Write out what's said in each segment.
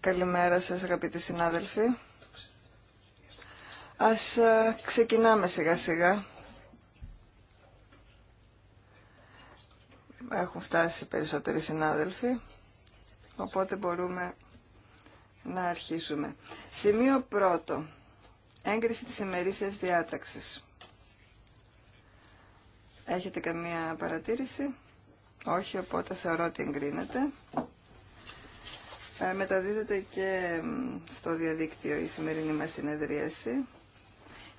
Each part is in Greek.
Καλημέρα σα, αγαπητοί συνάδελφοι. Ας ε, ξεκινάμε σιγά σιγά. Έχουν φτάσει περισσότεροι συνάδελφοι, οπότε μπορούμε να αρχίσουμε. Σημείο πρώτο. Έγκριση της ημερήσιας διάταξης. Έχετε καμία παρατήρηση. Όχι, οπότε θεωρώ ότι εγκρίνεται. Ε, μεταδίδεται και στο διαδίκτυο η σημερινή μας συνεδρίαση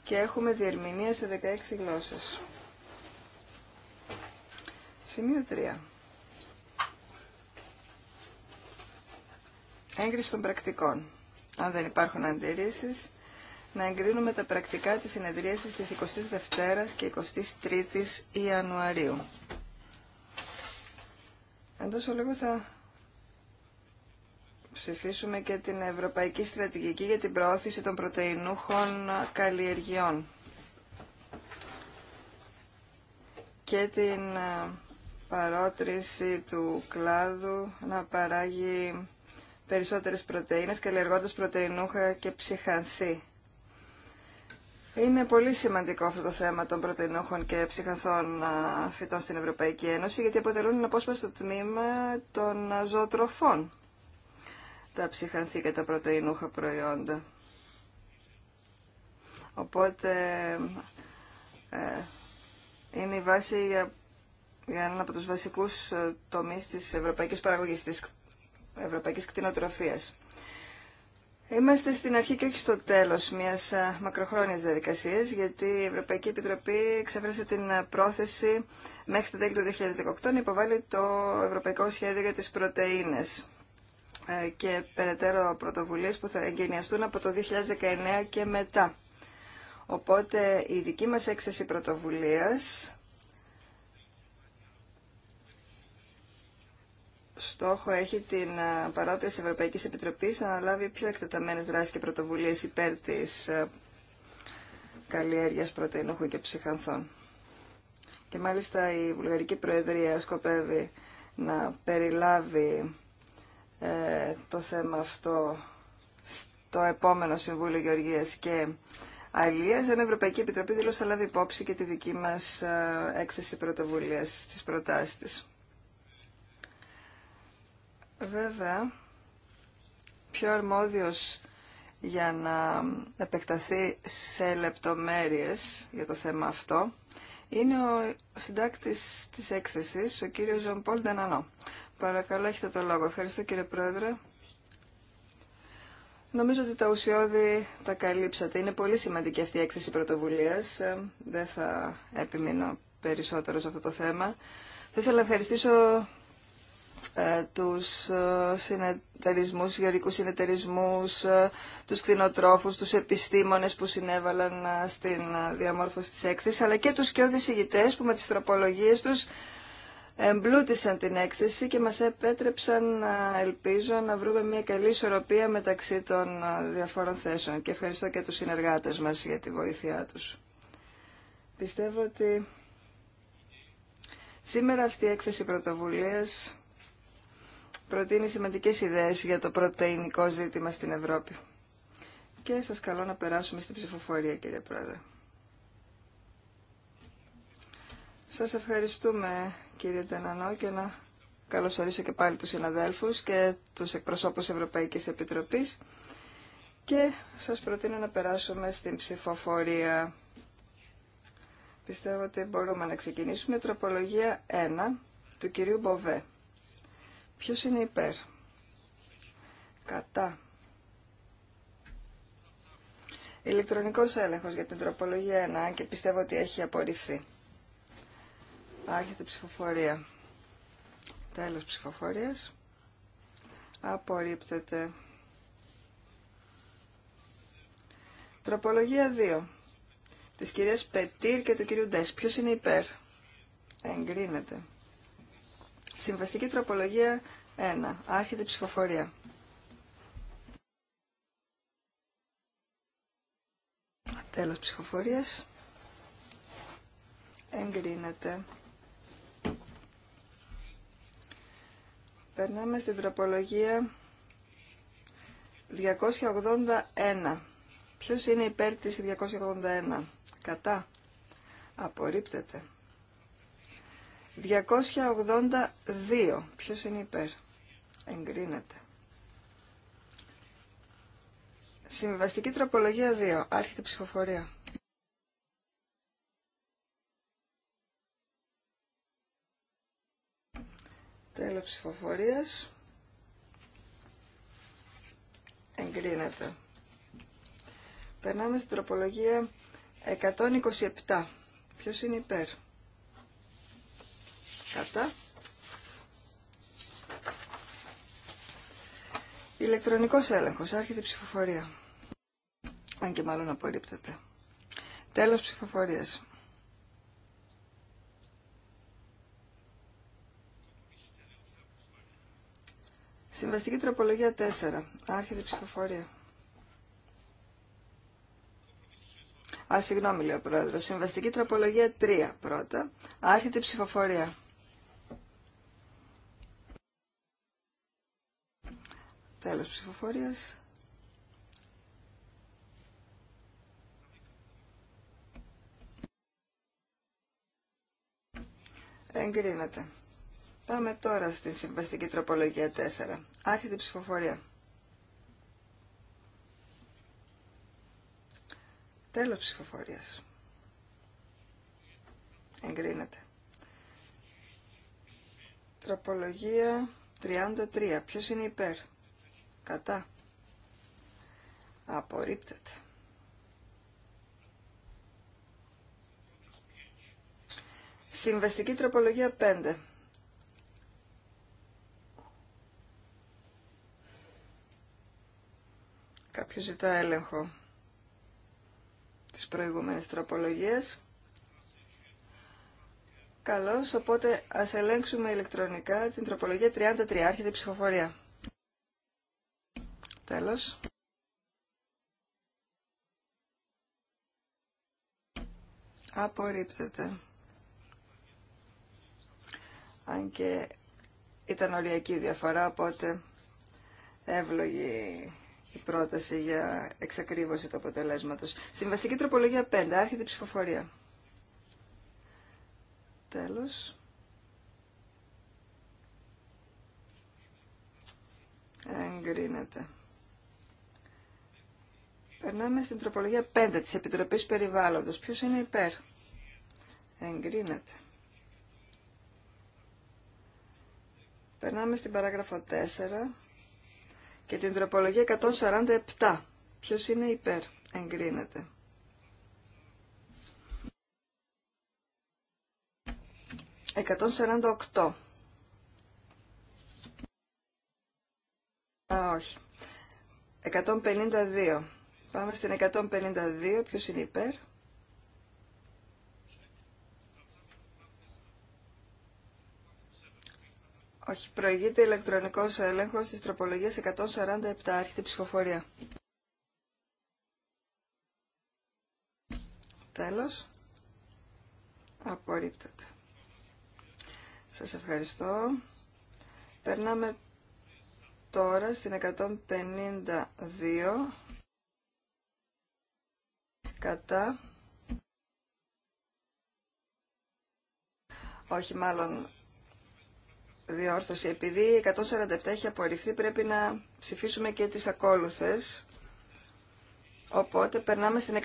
και έχουμε διερμηνία σε 16 γλώσσες. Σημείο 3. Έγκριση των πρακτικών. Αν δεν υπάρχουν αντιρρήσεις, να εγκρίνουμε τα πρακτικά της συνεδρίασης της 22ης και 23ης Ιανουαρίου. τόσο λίγο θα ψηφίσουμε και την Ευρωπαϊκή Στρατηγική για την Προώθηση των Πρωτεϊνούχων Καλλιεργειών και την ε, παρότριση του κλάδου να παράγει περισσότερες πρωτεΐνες καλλιεργώντας πρωτεϊνούχα και ψυχανθή είναι πολύ σημαντικό αυτό το θέμα των πρωτεϊνούχων και ψυχανθών φυτών στην Ευρωπαϊκή Ένωση, γιατί αποτελούν ένα απόσπαστο τμήμα των ζωοτροφών, τα ψυχανθή και τα πρωτεϊνούχα προϊόντα. Οπότε ε, είναι η βάση για, για έναν από τους βασικούς ε, τομείς της ευρωπαϊκής παραγωγής, της ευρωπαϊκής κτηνοτροφίας. Είμαστε στην αρχή και όχι στο τέλος μιας ε, μακροχρόνιας διαδικασίας, γιατί η Ευρωπαϊκή Επιτροπή εξέφρασε την ε, πρόθεση μέχρι το τέλη του 2018 να υποβάλει το Ευρωπαϊκό Σχέδιο για τις Πρωτεΐνες ε, και περαιτέρω πρωτοβουλίες που θα εγκαινιαστούν από το 2019 και μετά. Οπότε η δική μας έκθεση πρωτοβουλίας στόχο έχει την της Ευρωπαϊκής Επιτροπής να αναλάβει πιο εκτεταμένες δράσεις και πρωτοβουλίες υπέρ της καλλιέργειας πρωτεϊνούχων και ψυχανθών. Και μάλιστα η Βουλγαρική Προεδρία σκοπεύει να περιλάβει ε, το θέμα αυτό στο επόμενο Συμβούλιο Γεωργίας και Αλίας, ενώ η Ευρωπαϊκή Επιτροπή δήλωσε να λάβει υπόψη και τη δική μας έκθεση πρωτοβουλίας στις προτάσεις της. Βέβαια, πιο αρμόδιος για να επεκταθεί σε λεπτομέρειες για το θέμα αυτό είναι ο συντάκτης της έκθεσης, ο κύριος Ζων Πολ Παρακαλώ, έχετε το λόγο. Ευχαριστώ κύριε Πρόεδρε. Νομίζω ότι τα ουσιώδη τα καλύψατε. Είναι πολύ σημαντική αυτή η έκθεση πρωτοβουλίας. Ε, δεν θα επιμείνω περισσότερο σε αυτό το θέμα. Θα ήθελα να ευχαριστήσω ε, τους ε, συνεταιρισμούς, γεωρικούς συνεταιρισμούς, ε, τους κτηνοτρόφους, τους επιστήμονες που συνέβαλαν στην διαμόρφωση της έκθεσης, αλλά και τους και ηγητές που με τις τροπολογίες τους εμπλούτησαν την έκθεση και μας επέτρεψαν, ελπίζω, να βρούμε μια καλή ισορροπία μεταξύ των διαφόρων θέσεων. Και ευχαριστώ και τους συνεργάτες μας για τη βοήθειά τους. Πιστεύω ότι σήμερα αυτή η έκθεση πρωτοβουλίας προτείνει σημαντικές ιδέες για το πρωτεϊνικό ζήτημα στην Ευρώπη. Και σας καλώ να περάσουμε στην ψηφοφορία, κύριε Πρόεδρε. Σας ευχαριστούμε, κύριε Τενανό, και να καλωσορίσω και πάλι τους συναδέλφους και τους εκπροσώπους Ευρωπαϊκής Επιτροπής και σας προτείνω να περάσουμε στην ψηφοφορία. Πιστεύω ότι μπορούμε να ξεκινήσουμε. Τροπολογία 1 του κυρίου Μποβέ. Ποιος είναι υπέρ. Κατά. Ηλεκτρονικός έλεγχος για την τροπολογία 1, και πιστεύω ότι έχει απορριφθεί. Άρχεται ψηφοφορία. Τέλος ψηφοφορίας. Απορρίπτεται. Τροπολογία 2. Της κυρίας Πετήρ και του κυρίου Ντες. Ποιος είναι υπέρ. Εγκρίνεται. Συμβαστική τροπολογία 1. Άρχεται η ψηφοφορία. Τέλος ψηφοφορίας. Εγκρίνεται. Περνάμε στην τροπολογία 281. Ποιος είναι υπέρ της 281. Κατά. Απορρίπτεται. 282. Ποιος είναι υπέρ. Εγκρίνεται. Συμβαστική τροπολογία 2. Άρχεται ψηφοφορία. Τέλος ψηφοφορίας. Εγκρίνεται. Περνάμε στην τροπολογία 127. Ποιος είναι υπέρ. Κατά. Ηλεκτρονικός έλεγχος. Άρχεται η ψηφοφορία. Αν και μάλλον απορρίπτεται. Τέλος ψηφοφορίας. Συμβαστική τροπολογία 4. Άρχεται η ψηφοφορία. Α, συγγνώμη λέει ο Συμβαστική τροπολογία 3 πρώτα. Άρχεται η ψηφοφορία. Τέλος ψηφοφορίας. Εγκρίνεται. Πάμε τώρα στην συμβαστική τροπολογία 4. Άρχεται η ψηφοφορία. Τέλος ψηφοφορίας. Εγκρίνεται. Τροπολογία 33. Ποιος είναι υπέρ. Κατά. Απορρίπτεται. Συμβαστική τροπολογία 5. Κάποιο ζητά έλεγχο της προηγούμενης τροπολογίας. Καλώς, οπότε ας ελέγξουμε ηλεκτρονικά την τροπολογία 33, άρχεται η ψηφοφορία. Τέλος. Απορρίπτεται. Αν και ήταν οριακή διαφορά, οπότε εύλογη η πρόταση για εξακρίβωση του αποτελέσματος. Συμβαστική τροπολογία 5. Άρχεται η ψηφοφορία. Τέλος. Εγκρίνεται. Περνάμε στην τροπολογία 5 της Επιτροπής Περιβάλλοντος. Ποιος είναι υπέρ. Εγκρίνεται. Περνάμε στην παράγραφο 4 και την τροπολογία 147. Ποιος είναι υπέρ. Εγκρίνεται. 148. σαράντα οκτώ. Α, όχι. Εκατόν Πάμε στην 152. Ποιος είναι υπέρ. Όχι, προηγείται ηλεκτρονικός έλεγχος της τροπολογίας 147. Άρχεται ψηφοφορία. Τέλος. Απορρίπτεται. Σας ευχαριστώ. Περνάμε τώρα στην 152 Κατά. Όχι, μάλλον διόρθωση. Επειδή η 147 έχει απορριφθεί, πρέπει να ψηφίσουμε και τις ακόλουθες. Οπότε περνάμε στην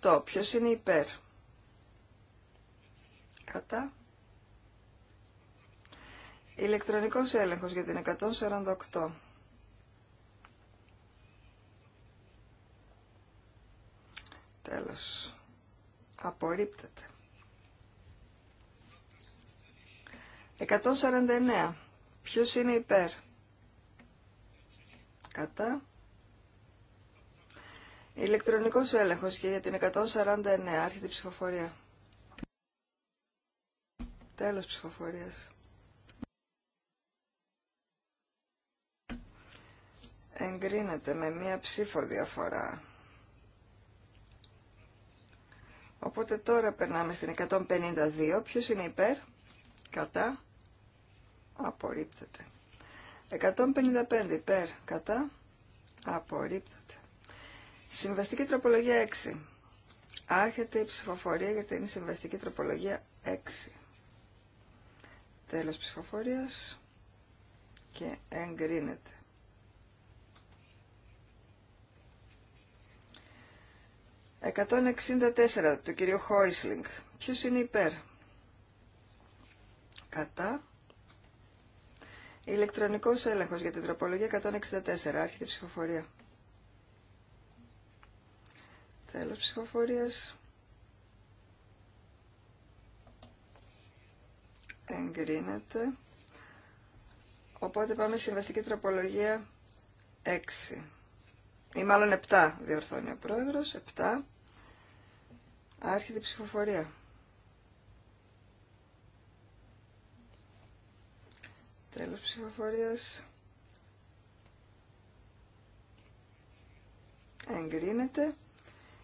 148. Ποιος είναι υπέρ. Κατά. Ηλεκτρονικός έλεγχος για την 148. Τέλος. Απορρίπτεται. 149. Ποιος είναι υπέρ. Κατά. Ηλεκτρονικός έλεγχος και για την 149. Άρχεται η ψηφοφορία. Τέλος ψηφοφορίας. Εγκρίνεται με μία ψήφο διαφορά. Οπότε τώρα περνάμε στην 152. Ποιος είναι υπέρ, κατά, απορρίπτεται. 155 υπέρ, κατά, απορρίπτεται. Συμβαστική τροπολογία 6. Άρχεται η ψηφοφορία γιατί είναι συμβαστική τροπολογία 6. Τέλος ψηφοφορίας και εγκρίνεται. 164 του κυρίου Χόισλινγκ. Ποιο είναι υπέρ. Κατά. Ηλεκτρονικός έλεγχος για την τροπολογία 164. Άρχεται η ψηφοφορία. Τέλος ψηφοφορίας. Εγκρίνεται. Οπότε πάμε στη συμβαστική τροπολογία 6 ή μάλλον 7 διορθώνει ο πρόεδρος, 7 άρχεται η ψηφοφορία. Τέλος ψηφοφορίας. Εγκρίνεται.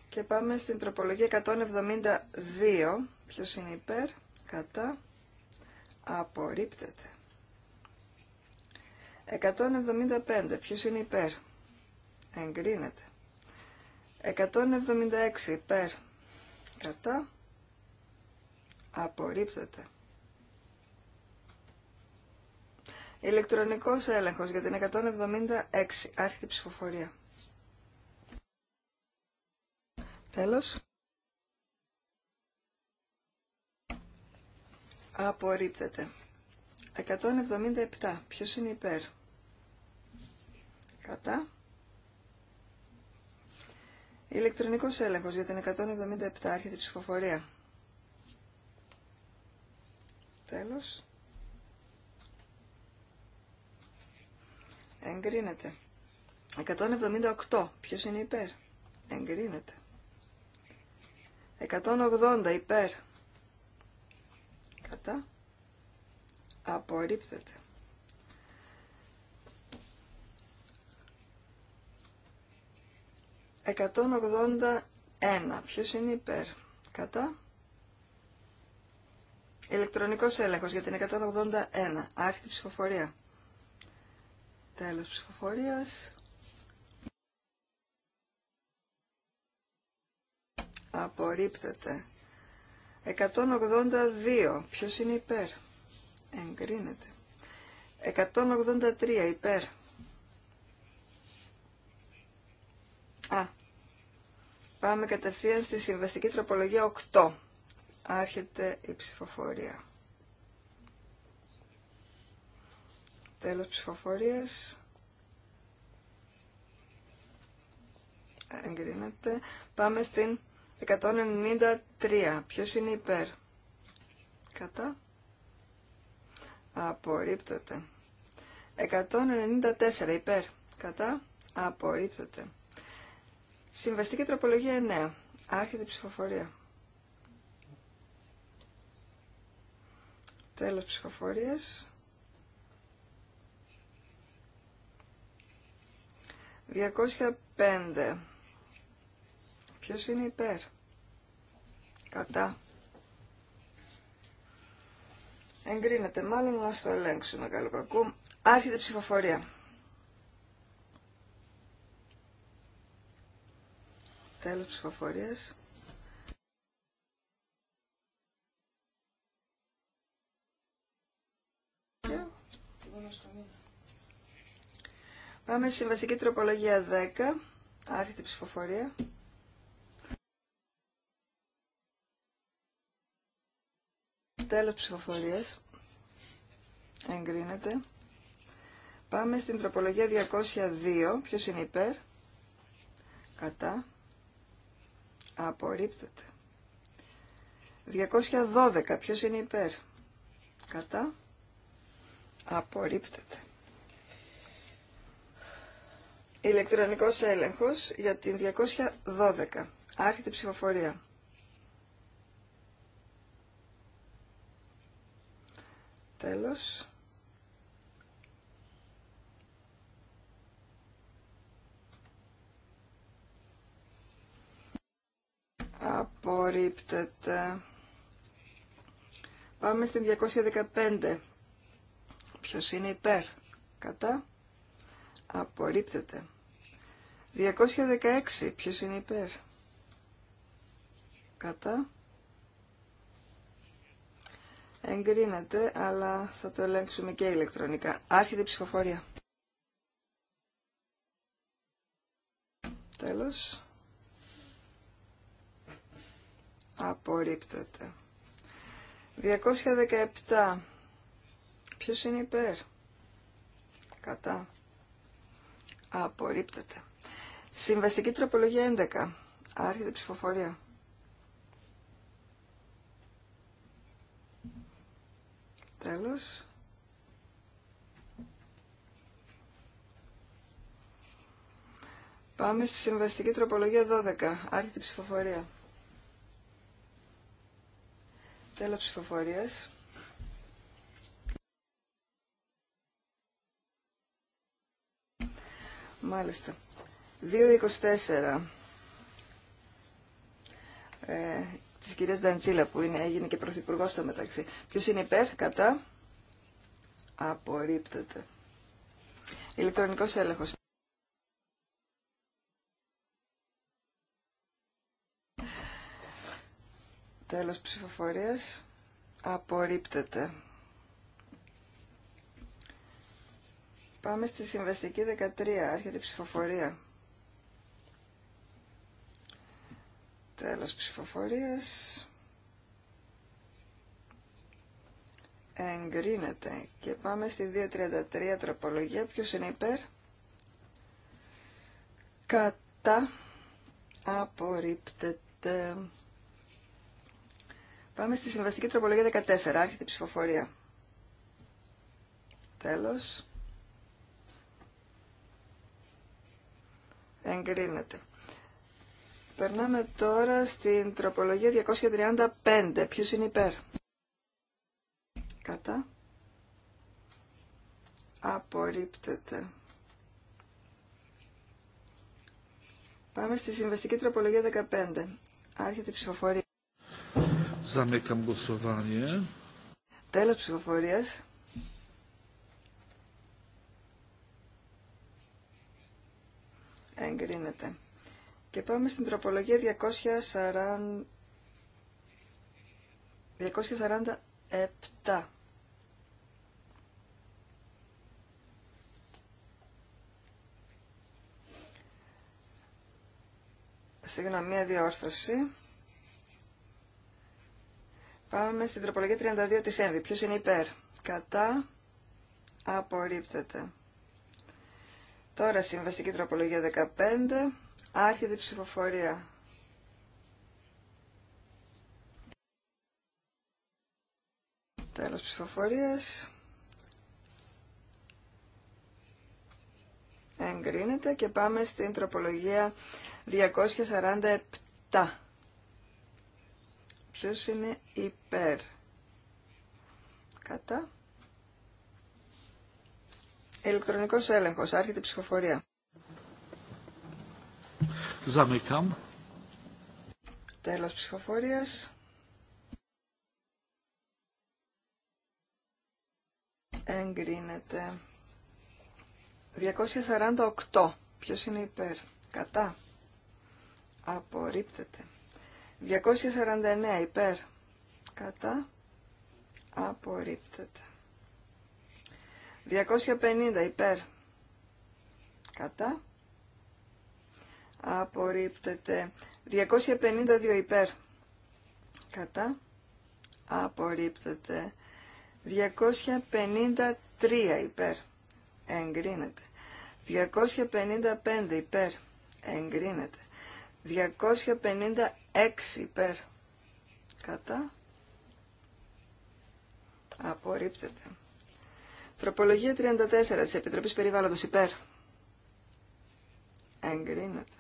Και πάμε στην τροπολογία 172. Ποιος είναι υπέρ, κατά, απορρίπτεται. 175. Ποιος είναι υπέρ, εγκρίνεται. 176 υπέρ κατά απορρίπτεται. Ηλεκτρονικός έλεγχος για την 176 άρχιτη ψηφοφορία. Τέλος. Απορρίπτεται. 177. Ποιος είναι υπέρ. Κατά. Ηλεκτρονικός έλεγχος για την 177 της ψηφοφορία. Τέλος. Εγκρίνεται. 178. Ποιος είναι υπέρ. Εγκρίνεται. 180 υπέρ. Κατά. Απορρίπτεται. 181. Ποιος είναι υπέρ. Κατά. Ηλεκτρονικός έλεγχος για την 181. Άρχιτη ψηφοφορία. Τέλος ψηφοφορίας. Απορρίπτεται. 182. Ποιος είναι υπέρ. Εγκρίνεται. 183 υπέρ. πάμε κατευθείαν στη συμβαστική τροπολογία 8. Άρχεται η ψηφοφορία. Τέλος ψηφοφορίας. Εγκρίνεται. Πάμε στην 193. Ποιος είναι υπέρ. Κατά. Απορρίπτεται. 194 υπέρ. Κατά. Απορρίπτεται. Συμβαστική τροπολογία 9. Άρχεται η ψηφοφορία. Τέλος ψηφοφορίας. Διακόσια πέντε. Ποιος είναι υπέρ. Κατά. Εγκρίνεται μάλλον να το ελέγξουμε καλό κακού. Άρχεται ψηφοφορία. Τέλος ψηφοφορίας. Πάμε στη συμβαστική τροπολογία 10, άρχεται ψηφοφορία. Τέλος ψηφοφορίας. Εγκρίνεται. Πάμε στην τροπολογία 202. Ποιος είναι υπέρ. Κατά. Απορρίπτεται. 212. Ποιος είναι υπέρ. Κατά. Απορρίπτεται. Ηλεκτρονικός έλεγχος για την 212. Άρχεται ψηφοφορία. Τέλος. απορρίπτεται. Πάμε στην 215. Ποιος είναι υπέρ, κατά, απορρίπτεται. 216. Ποιος είναι υπέρ, κατά, εγκρίνεται, αλλά θα το ελέγξουμε και ηλεκτρονικά. Άρχεται η ψηφοφορία. Τέλος. απορρίπτεται. 217. Ποιος είναι υπέρ. Κατά. Απορρίπτεται. Συμβαστική τροπολογία 11. Άρχεται ψηφοφορία. Τέλος. Πάμε στη συμβαστική τροπολογία 12. Άρχεται ψηφοφορία. Τέλος ψηφοφορίας. Μάλιστα. 2.24 ε, της κυρίας Νταντζίλα που είναι, έγινε και πρωθυπουργός στο μεταξύ. Ποιος είναι υπέρ, κατά, απορρίπτεται. Ηλεκτρονικός έλεγχος. Τέλος ψηφοφορίας. Απορρίπτεται. Πάμε στη συμβαστική 13. Άρχεται η ψηφοφορία. Τέλος ψηφοφορίας. Εγκρίνεται. Και πάμε στη 233 τροπολογία. Ποιος είναι υπέρ. Κατά. Απορρίπτεται. Πάμε στη συμβαστική τροπολογία 14. Άρχεται η ψηφοφορία. Τέλος. Εγκρίνεται. Περνάμε τώρα στην τροπολογία 235. Ποιος είναι υπέρ. Κατά. Απορρίπτεται. Πάμε στη συμβαστική τροπολογία 15. Άρχεται η ψηφοφορία. Zamykam głosowanie. Τέλος ψηφοφορίας. Εγκρίνεται. Και πάμε στην τροπολογία 247. Συγγνώμη, μια διόρθωση. Πάμε στην τροπολογία 32 της ΕΜΒΗ. Ποιος είναι υπέρ. Κατά. Απορρίπτεται. Τώρα συμβαστική τροπολογία 15. Άρχεται η ψηφοφορία. Τέλος ψηφοφορίας. Εγκρίνεται και πάμε στην τροπολογία 247. Ποιος είναι υπέρ. Κατά. Ελεκτρονικός έλεγχος. Άρχεται η ψηφοφορία. Zamykam. Τέλος ψηφοφορίας. Εγκρίνεται. 248. Ποιος είναι υπέρ. Κατά. Απορρίπτεται. 249 υπέρ κατά απορρίπτεται. 250 υπέρ κατά απορρίπτεται. 252 υπέρ κατά απορρίπτεται. 253 υπέρ εγκρίνεται. 255 υπέρ εγκρίνεται. 256 υπέρ κατά απορρίπτεται. Τροπολογία 34 της Επιτροπής Περιβάλλοντος υπέρ εγκρίνεται.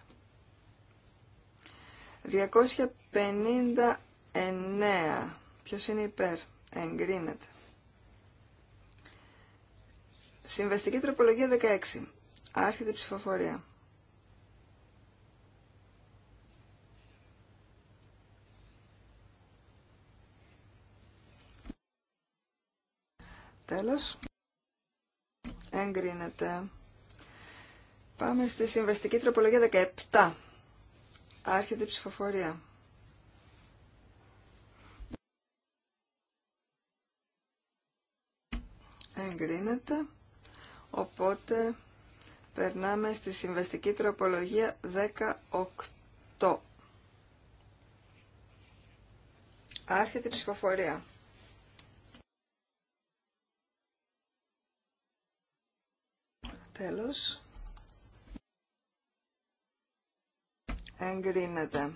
259 ποιος είναι υπέρ εγκρίνεται. Συμβαστική τροπολογία 16 άρχεται ψηφοφορία. Τέλος. Εγκρίνεται. Πάμε στη συμβαστική τροπολογία 17. Άρχεται η ψηφοφορία. Εγκρίνεται. Οπότε περνάμε στη συμβαστική τροπολογία 18. Άρχεται η ψηφοφορία. Τέλος. Εγκρίνεται.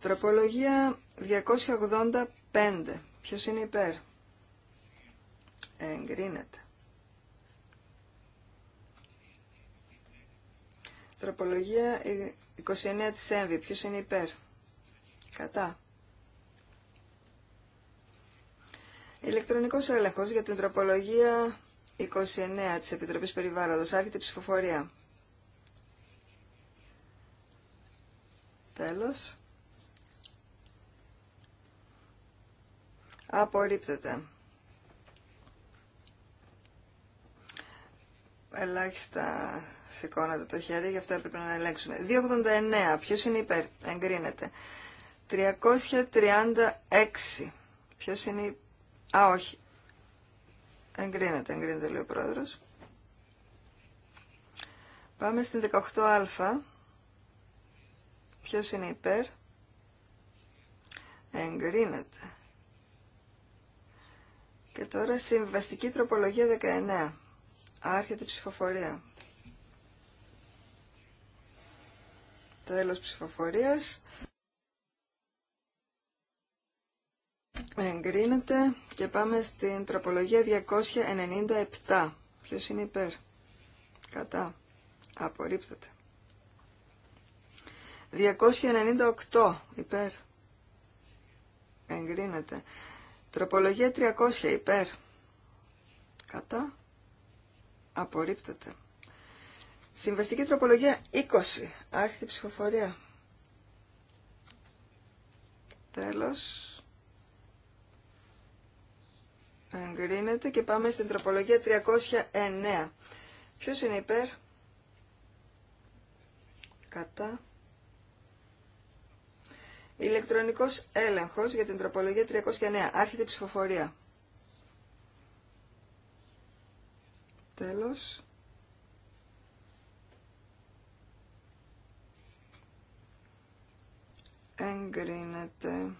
Τροπολογία 285. Ποιος είναι υπέρ. Εγκρίνεται. Τροπολογία 29 της ΕΜΒΗ. Ποιος είναι υπέρ. Κατά. Ηλεκτρονικός έλεγχος για την τροπολογία 29 της Επιτροπής Περιβάλλοντος. Άρχεται η ψηφοφορία. Τέλος. Απορρίπτεται. Ελάχιστα σηκώνατε το χέρι, γι' αυτό έπρεπε να ελέγξουμε. 2,89. Ποιος είναι υπέρ. Εγκρίνεται. 336. Ποιος είναι υπέρ. Α, όχι. Εγκρίνεται, εγκρίνεται λέει ο πρόεδρος. Πάμε στην 18α. Ποιος είναι υπέρ. Εγκρίνεται. Και τώρα συμβαστική τροπολογία 19. Άρχεται η ψηφοφορία. Τέλος ψηφοφορίας. Εγκρίνεται και πάμε στην τροπολογία 297. Ποιος είναι υπέρ. Κατά. Απορρίπτεται. 298 υπέρ. Εγκρίνεται. Τροπολογία 300 υπέρ. Κατά. Απορρίπτεται. Συμβαστική τροπολογία 20. Άρχιτη ψηφοφορία. Τέλος. Εγκρίνεται και πάμε στην τροπολογία 309. Ποιος είναι υπέρ? Κατά. Ηλεκτρονικός έλεγχος για την τροπολογία 309. Άρχεται η ψηφοφορία. Τέλος. Εγκρίνεται.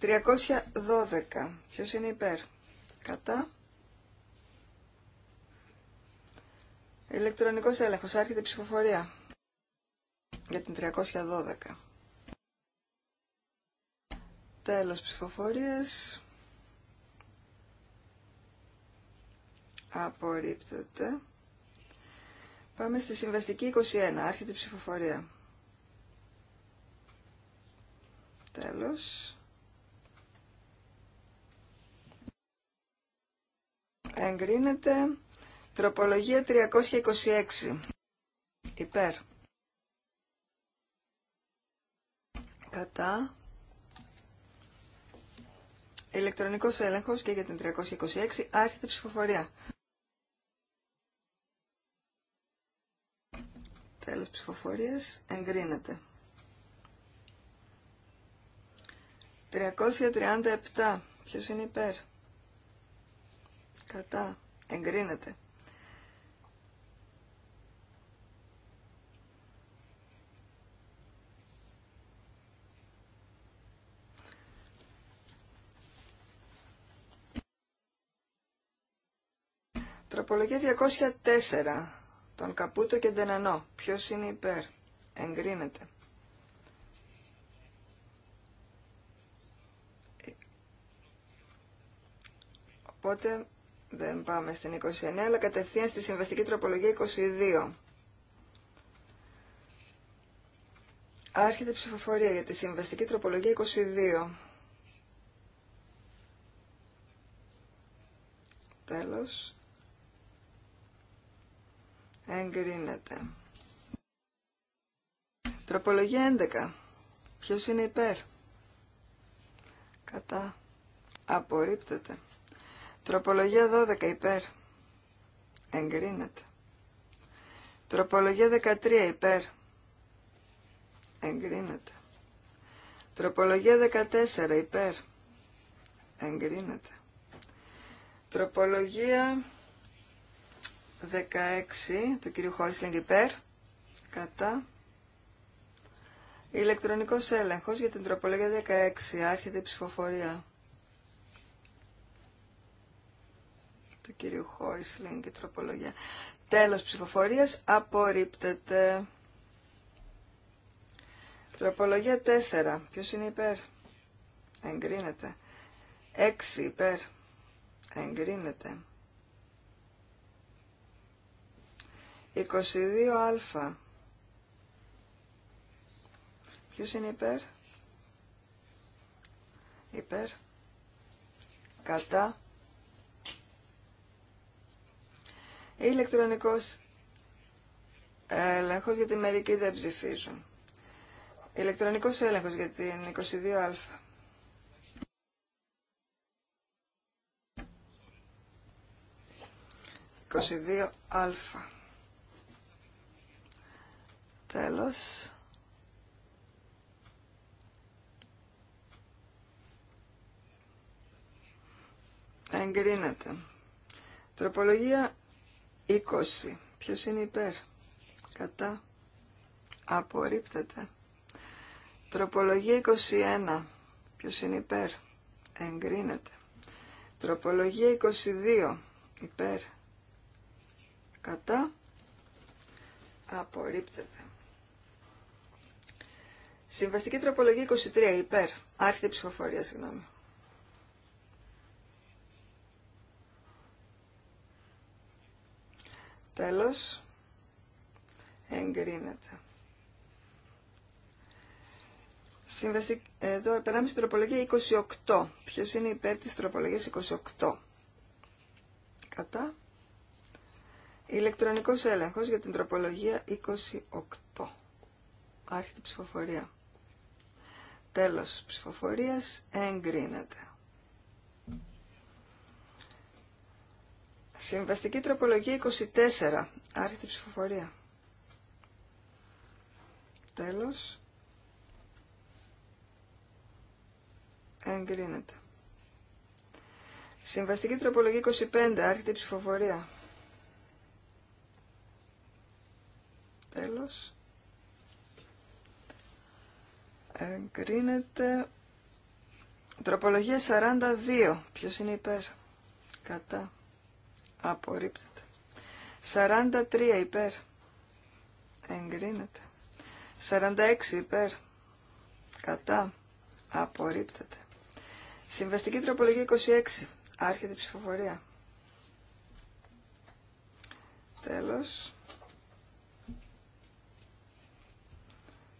312. Ποιος είναι υπέρ. Κατά. Ηλεκτρονικός έλεγχος. Άρχεται η ψηφοφορία. Για την 312. Τέλος ψηφοφορίας. Απορρίπτεται. Πάμε στη συμβαστική 21. Άρχεται η ψηφοφορία. Τέλος. Εγκρίνεται. Τροπολογία 326. Υπέρ. Κατά. Ηλεκτρονικός έλεγχος και για την 326 άρχεται ψηφοφορία. Τέλος ψηφοφορίας. Εγκρίνεται. 337. Ποιος είναι υπέρ. Κατά. Εγκρίνεται. Τροπολογία 204. Τον Καπούτο και Ντενανό. Ποιος είναι υπέρ. Εγκρίνεται. Οπότε δεν πάμε στην 29, αλλά κατευθείαν στη συμβαστική τροπολογία 22. Άρχεται ψηφοφορία για τη συμβαστική τροπολογία 22. Τέλος. Εγκρίνεται. Τροπολογία 11. Ποιος είναι υπέρ. Κατά. Απορρίπτεται. Τροπολογία 12 υπέρ. Εγκρίνεται. Τροπολογία 13 υπέρ. Εγκρίνεται. Τροπολογία 14 υπέρ. Εγκρίνεται. Τροπολογία 16 του κυρίου Χόισλινγκ υπέρ. Κατά. Ηλεκτρονικός έλεγχος για την τροπολογία 16. Άρχεται η ψηφοφορία. του κυρίου Χόισλινγκ τροπολογία. Τέλος ψηφοφορίας απορρίπτεται. Τροπολογία 4. Ποιος είναι υπέρ. Εγκρίνεται. 6 υπέρ. Εγκρίνεται. 22α. Ποιος είναι υπέρ. Υπέρ. Κατά. ηλεκτρονικός έλεγχος γιατί μερικοί δεν ψηφίζουν. Ηλεκτρονικός έλεγχος για την 22α. α. Τέλος. Εγκρίνεται. Τροπολογία 20. Ποιος είναι υπέρ. Κατά. Απορρίπτεται. Τροπολογία 21. Ποιος είναι υπέρ. Εγκρίνεται. Τροπολογία 22. Υπέρ. Κατά. Απορρίπτεται. Συμβαστική τροπολογία 23. Υπέρ. Άρχεται ψηφοφορία, συγγνώμη. Τέλος. Εγκρίνεται. εδώ περάμε στην τροπολογία 28. Ποιος είναι υπέρ της τροπολογίας 28. Κατά. Ηλεκτρονικός έλεγχος για την τροπολογία 28. Άρχεται ψηφοφορία. Τέλος ψηφοφορίας εγκρίνεται. Συμβαστική τροπολογία 24. Άρχεται ψηφοφορία. Τέλος. Εγκρίνεται. Συμβαστική τροπολογία 25. Άρχεται ψηφοφορία. Τέλος. Εγκρίνεται. Τροπολογία 42. Ποιος είναι υπέρ. Κατά. Απορρίπτεται. 43 υπέρ. Εγκρίνεται. 46 υπέρ. Κατά. Απορρίπτεται. Συμβαστική τροπολογία 26. Άρχεται η ψηφοφορία. Τέλος.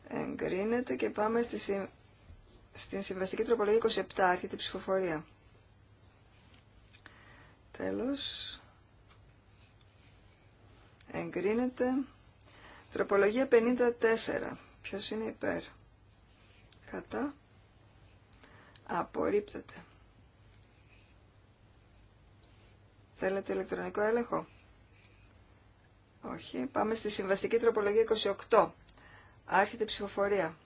Εγκρίνεται και πάμε στη στην συμβαστική τροπολογία 27. Άρχεται η ψηφοφορία. Τέλος εγκρίνεται. Τροπολογία 54. Ποιος είναι υπέρ. Κατά. Απορρίπτεται. Θέλετε ηλεκτρονικό έλεγχο. Όχι. Πάμε στη συμβαστική τροπολογία 28. Άρχεται ψηφοφορία.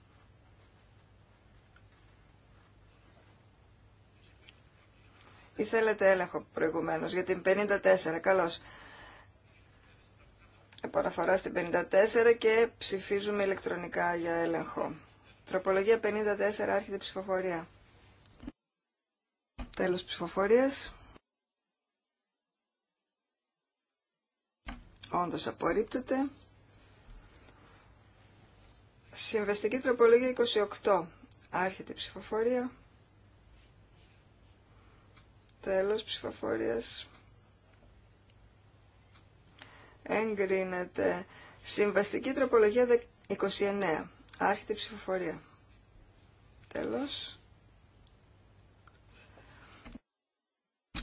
Ή θέλετε έλεγχο προηγουμένως για την 54. Καλώς επαναφορά στην 54 και ψηφίζουμε ηλεκτρονικά για έλεγχο. Τροπολογία 54, άρχεται ψηφοφορία. Τέλος ψηφοφορίας. Όντως απορρίπτεται. Συμβεστική τροπολογία 28. Άρχεται ψηφοφορία. Τέλος ψηφοφορίας. Εγκρίνεται. Συμβαστική τροπολογία 29. Άρχεται η ψηφοφορία. Τέλος.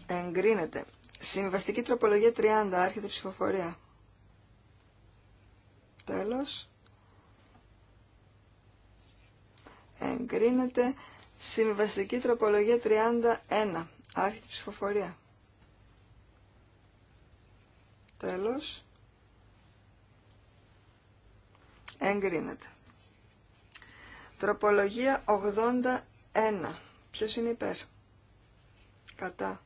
Εγκρίνεται. Συμβαστική τροπολογία 30. Άρχεται η ψηφοφορία. Τέλος. Εγκρίνεται. Συμβαστική τροπολογία 31. Άρχεται η ψηφοφορία. Τέλος. Εγκρίνεται. Τροπολογία 81. Ποιος είναι υπέρ. Κατά.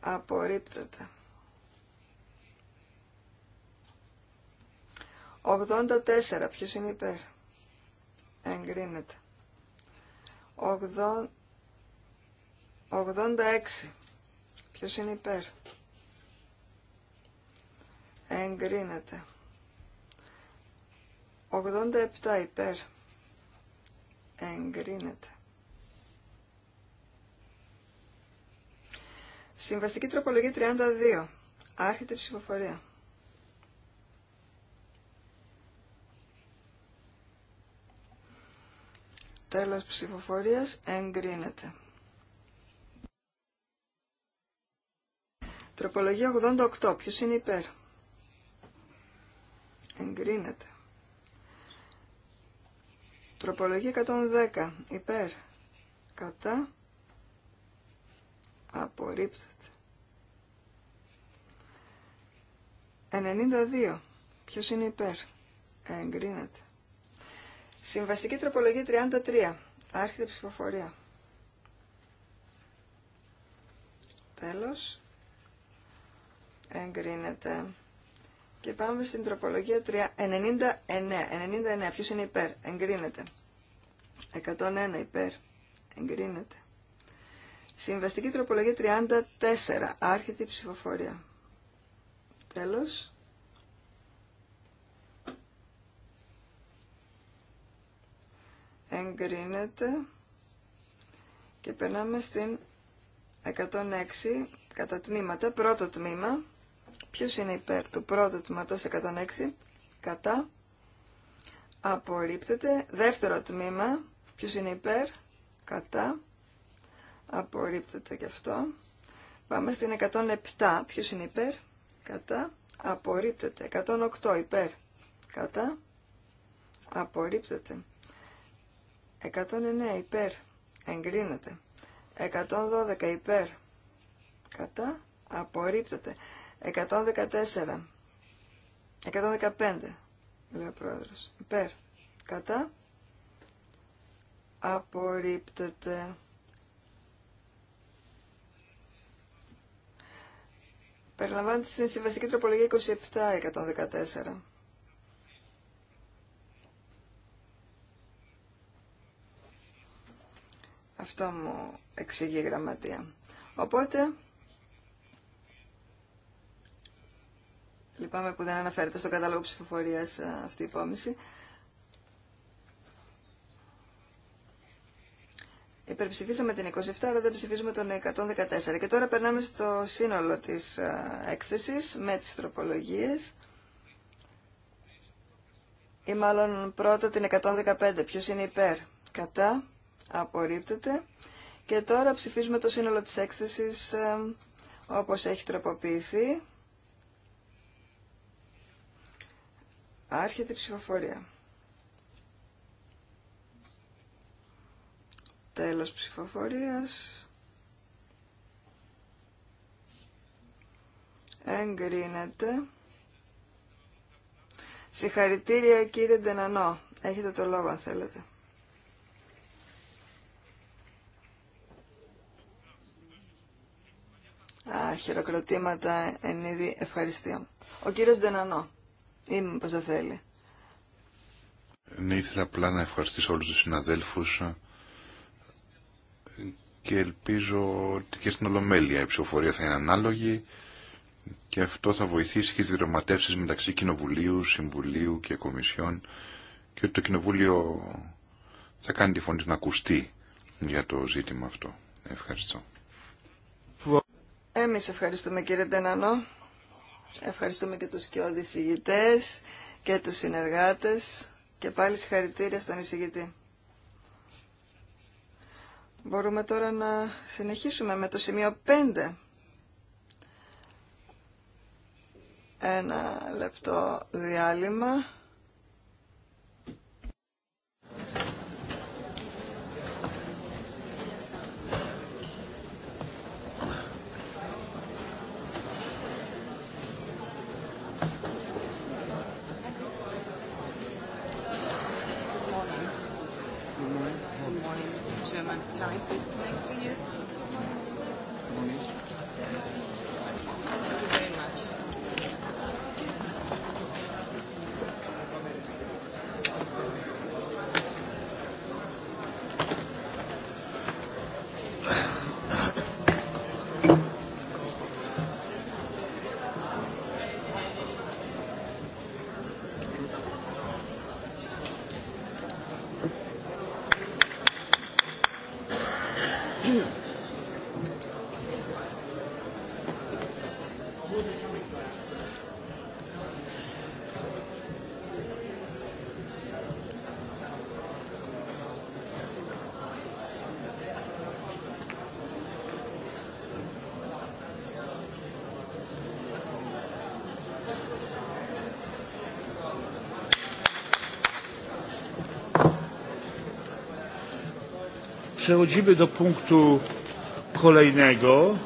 Απορρίπτεται. 84. Ποιος είναι υπέρ. Εγκρίνεται. 86. Ποιος είναι υπέρ. Εγκρίνεται. 87 υπέρ. Εγκρίνεται. Συμβαστική τροπολογία 32. Άρχεται ψηφοφορία. Τέλος ψηφοφορίας εγκρίνεται. Τροπολογία 88. Ποιος είναι υπέρ. Εγκρίνεται. Τροπολογία 110. Υπέρ. Κατά. Απορρίπτεται. 92. Ποιος είναι υπέρ. Ε, εγκρίνεται. Συμβαστική τροπολογία 33. Άρχεται ψηφοφορία. Τέλος. Εγκρίνεται. Και πάμε στην τροπολογία 99. 99. Ποιος είναι υπέρ. Εγκρίνεται. 101 υπέρ. Εγκρίνεται. Συμβαστική τροπολογία 34. Άρχεται η ψηφοφορία. Τέλος. Εγκρίνεται. Και περνάμε στην 106 κατά τμήματα. Πρώτο τμήμα. Ποιος είναι υπέρ του πρώτου τμήματος 106 κατά απορρίπτεται. Δεύτερο τμήμα. Ποιος είναι υπέρ κατά απορρίπτεται και αυτό. Πάμε στην 107. Ποιο είναι υπέρ κατά απορρίπτεται. 108 υπέρ κατά απορρίπτεται. 109 υπέρ εγκρίνεται. 112 υπέρ κατά απορρίπτεται. 114. 115. Λέει ο πρόεδρος. Υπέρ. Κατά. Απορρίπτεται. Περιλαμβάνεται στην συμβαστική τροπολογία 27. 114. Αυτό μου εξηγεί η γραμματεία. Οπότε Λυπάμαι που δεν αναφέρεται στο κατάλογο ψηφοφορία ε, αυτή η υπόμνηση. Υπερψηφίσαμε την 27, αλλά δεν ψηφίζουμε τον 114. Και τώρα περνάμε στο σύνολο της ε, έκθεσης με τις τροπολογίες. Ή μάλλον πρώτα την 115. Ποιος είναι υπέρ. Κατά. Απορρίπτεται. Και τώρα ψηφίζουμε το σύνολο της έκθεσης ε, όπως έχει τροποποιηθεί. Άρχεται η ψηφοφορία. Τέλος ψηφοφορίας. Εγκρίνεται. Συγχαρητήρια κύριε Ντενανό. Έχετε το λόγο αν θέλετε. Α, χειροκροτήματα εν είδη ευχαριστίων. Ο κύριος Ντενανό. Ή μήπω δεν θέλει. Ναι, ήθελα απλά να ευχαριστήσω όλους τους συναδέλφους και ελπίζω ότι και στην Ολομέλεια η ψηφοφορία θα είναι ανάλογη και αυτό θα βοηθήσει και τις διαπραγματεύσεις μεταξύ Κοινοβουλίου, Συμβουλίου και Κομισιών και ότι το Κοινοβούλιο θα κάνει τη φωνή να ακουστεί για το ζήτημα αυτό. Ευχαριστώ. Εμείς ευχαριστούμε κύριε Ντενανό. Ευχαριστούμε και τους και και τους συνεργάτες και πάλι συγχαρητήρια στον εισηγητή. Μπορούμε τώρα να συνεχίσουμε με το σημείο 5. Ένα λεπτό διάλειμμα. nice Przechodzimy do punktu kolejnego.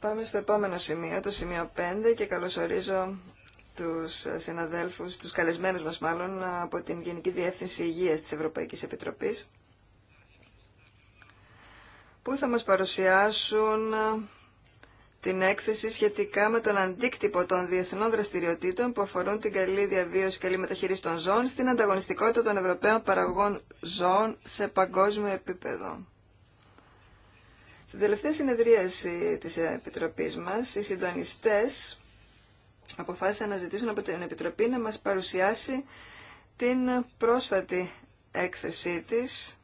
Πάμε στο επόμενο σημείο, το σημείο 5 και καλωσορίζω τους συναδέλφους, τους καλεσμένους μας μάλλον από την Γενική Διεύθυνση Υγείας της Ευρωπαϊκής Επιτροπής που θα μας παρουσιάσουν την έκθεση σχετικά με τον αντίκτυπο των διεθνών δραστηριοτήτων που αφορούν την καλή διαβίωση και καλή μεταχείριση των ζώων στην ανταγωνιστικότητα των Ευρωπαίων παραγωγών ζώων σε παγκόσμιο επίπεδο. Στην τελευταία συνεδρίαση της Επιτροπής μας, οι συντονιστές αποφάσισαν να ζητήσουν από την Επιτροπή να μας παρουσιάσει την πρόσφατη έκθεσή της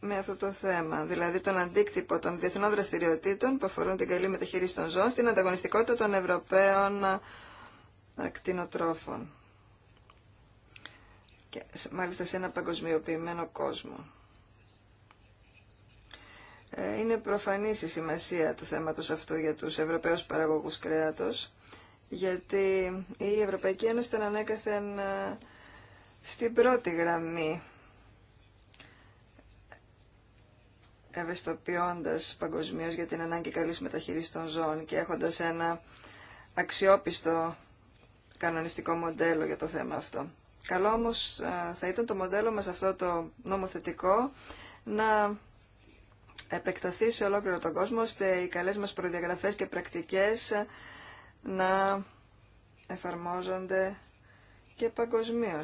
με αυτό το θέμα, δηλαδή τον αντίκτυπο των διεθνών δραστηριοτήτων που αφορούν την καλή μεταχείριση των ζώων στην ανταγωνιστικότητα των Ευρωπαίων ακτινοτρόφων. Και μάλιστα σε ένα παγκοσμιοποιημένο κόσμο. Ε, είναι προφανής η σημασία του θέματος αυτού για τους Ευρωπαίους παραγωγούς κρέατος, γιατί η Ευρωπαϊκή Ένωση ήταν ανέκαθεν ε, στην πρώτη γραμμή, ευαισθητοποιώντας παγκοσμίω για την ανάγκη καλής μεταχείρισης των ζώων και έχοντας ένα αξιόπιστο κανονιστικό μοντέλο για το θέμα αυτό. Καλό όμως ε, θα ήταν το μοντέλο μας αυτό το νομοθετικό να επεκταθεί σε ολόκληρο τον κόσμο, ώστε οι καλές μας προδιαγραφές και πρακτικές να εφαρμόζονται και παγκοσμίω.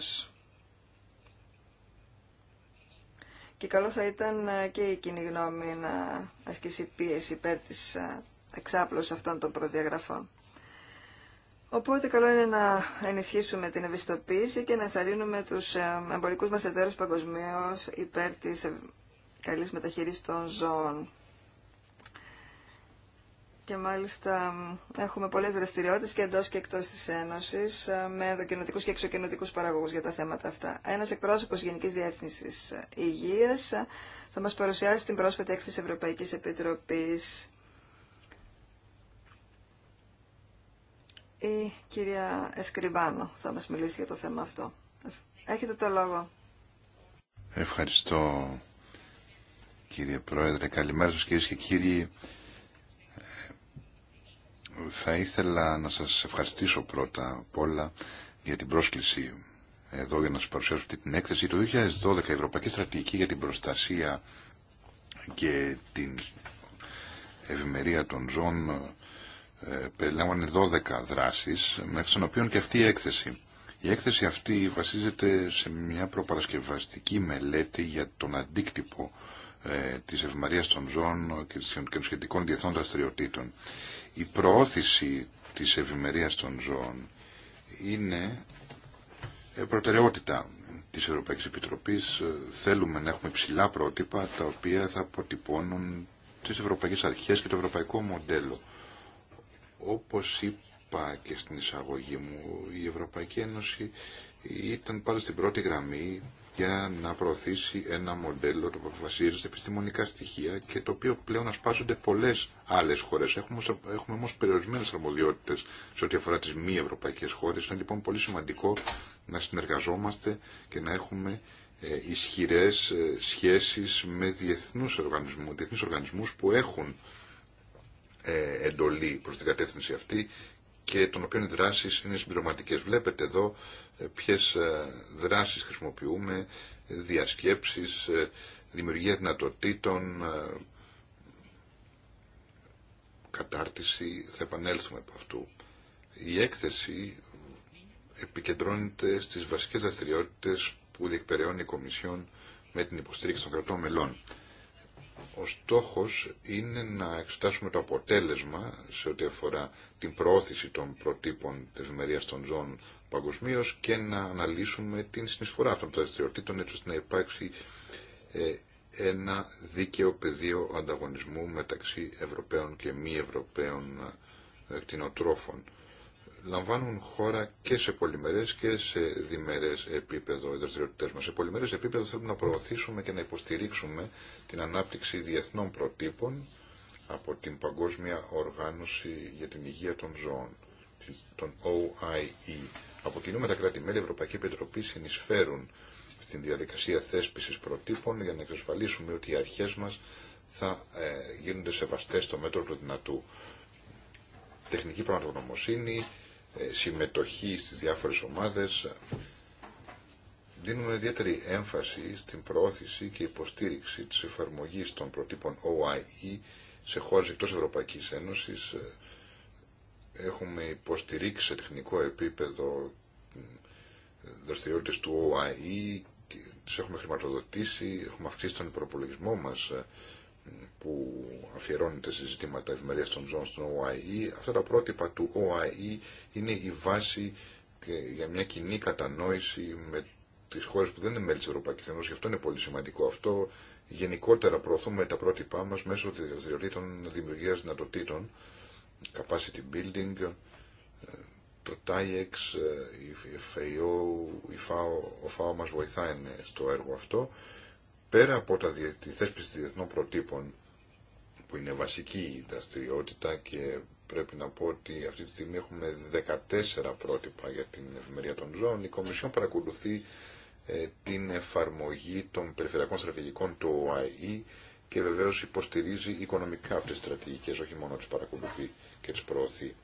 Και καλό θα ήταν ε, και η κοινή γνώμη να ασκήσει πίεση υπέρ της ε, εξάπλωσης αυτών των προδιαγραφών. Οπότε καλό είναι να ενισχύσουμε την ευαισθητοποίηση και να θαρρύνουμε τους ε, εμπορικούς μας εταίρους παγκοσμίω υπέρ της καλής μεταχείρισης των ζώων. Και μάλιστα έχουμε πολλές δραστηριότητες και εντός και εκτός της Ένωσης ε, με δοκινοτικού και εξοκινοτικούς παραγωγούς για τα θέματα αυτά. Ένας εκπρόσωπος Γενικής Διεύθυνσης ε, Υγείας ε, θα μας παρουσιάσει την πρόσφατη έκθεση Ευρωπαϊκής Επιτροπής. Η κυρία Εσκριβάνο θα μας μιλήσει για το θέμα αυτό. Έχετε το λόγο. Ευχαριστώ κύριε Πρόεδρε. Καλημέρα σας κυρίες και κύριοι. Θα ήθελα να σας ευχαριστήσω πρώτα απ' όλα για την πρόσκληση εδώ για να σας παρουσιάσω αυτή την έκθεση. Το 2012 η Ευρωπαϊκή Στρατηγική για την Προστασία και την Ευημερία των Ζών ε, περιλάμβανε 12 δράσεις, μέχρι των οποίων και αυτή η έκθεση. Η έκθεση αυτή βασίζεται σε μια προπαρασκευαστική μελέτη για τον αντίκτυπο ε, της ευμαρίας των ζώων και, των σχετικών διεθνών δραστηριοτήτων. Η προώθηση της ευημερίας των ζώων είναι ε, προτεραιότητα της Ευρωπαϊκής Επιτροπής. Ε, θέλουμε να έχουμε ψηλά πρότυπα τα οποία θα αποτυπώνουν τις ευρωπαϊκές αρχές και το ευρωπαϊκό μοντέλο. Όπως είπα και στην εισαγωγή μου, η Ευρωπαϊκή Ένωση ήταν πάντα στην πρώτη γραμμή για να προωθήσει ένα μοντέλο το οποίο αποφασίζεται επιστημονικά στοιχεία και το οποίο πλέον ασπάζονται πολλέ άλλε χώρε. Έχουμε, έχουμε όμω περιορισμένε αρμοδιότητε σε ό,τι αφορά τι μη ευρωπαϊκέ χώρε. Είναι λοιπόν πολύ σημαντικό να συνεργαζόμαστε και να έχουμε ε, ισχυρέ ε, σχέσει με διεθνού οργανισμού, οργανισμούς που έχουν ε, εντολή προ την κατεύθυνση αυτή και των οποίων οι δράσει είναι συμπληρωματικέ. Βλέπετε εδώ ποιες ε, δράσεις χρησιμοποιούμε, διασκέψεις, ε, δημιουργία δυνατοτήτων, ε, κατάρτιση, θα επανέλθουμε από αυτού. Η έκθεση επικεντρώνεται στις βασικές δραστηριότητε που διεκπεραιώνει η Κομισιόν με την υποστήριξη των κρατών μελών. Ο στόχος είναι να εξετάσουμε το αποτέλεσμα σε ό,τι αφορά την προώθηση των προτύπων της ευημερίας των ζώων παγκοσμίω και να αναλύσουμε την συνεισφορά αυτών των δραστηριοτήτων έτσι ώστε να υπάρξει ε, ένα δίκαιο πεδίο ανταγωνισμού μεταξύ Ευρωπαίων και μη Ευρωπαίων ε, κτηνοτρόφων. Λαμβάνουν χώρα και σε πολυμερές και σε διμερές επίπεδο οι δραστηριότητες μας. Σε πολυμερές επίπεδο θέλουμε να προωθήσουμε και να υποστηρίξουμε την ανάπτυξη διεθνών προτύπων από την Παγκόσμια Οργάνωση για την Υγεία των Ζώων, τον OIE. Από κοινού με τα κράτη-μέλη, η Ευρωπαϊκή Επιτροπή συνεισφέρουν στην διαδικασία θέσπιση προτύπων για να εξασφαλίσουμε ότι οι αρχέ μα θα ε, γίνονται σεβαστέ στο μέτρο του δυνατού. Τεχνική πραγματογνωμοσύνη, ε, συμμετοχή στι διάφορε ομάδε. Δίνουμε ιδιαίτερη έμφαση στην προώθηση και υποστήριξη τη εφαρμογή των προτύπων OIE σε χώρες εκτό Ευρωπαϊκής Ένωσης, ε, έχουμε υποστηρίξει σε τεχνικό επίπεδο δραστηριότητες του ΟΑΗ, e τις έχουμε χρηματοδοτήσει, έχουμε αυξήσει τον προπολογισμό μας ε, που αφιερώνεται σε ζητήματα ευημερίας των ζώων στον ΟΑΗ. E. Αυτά τα πρότυπα του ΟΑΗ e είναι η βάση για μια κοινή κατανόηση με τις χώρες που δεν είναι μέλη της Ευρωπαϊκής Ένωσης. Γι' αυτό είναι πολύ σημαντικό αυτό. Γενικότερα προωθούμε τα πρότυπά μας μέσω της δραστηριοτήτων δημιουργίας δυνατοτήτων capacity building, ε, το TIEX, ε, η FAO, η FAO, ο ΦΑΟ μας βοηθάει στο έργο αυτό. Πέρα από τα, τη θέσπιση διεθνών προτύπων, που είναι βασική δραστηριότητα και πρέπει να πω ότι αυτή τη στιγμή έχουμε 14 πρότυπα για την ευημερία των ζώων, η Κομισιόν παρακολουθεί ε, την εφαρμογή των περιφερειακών στρατηγικών του ΟΑΗ και βεβαίω υποστηρίζει οικονομικά αυτέ τι στρατηγικέ όχι μόνο τι παρακολουθεί και τι προωθεί.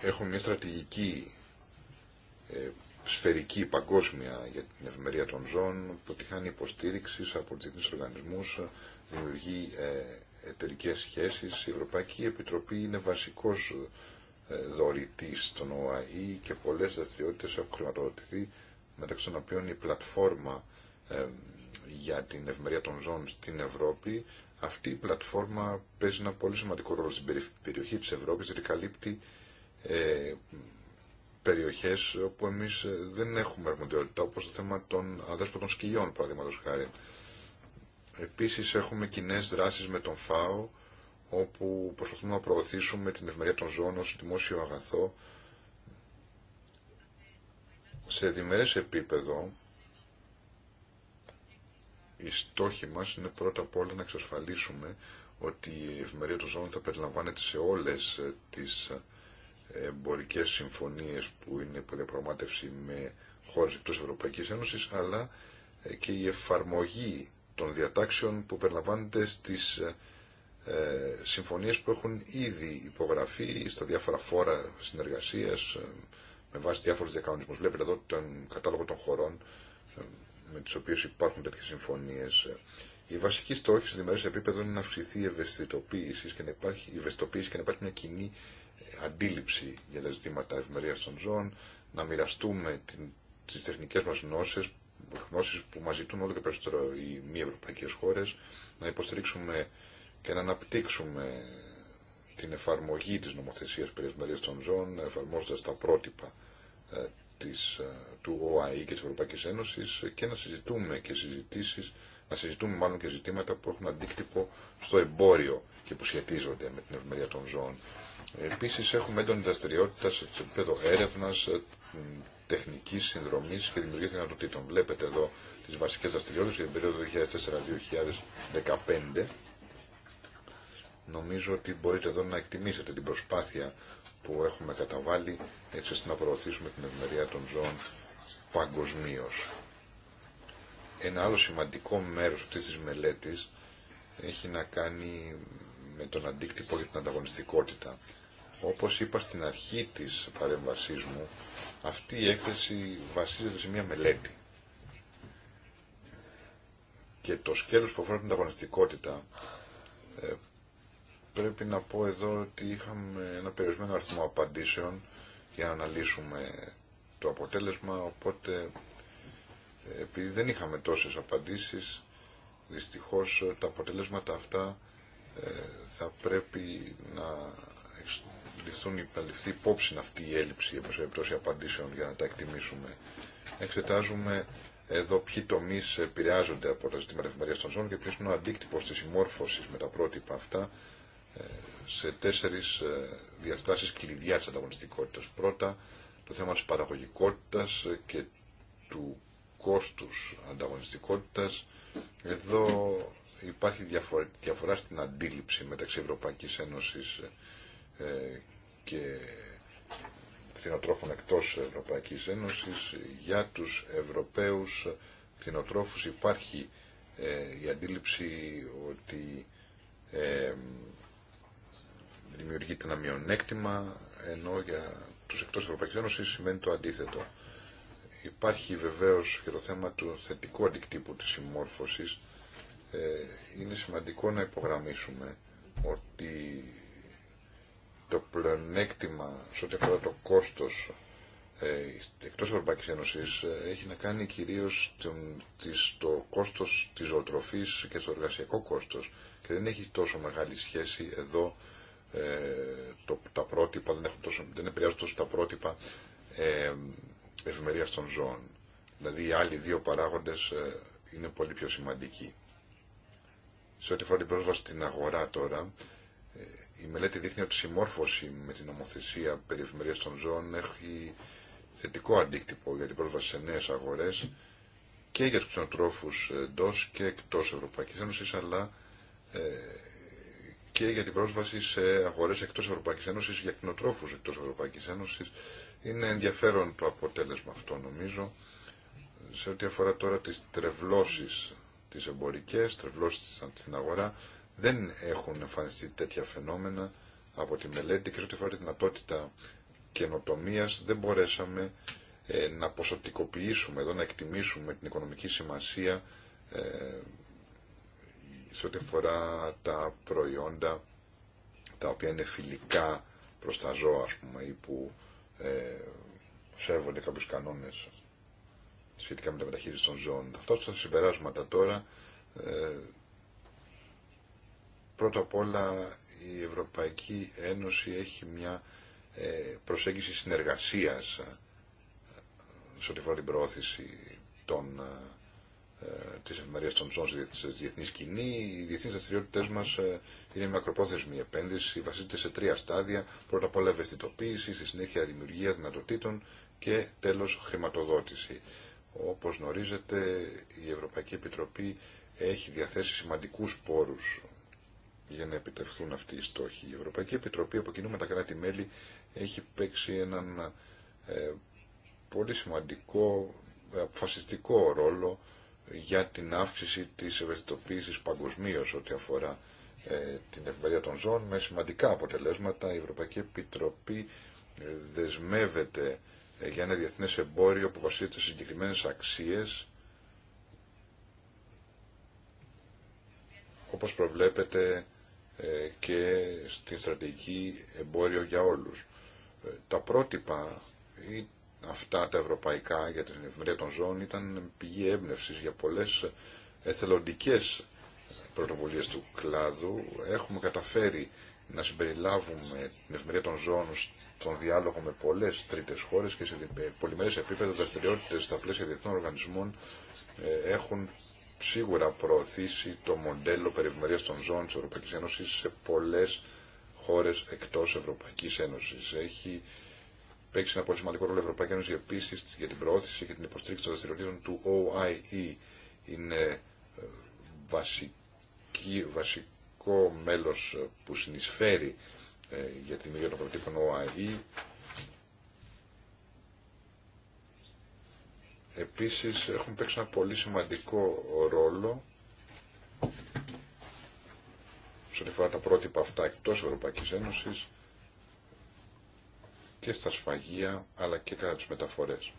Έχουμε μια στρατηγική ε, σφαιρική παγκόσμια για την ευημερία των ζώων που τυχάνει υποστήριξη από τους διεθνείς οργανισμούς, δημιουργεί ε, εταιρικέ σχέσει. Η Ευρωπαϊκή Επιτροπή είναι βασικός ε, δωρητή των ΟΑΗ και πολλέ δραστηριότητε έχουν χρηματοδοτηθεί μεταξύ των οποίων η πλατφόρμα για την ευμερία των ζώων στην Ευρώπη. Αυτή η πλατφόρμα παίζει ένα πολύ σημαντικό ρόλο στην περιοχή της Ευρώπης, γιατί καλύπτει ε, περιοχές όπου εμείς ε, δεν έχουμε αρμοδιότητα, όπως το θέμα των αδέσποτων σκυλιών, παραδείγματο χάρη. Επίσης έχουμε κοινέ δράσεις με τον ΦΑΟ, όπου προσπαθούμε να προωθήσουμε την ευμερία των ζώων ως δημόσιο αγαθό, σε διμερές επίπεδο, οι στόχοι μας είναι πρώτα απ' όλα να εξασφαλίσουμε ότι η εφημερία των ζώων θα περιλαμβάνεται σε όλες ε, τις ε, εμπορικές συμφωνίες που είναι υποδιαπραγμάτευση με χώρες εκτός Ευρωπαϊκής Ένωσης, αλλά ε, και η εφαρμογή των διατάξεων που περιλαμβάνονται στις συμφωνίες που έχουν ήδη υπογραφεί στα διάφορα φόρα συνεργασίας, με βάση διάφορου διακανονισμού. Βλέπετε εδώ τον κατάλογο των χωρών ε, με τι οποίε υπάρχουν τέτοιε συμφωνίε. Ε, η βασική στόχη σε διμερέ επίπεδο είναι να αυξηθεί η ευαισθητοποίηση και να υπάρχει, η ευαισθητοποίηση και να υπάρχει μια κοινή ε, αντίληψη για τα ζητήματα ευημερία των ζώων, να μοιραστούμε τι τεχνικέ μα γνώσει γνώσεις που μας ζητούν όλο και περισσότερο οι μη ευρωπαϊκές χώρες, να υποστηρίξουμε και να αναπτύξουμε την εφαρμογή της νομοθεσίας περί των ζώων, εφαρμόζοντα τα πρότυπα ε, της, ε, του ΟΑΗ και της Ευρωπαϊκής Ένωσης και να συζητούμε και συζητήσεις, να συζητούμε μάλλον και ζητήματα που έχουν αντίκτυπο στο εμπόριο και που σχετίζονται με την ευμερία των ζώων. Επίσης έχουμε έντονη δραστηριότητα σε επίπεδο έρευνας, ε, τεχνικής συνδρομής και δημιουργίας δυνατοτήτων. Βλέπετε εδώ τις βασικές δραστηριότητες για την περίοδο 2004-2015. Νομίζω ότι μπορείτε εδώ να εκτιμήσετε την προσπάθεια που έχουμε καταβάλει έτσι ώστε να προωθήσουμε την ευμερία των ζώων παγκοσμίω. Ένα άλλο σημαντικό μέρος αυτής της μελέτης έχει να κάνει με τον αντίκτυπο για την ανταγωνιστικότητα. Όπως είπα στην αρχή της παρέμβασής μου, αυτή η έκθεση βασίζεται σε μια μελέτη. Και το σκέλος που αφορά την ανταγωνιστικότητα ε, πρέπει να πω εδώ ότι είχαμε ένα περιορισμένο αριθμό απαντήσεων για να αναλύσουμε το αποτέλεσμα, οπότε ε, επειδή δεν είχαμε τόσες απαντήσεις, δυστυχώς ε, τα αποτελέσματα αυτά ε, θα πρέπει να ληφθούν, να ληφθεί υπόψη αυτή η έλλειψη επιπτώσει απαντήσεων για να τα εκτιμήσουμε. Εξετάζουμε εδώ ποιοι τομεί επηρεάζονται από τα ζητήματα ευημερία των ζώων και ποιο είναι ο αντίκτυπο τη συμμόρφωση με τα πρότυπα αυτά σε τέσσερις ε, διαστάσεις κλειδιά της ανταγωνιστικότητας. Πρώτα, το θέμα της παραγωγικότητας και του κόστους ανταγωνιστικότητας. Εδώ υπάρχει διαφορά στην αντίληψη μεταξύ Ευρωπαϊκής Ένωσης ε, ε, και κτηνοτρόφων εκτός Ευρωπαϊκής Ένωσης. Για τους Ευρωπαίους κτηνοτρόφους υπάρχει η αντίληψη ότι δημιουργείται ένα μειονέκτημα, ενώ για τους εκτός Ευρωπαϊκής Ένωσης σημαίνει το αντίθετο. Υπάρχει βεβαίως και το θέμα του θετικού αντικτύπου της συμμόρφωσης. Ε, είναι σημαντικό να υπογραμμίσουμε ότι το πλεονέκτημα σε ό,τι αφορά το κόστος ε, εκτός Ευρωπαϊκής Ένωσης ε, έχει να κάνει κυρίως το κόστος της ζωοτροφής και το εργασιακό κόστος και δεν έχει τόσο μεγάλη σχέση εδώ ε, το, τα πρότυπα, δεν, έχουν τόσο, δεν επηρεάζουν τόσο τα πρότυπα ε, ευημερίας των ζώων. Δηλαδή οι άλλοι δύο παράγοντες ε, είναι πολύ πιο σημαντικοί. Σε ό,τι αφορά την πρόσβαση στην αγορά τώρα, ε, η μελέτη δείχνει ότι η συμμόρφωση με την νομοθεσία περί ευημερίας των ζώων έχει θετικό αντίκτυπο για την πρόσβαση σε νέες αγορές και για τους ξενοτρόφους εντό και εκτός Ευρωπαϊκής Ένωσης, αλλά ε, και για την πρόσβαση σε αγορές εκτός Ευρωπαϊκής Ένωσης, για κτηνοτρόφους εκτός Ευρωπαϊκής Ένωσης. Είναι ενδιαφέρον το αποτέλεσμα αυτό νομίζω. Σε ό,τι αφορά τώρα τις τρευλώσεις, τις εμπορικές, τρευλώσεις στην αγορά, δεν έχουν εμφανιστεί τέτοια φαινόμενα από τη μελέτη και σε ό,τι αφορά τη δυνατότητα καινοτομία δεν μπορέσαμε ε, να ποσοτικοποιήσουμε εδώ, να εκτιμήσουμε την οικονομική σημασία ε, σε ό,τι αφορά τα προϊόντα τα οποία είναι φιλικά προς τα ζώα, ας πούμε, ή που ε, σέβονται κάποιους κανόνες σχετικά με τα μεταχείριση των ζώων. Αυτό στα συμπεράσματα τώρα, ε, πρώτα απ' όλα η Ευρωπαϊκή Ένωση έχει μια ε, προσέγγιση συνεργασίας ε, σε ό,τι αφορά την προώθηση των ε, ε, τη ευημερία των ζώων στη διεθνή σκηνή. Οι διεθνεί δραστηριότητέ μα ε, είναι μακροπρόθεσμη επένδυση, βασίζεται σε τρία στάδια. Πρώτα απ' όλα ευαισθητοποίηση, στη συνέχεια δημιουργία δυνατοτήτων και τέλο χρηματοδότηση. Όπω γνωρίζετε, η Ευρωπαϊκή Επιτροπή έχει διαθέσει σημαντικού πόρου για να επιτευχθούν αυτοί οι στόχοι. Η Ευρωπαϊκή Επιτροπή, από κοινού με τα κράτη-μέλη, έχει παίξει έναν ε, πολύ σημαντικό, ε, αποφασιστικό ρόλο για την αύξηση της ευαισθητοποίησης παγκοσμίω ό,τι αφορά ε, την ευημερία των ζώων με σημαντικά αποτελέσματα. Η Ευρωπαϊκή Επιτροπή ε, δεσμεύεται ε, για ένα διεθνές εμπόριο που βασίζεται σε συγκεκριμένες αξίες όπως προβλέπεται και στην στρατηγική εμπόριο για όλους. Τα πρότυπα αυτά τα ευρωπαϊκά για την ευημερία των ζώων ήταν πηγή έμπνευση για πολλές εθελοντικές πρωτοβουλίες του κλάδου. Έχουμε καταφέρει να συμπεριλάβουμε την ευημερία των ζώων στον διάλογο με πολλές τρίτες χώρες και σε πολυμερές επίπεδο δραστηριότητες στα πλαίσια διεθνών οργανισμών ε, έχουν σίγουρα προωθήσει το μοντέλο περιευμερίας των ζώων της Ευρωπαϊκής Ένωσης σε πολλές χώρες εκτός Ευρωπαϊκής Ένωσης. Έχει παίξει ένα πολύ σημαντικό ρόλο η Ευρωπαϊκή Ένωση επίση για την προώθηση και την υποστήριξη των δραστηριοτήτων του OIE. Είναι ε, βασικό μέλο ε, που συνεισφέρει ε, για τη δημιουργία των προτύπων OIE. Επίσης έχουν παίξει ένα πολύ σημαντικό ρόλο σε ό,τι αφορά τα πρότυπα αυτά εκτό Ευρωπαϊκή Ένωση και στα σφαγεία αλλά και κατά τις μεταφορές.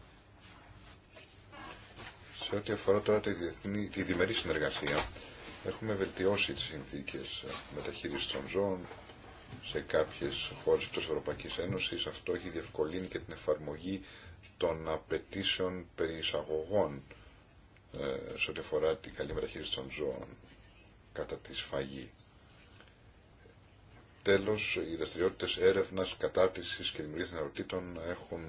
Σε ό,τι αφορά τώρα τη, διεθνή, τη διμερή συνεργασία, έχουμε βελτιώσει τις συνθήκες μεταχείρισης των ζώων σε κάποιες χώρες της Ευρωπαϊκής Ένωσης. Αυτό έχει διευκολύνει και την εφαρμογή των απαιτήσεων περί εισαγωγών ε, σε ό,τι αφορά την καλή μεταχείριση των ζώων κατά τη σφαγή. Τέλος, οι δραστηριότητες έρευνας, κατάρτισης και δημιουργίας δυνατοτήτων έχουν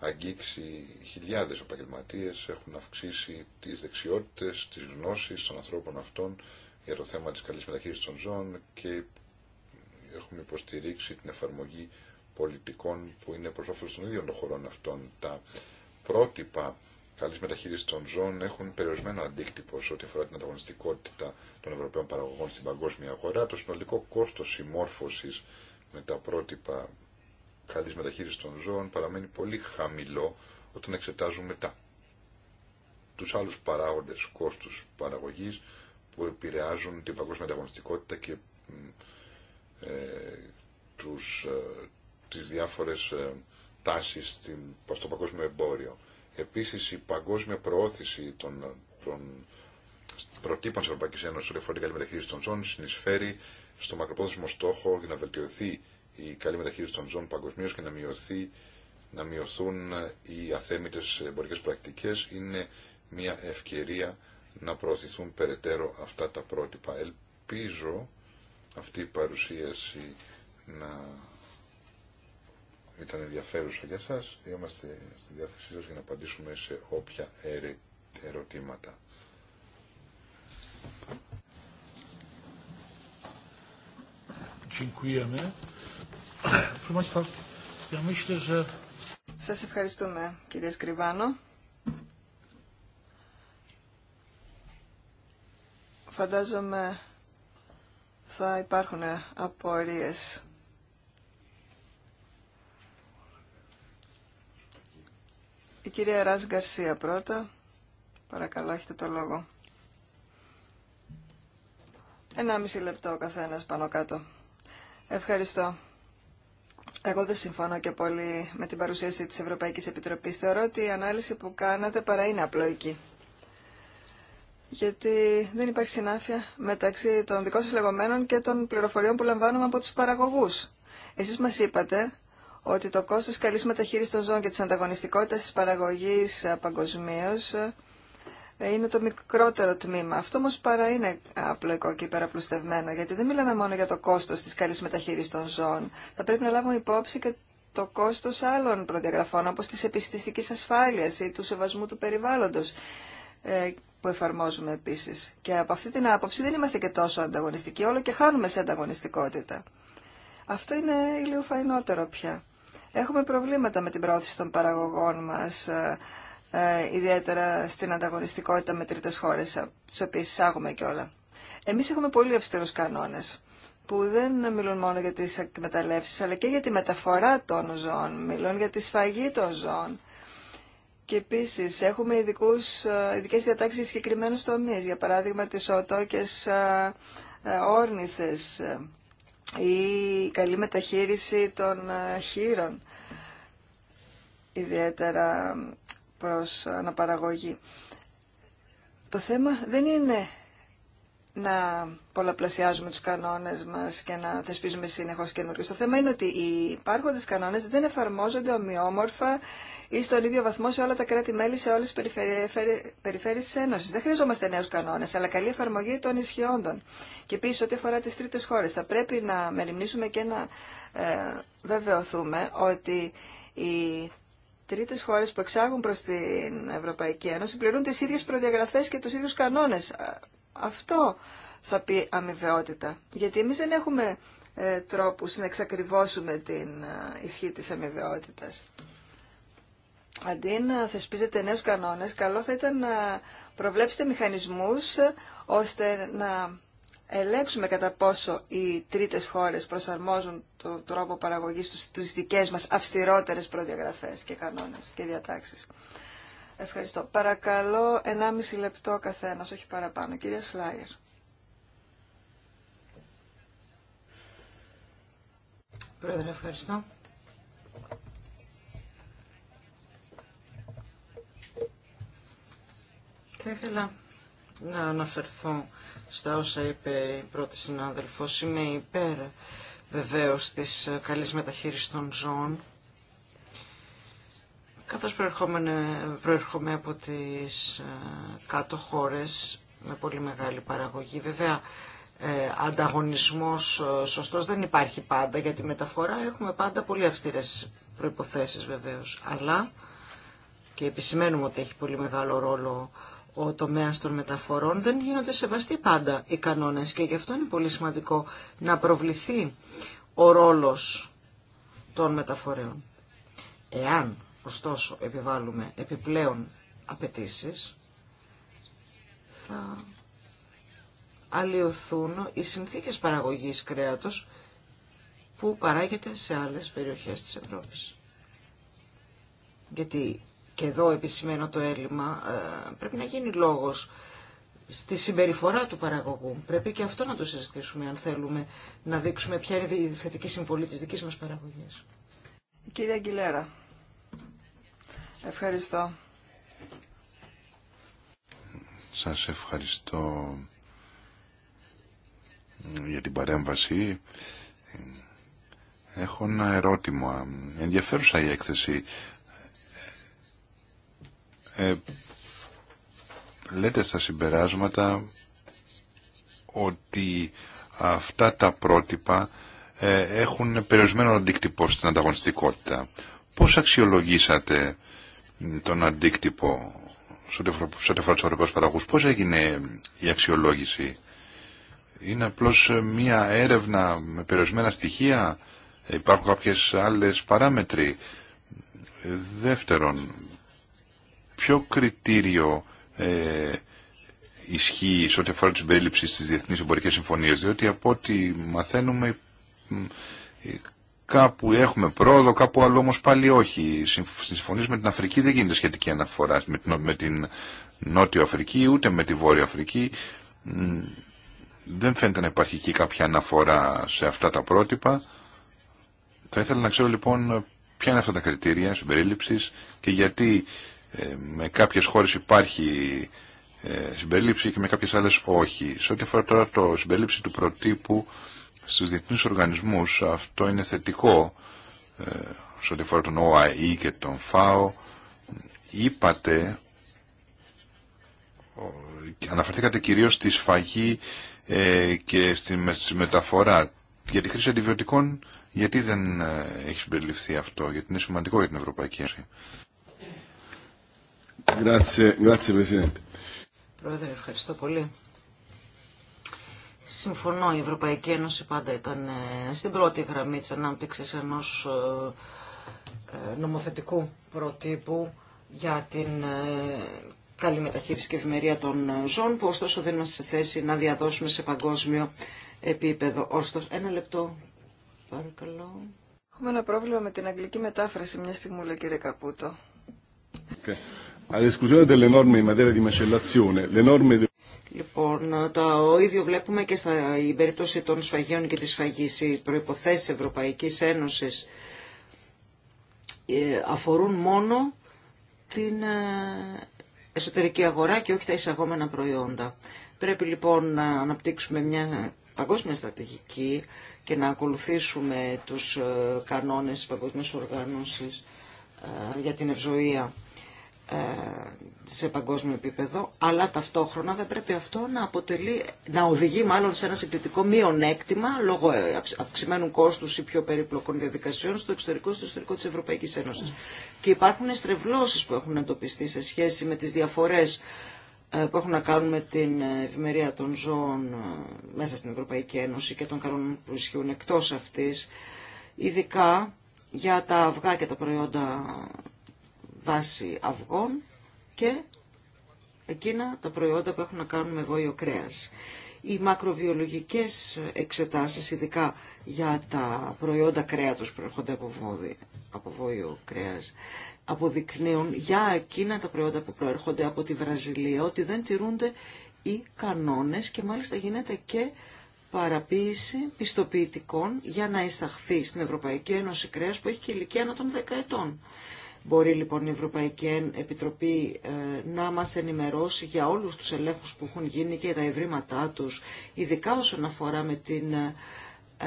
αγγίξει χιλιάδες επαγγελματίε, έχουν αυξήσει τις δεξιότητες, τις γνώσεις των ανθρώπων αυτών για το θέμα της καλής μεταχείρισης των ζώων και έχουμε υποστηρίξει την εφαρμογή πολιτικών που είναι προς όφελος των ίδιων των χωρών αυτών. Τα πρότυπα Καλή μεταχείριση των ζώων έχουν περιορισμένο αντίκτυπο σε ό,τι αφορά την ανταγωνιστικότητα των Ευρωπαίων παραγωγών στην παγκόσμια αγορά. Το συνολικό κόστος συμμόρφωσης με τα πρότυπα καλή μεταχείριση των ζώων παραμένει πολύ χαμηλό όταν εξετάζουμε τα, τους άλλους παράγοντες κόστους παραγωγής που επηρεάζουν την παγκόσμια ανταγωνιστικότητα και ε, τους, ε, τις διάφορες ε, τάσεις στην, στο παγκόσμιο εμπόριο. Επίσης η παγκόσμια προώθηση των, προτύπων της Ευρωπαϊκής Ένωσης ό,τι την καλή μεταχείριση των ζώων συνεισφέρει στο μακροπρόθεσμο στόχο για να βελτιωθεί η καλή μεταχείριση των ζώων παγκοσμίω και να, μειωθεί, να μειωθούν οι αθέμητες εμπορικές πρακτικές. Είναι μια ευκαιρία να προωθηθούν περαιτέρω αυτά τα πρότυπα. Ελπίζω αυτή η παρουσίαση να ήταν ενδιαφέρουσα για σας. Είμαστε στη διάθεσή σας για να απαντήσουμε σε όποια ερωτήματα. Σας ευχαριστούμε κύριε Σκριβάνο. Φαντάζομαι θα υπάρχουν απορίες κυρία Ράζ Γκαρσία πρώτα. Παρακαλώ, έχετε το λόγο. Ένα μισή λεπτό ο καθένας πάνω κάτω. Ευχαριστώ. Εγώ δεν συμφωνώ και πολύ με την παρουσίαση της Ευρωπαϊκής Επιτροπής. Θεωρώ ότι η ανάλυση που κάνατε παρά είναι απλοϊκή. Γιατί δεν υπάρχει συνάφεια μεταξύ των δικών σας λεγόμενων και των πληροφοριών που λαμβάνουμε από τους παραγωγούς. Εσείς μας είπατε ότι το κόστος καλής μεταχείρισης των ζώων και της ανταγωνιστικότητας της παραγωγής ε, παγκοσμίω ε, είναι το μικρότερο τμήμα. Αυτό όμως παρά είναι απλοϊκό και υπεραπλουστευμένο, γιατί δεν μιλάμε μόνο για το κόστος της καλής μεταχείρισης των ζώων. Θα πρέπει να λάβουμε υπόψη και το κόστος άλλων προδιαγραφών, όπως της επιστηστικής ασφάλειας ή του σεβασμού του περιβάλλοντος ε, που εφαρμόζουμε επίσης. Και από αυτή την άποψη δεν είμαστε και τόσο ανταγωνιστικοί, όλο και χάνουμε σε ανταγωνιστικότητα. Αυτό είναι ηλιοφαϊνότερο πια. Έχουμε προβλήματα με την πρόθεση των παραγωγών μας, ε, ε, ιδιαίτερα στην ανταγωνιστικότητα με τρίτες χώρες, ε, τις οποίες εισάγουμε και όλα. Εμείς έχουμε πολύ αυστηρούς κανόνες που δεν μιλούν μόνο για τις εκμεταλλεύσεις, αλλά και για τη μεταφορά των ζώων, μιλούν για τη σφαγή των ζώων. Και επίσης έχουμε ειδικούς, ειδικές διατάξεις για συγκεκριμένους για παράδειγμα τις οτόκες όρνηθες, ή καλή μεταχείριση των ε, χείρων, ιδιαίτερα προς αναπαραγωγή. Το θέμα δεν είναι να πολλαπλασιάζουμε τους κανόνες μας και να θεσπίζουμε συνεχώς καινούργιους. Το θέμα είναι ότι οι υπάρχοντες κανόνες δεν εφαρμόζονται ομοιόμορφα ή στον ίδιο βαθμό σε όλα τα κράτη-μέλη, σε όλες τις περιφέρειες της Ένωσης. Δεν χρειαζόμαστε νέους κανόνες, αλλά καλή εφαρμογή των ισχυόντων. Και επίσης, ό,τι αφορά τις τρίτες χώρες, θα πρέπει να μεριμνήσουμε και να ε, βεβαιωθούμε ότι οι τρίτες χώρες που εξάγουν προς την Ευρωπαϊκή Ένωση πληρούν τις ίδιες προδιαγραφές και τους ίδιους κανόνες αυτό θα πει αμοιβαιότητα. Γιατί εμείς δεν έχουμε ε, τρόπους να εξακριβώσουμε την ε, ισχύ της αμοιβαιότητας. Αντί να θεσπίζετε νέους κανόνες, καλό θα ήταν να προβλέψετε μηχανισμούς ώστε να ελέγξουμε κατά πόσο οι τρίτες χώρες προσαρμόζουν τον τρόπο παραγωγής στις δικές μας αυστηρότερες προδιαγραφές και κανόνες και διατάξεις. Ευχαριστώ. Παρακαλώ 1,5 λεπτό καθένας, όχι παραπάνω. Κυρία Σλάιερ. Πρόεδρε, ευχαριστώ. Θα ήθελα να αναφερθώ στα όσα είπε η πρώτη συνάδελφος. Είμαι υπέρ βεβαίως της καλής μεταχείρισης των ζώων Καθώς προέρχομαι από τις ε, κάτω χώρες με πολύ μεγάλη παραγωγή, βέβαια ε, ανταγωνισμός ε, σωστός δεν υπάρχει πάντα, για τη μεταφορά έχουμε πάντα πολύ αυστηρές προϋποθέσεις βεβαίως. Αλλά, και επισημαίνουμε ότι έχει πολύ μεγάλο ρόλο ο τομέα των μεταφορών, δεν γίνονται σεβαστοί πάντα οι κανόνες και γι' αυτό είναι πολύ σημαντικό να προβληθεί ο ρόλος των μεταφορέων. Εάν ωστόσο επιβάλλουμε επιπλέον απαιτήσει, θα αλλοιωθούν οι συνθήκες παραγωγής κρέατος που παράγεται σε άλλες περιοχές της Ευρώπης. Γιατί και εδώ επισημαίνω το έλλειμμα, ε, πρέπει να γίνει λόγος στη συμπεριφορά του παραγωγού. Πρέπει και αυτό να το συζητήσουμε αν θέλουμε να δείξουμε ποια είναι η θετική συμβολή της δικής μας παραγωγής. Κυρία Αγγιλέρα. Ευχαριστώ. Σας ευχαριστώ για την παρέμβαση. Έχω ένα ερώτημα. Ενδιαφέρουσα η έκθεση. Ε, λέτε στα συμπεράσματα ότι αυτά τα πρότυπα ε, έχουν περιορισμένο αντίκτυπο στην ανταγωνιστικότητα. Πώς αξιολογήσατε τον αντίκτυπο σε ό,τι αφορά του ευρωπαϊκού παραγωγού. Πώ έγινε η αξιολόγηση, Είναι απλώ ε, μία έρευνα με περιορισμένα στοιχεία, υπάρχουν κάποιε άλλε παράμετροι. Δεύτερον, ποιο κριτήριο ε, ισχύει σε ό,τι αφορά την συμπερίληψη στι διεθνεί εμπορικέ συμφωνίε, διότι από ό,τι μαθαίνουμε Κάπου έχουμε πρόοδο, κάπου άλλο όμως πάλι όχι. Στις με την Αφρική δεν γίνεται σχετική αναφορά με την, με την Νότιο Αφρική ούτε με τη Βόρεια Αφρική. Δεν φαίνεται να υπάρχει εκεί κάποια αναφορά σε αυτά τα πρότυπα. Θα ήθελα να ξέρω λοιπόν ποια είναι αυτά τα κριτήρια συμπερίληψης και γιατί ε, με κάποιες χώρες υπάρχει ε, συμπερίληψη και με κάποιες άλλες όχι. Σε ό,τι αφορά τώρα το συμπερίληψη του προτύπου στους διεθνείς οργανισμούς αυτό είναι θετικό ε, σε ό,τι αφορά τον ΟΑΗ ε και τον ΦΑΟ είπατε αναφερθήκατε κυρίως στη σφαγή ε, και στη, μεταφορά για τη χρήση αντιβιωτικών γιατί δεν έχει συμπεριληφθεί αυτό γιατί είναι σημαντικό για την Ευρωπαϊκή Ένωση Πρόεδρε ευχαριστώ πολύ Συμφωνώ, η Ευρωπαϊκή Ένωση πάντα ήταν ε, στην πρώτη γραμμή της ανάπτυξης ενός ε, ε, νομοθετικού προτύπου για την καλή μεταχείριση και ευημερία των ζώων, που ωστόσο δεν είμαστε σε θέση να διαδώσουμε σε παγκόσμιο επίπεδο. Ωστόσο, ένα λεπτό, παρακαλώ. Έχουμε ένα πρόβλημα με την αγγλική μετάφραση, μια στιγμή λέει κύριε Καπούτο. Λοιπόν, το ίδιο βλέπουμε και στην περίπτωση των σφαγίων και της σφαγής. Οι προϋποθέσεις Ευρωπαϊκής Ένωσης ε, αφορούν μόνο την ε, εσωτερική αγορά και όχι τα εισαγόμενα προϊόντα. Πρέπει λοιπόν να αναπτύξουμε μια παγκόσμια στρατηγική και να ακολουθήσουμε τους ε, κανόνες της παγκόσμιας οργάνωσης για την ευζοία ε, σε παγκόσμιο επίπεδο, αλλά ταυτόχρονα δεν πρέπει αυτό να, αποτελεί, να οδηγεί μάλλον σε ένα συγκριτικό μειονέκτημα λόγω ε, αυξημένου κόστου ή πιο περίπλοκων διαδικασιών στο εξωτερικό στο εσωτερικό τη Ευρωπαϊκή Ένωση. Και υπάρχουν στρεβλώσει που έχουν εντοπιστεί σε σχέση με τι διαφορέ ε, που έχουν να κάνουν με την ευημερία των ζώων μέσα στην Ευρωπαϊκή Ένωση και των κανόνων που ισχύουν εκτό αυτή, ειδικά για τα αυγά και τα προϊόντα βάση αυγών και εκείνα τα προϊόντα που έχουν να κάνουν με βόλιο κρέας. Οι μακροβιολογικές εξετάσεις, ειδικά για τα προϊόντα κρέατος που έρχονται από, βόδι, από βόλιο κρέας, αποδεικνύουν για εκείνα τα προϊόντα που προέρχονται από τη Βραζιλία ότι δεν τηρούνται οι κανόνες και μάλιστα γίνεται και παραποίηση πιστοποιητικών για να εισαχθεί στην Ευρωπαϊκή Ένωση κρέας που έχει και ηλικία ανά των 10 ετών. Μπορεί λοιπόν η Ευρωπαϊκή Επιτροπή ε, να μας ενημερώσει για όλους τους ελέγχους που έχουν γίνει και τα ευρήματά τους, ειδικά όσον αφορά με την ε, ε,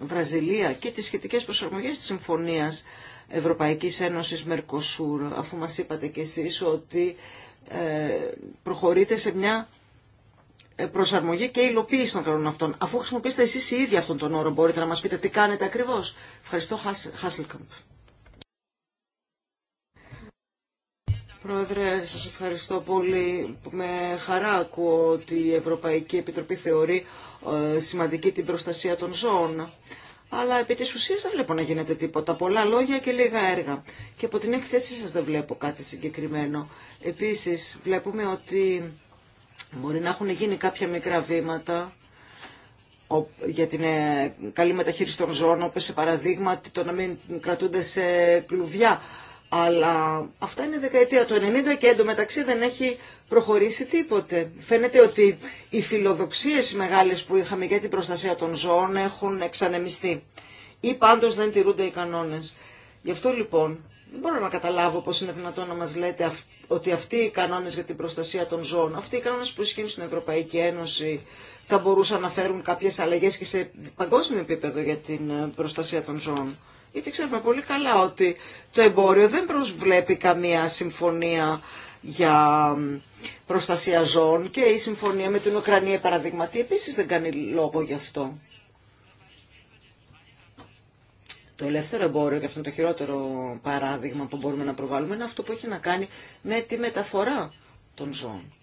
Βραζιλία και τις σχετικές προσαρμογές της Συμφωνίας Ευρωπαϊκής Ένωσης Μερκοσούρ, αφού μας είπατε κι εσείς ότι προχωρείτε σε μια προσαρμογή και υλοποίηση των κανόνων αυτών. Αφού χρησιμοποιήσετε εσείς οι ίδιοι αυτόν τον όρο, μπορείτε να μας πείτε τι κάνετε ακριβώς. Ευχαριστώ, Χάσελκαμπ. Πρόεδρε, σας ευχαριστώ πολύ. Με χαρά ακούω ότι η Ευρωπαϊκή Επιτροπή θεωρεί ε, σημαντική την προστασία των ζώων. Αλλά επί της ουσίας δεν βλέπω να γίνεται τίποτα. Πολλά λόγια και λίγα έργα. Και από την έκθεσή σας δεν βλέπω κάτι συγκεκριμένο. Επίσης βλέπουμε ότι μπορεί να έχουν γίνει κάποια μικρά βήματα για την ε, καλή μεταχείριση των ζώων, όπως σε παραδείγμα το να μην κρατούνται σε κλουβιά αλλά αυτά είναι δεκαετία του 90 και εντωμεταξύ δεν έχει προχωρήσει τίποτε. Φαίνεται ότι οι φιλοδοξίες οι μεγάλες που είχαμε για την προστασία των ζώων έχουν εξανεμιστεί. Ή πάντως δεν τηρούνται οι κανόνες. Γι' αυτό λοιπόν δεν μπορώ να καταλάβω πώς είναι δυνατόν να μας λέτε ότι αυτοί οι κανόνες για την προστασία των ζώων, αυτοί οι κανόνες που ισχύουν στην Ευρωπαϊκή Ένωση θα μπορούσαν να φέρουν κάποιες αλλαγές και σε παγκόσμιο επίπεδο για την ε, προστασία των ζώων. Γιατί ξέρουμε πολύ καλά ότι το εμπόριο δεν προσβλέπει καμία συμφωνία για προστασία ζώων και η συμφωνία με την Ουκρανία παραδείγματι επίσης δεν κάνει λόγο γι' αυτό. Το ελεύθερο εμπόριο, και αυτό είναι το χειρότερο παράδειγμα που μπορούμε να προβάλλουμε, είναι αυτό που έχει να κάνει με τη μεταφορά των ζώων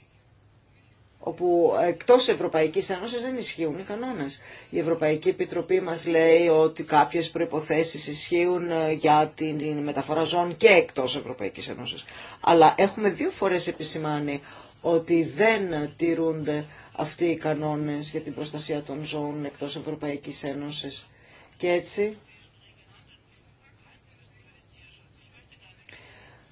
όπου εκτός Ευρωπαϊκής Ένωσης δεν ισχύουν οι κανόνες. Η Ευρωπαϊκή Επιτροπή μας λέει ότι κάποιες προϋποθέσεις ισχύουν ε, για την μεταφορά ζώων και εκτός Ευρωπαϊκής Ένωσης. Αλλά έχουμε δύο φορές επισημάνει ότι δεν τηρούνται αυτοί οι κανόνες για την προστασία των ζώων εκτός Ευρωπαϊκής Ένωσης. Και έτσι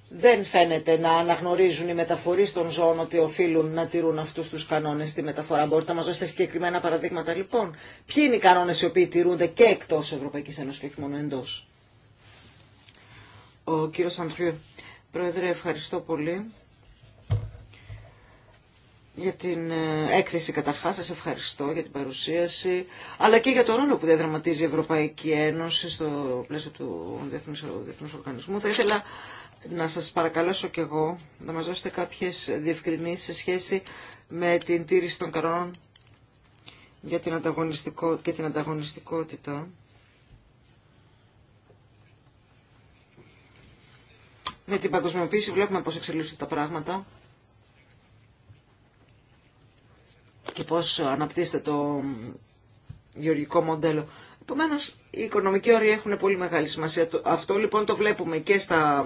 δεν φαίνεται να αναγνωρίζουν οι μεταφορεί των ζώων ότι οφείλουν να τηρούν αυτού του κανόνε στη μεταφορά. Μπορείτε να μα δώσετε συγκεκριμένα παραδείγματα λοιπόν. Ποιοι είναι οι κανόνε οι οποίοι τηρούνται και εκτό Ευρωπαϊκή Ένωση και όχι μόνο εντό. Ο κύριο Αντριού. Πρόεδρε, ευχαριστώ πολύ για την ε, έκθεση καταρχάς, σας ευχαριστώ για την παρουσίαση, αλλά και για τον ρόλο που διαδραματίζει η Ευρωπαϊκή Ένωση στο πλαίσιο του Διεθνούς Οργανισμού. Θα να σας παρακαλέσω κι εγώ να μας δώσετε κάποιες διευκρινήσεις σε σχέση με την τήρηση των κανόνων για την ανταγωνιστικό, και την ανταγωνιστικότητα. Με την παγκοσμιοποίηση βλέπουμε πώς εξελίσσονται τα πράγματα και πώς αναπτύσσεται το γεωργικό μοντέλο. Επομένω, οι οικονομικοί όροι έχουν πολύ μεγάλη σημασία. Αυτό λοιπόν το βλέπουμε και στα,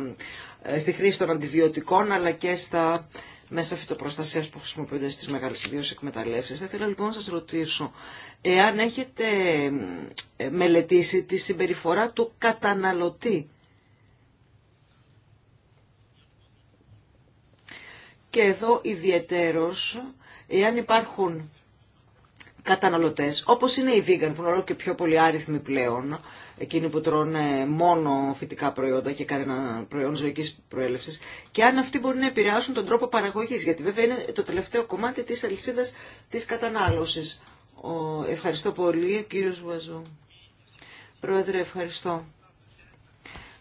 ε, στη χρήση των αντιβιωτικών αλλά και στα μέσα φυτοπροστασίας που χρησιμοποιούνται στις μεγάλες ιδίω εκμεταλλεύσεις. Θα ήθελα λοιπόν να σας ρωτήσω, εάν έχετε ε, μελετήσει τη συμπεριφορά του καταναλωτή και εδώ ιδιαιτέρως εάν υπάρχουν καταναλωτές, όπως είναι οι vegan που είναι όλο και πιο πολύ άριθμοι πλέον, εκείνοι που τρώνε μόνο φυτικά προϊόντα και κανένα προϊόν ζωικής προέλευσης, και αν αυτοί μπορούν να επηρεάσουν τον τρόπο παραγωγής, γιατί βέβαια είναι το τελευταίο κομμάτι της αλυσίδας της κατανάλωσης. Ευχαριστώ πολύ, κύριος Βουαζού. Πρόεδρε, ευχαριστώ.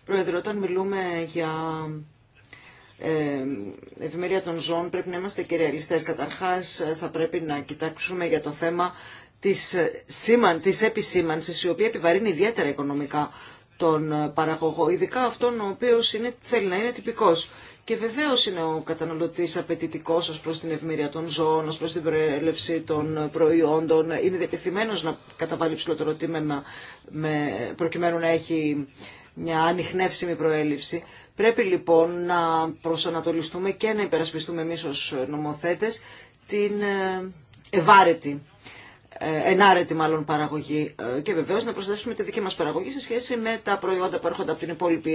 Πρόεδρε, όταν μιλούμε για ε, ευημερία των ζώων πρέπει να είμαστε και ρεαλιστές. Καταρχάς θα πρέπει να κοιτάξουμε για το θέμα της, ε, σήμαν, της επισήμανσης η οποία επιβαρύνει ιδιαίτερα οικονομικά τον ε, παραγωγό, ειδικά αυτόν ο οποίος θέλει να είναι τυπικός. Και βεβαίω είναι ο καταναλωτή απαιτητικό ω προ την ευημερία των ζώων, ω προ την προέλευση των προϊόντων. Είναι διατεθειμένο να καταβάλει ψηλότερο τίμημα προκειμένου να έχει μια ανιχνεύσιμη προέλευση. Πρέπει λοιπόν να προσανατολιστούμε και να υπερασπιστούμε εμείς ως νομοθέτες την ε, ευάρετη ε, ενάρετη μάλλον παραγωγή ε, και βεβαίως να προστατεύσουμε τη δική μας παραγωγή σε σχέση με τα προϊόντα που έρχονται από, ε,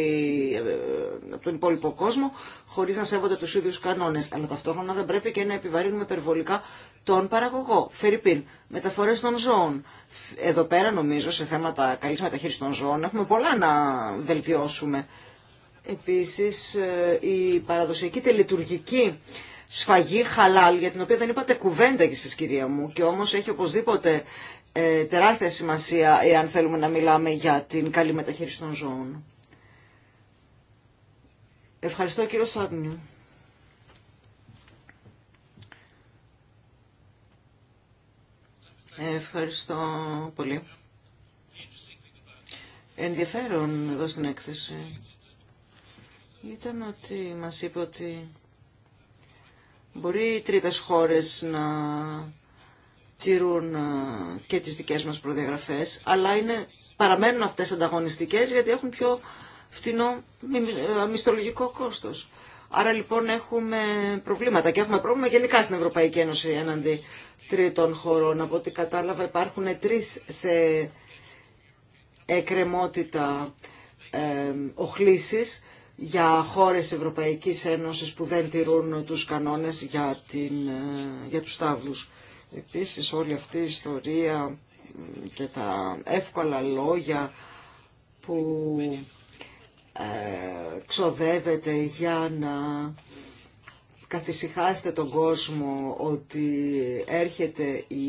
από τον υπόλοιπο κόσμο χωρίς να σέβονται τους ίδιους κανόνες. Αλλά ταυτόχρονα δεν πρέπει και να επιβαρύνουμε περιβολικά τον παραγωγό. Φερρυπίν, μεταφορές των ζώων. Εδώ πέρα νομίζω σε θέματα καλής μεταχείρισης των ζώων έχουμε πολλά να βελτιώσουμε. Επίσης η παραδοσιακή τελετουργική σφαγή χαλάλ, για την οποία δεν είπατε κουβέντα εσείς κυρία μου, και όμως έχει οπωσδήποτε ε, τεράστια σημασία εάν θέλουμε να μιλάμε για την καλή μεταχείριση των ζώων. Ευχαριστώ κύριο Σάγνιου. Ευχαριστώ πολύ. Ενδιαφέρον εδώ στην έκθεση ήταν ότι μας είπε ότι Μπορεί οι τρίτες χώρες να τηρούν ε, και τις δικές μας προδιαγραφές, αλλά είναι, παραμένουν αυτές ανταγωνιστικές γιατί έχουν πιο φτηνό ε, μισθολογικό κόστος. Άρα λοιπόν έχουμε προβλήματα και έχουμε πρόβλημα γενικά στην Ευρωπαϊκή Ένωση έναντι τρίτων χωρών. Από ό,τι κατάλαβα υπάρχουν τρεις σε εκκρεμότητα ε, οχλήσεις για χώρες Ευρωπαϊκής Ένωσης που δεν τηρούν τους κανόνες για, την, ε, για τους τάβλους. Επίσης όλη αυτή η ιστορία και τα εύκολα λόγια που ε, ξοδεύεται για να καθησυχάσετε τον κόσμο ότι έρχεται η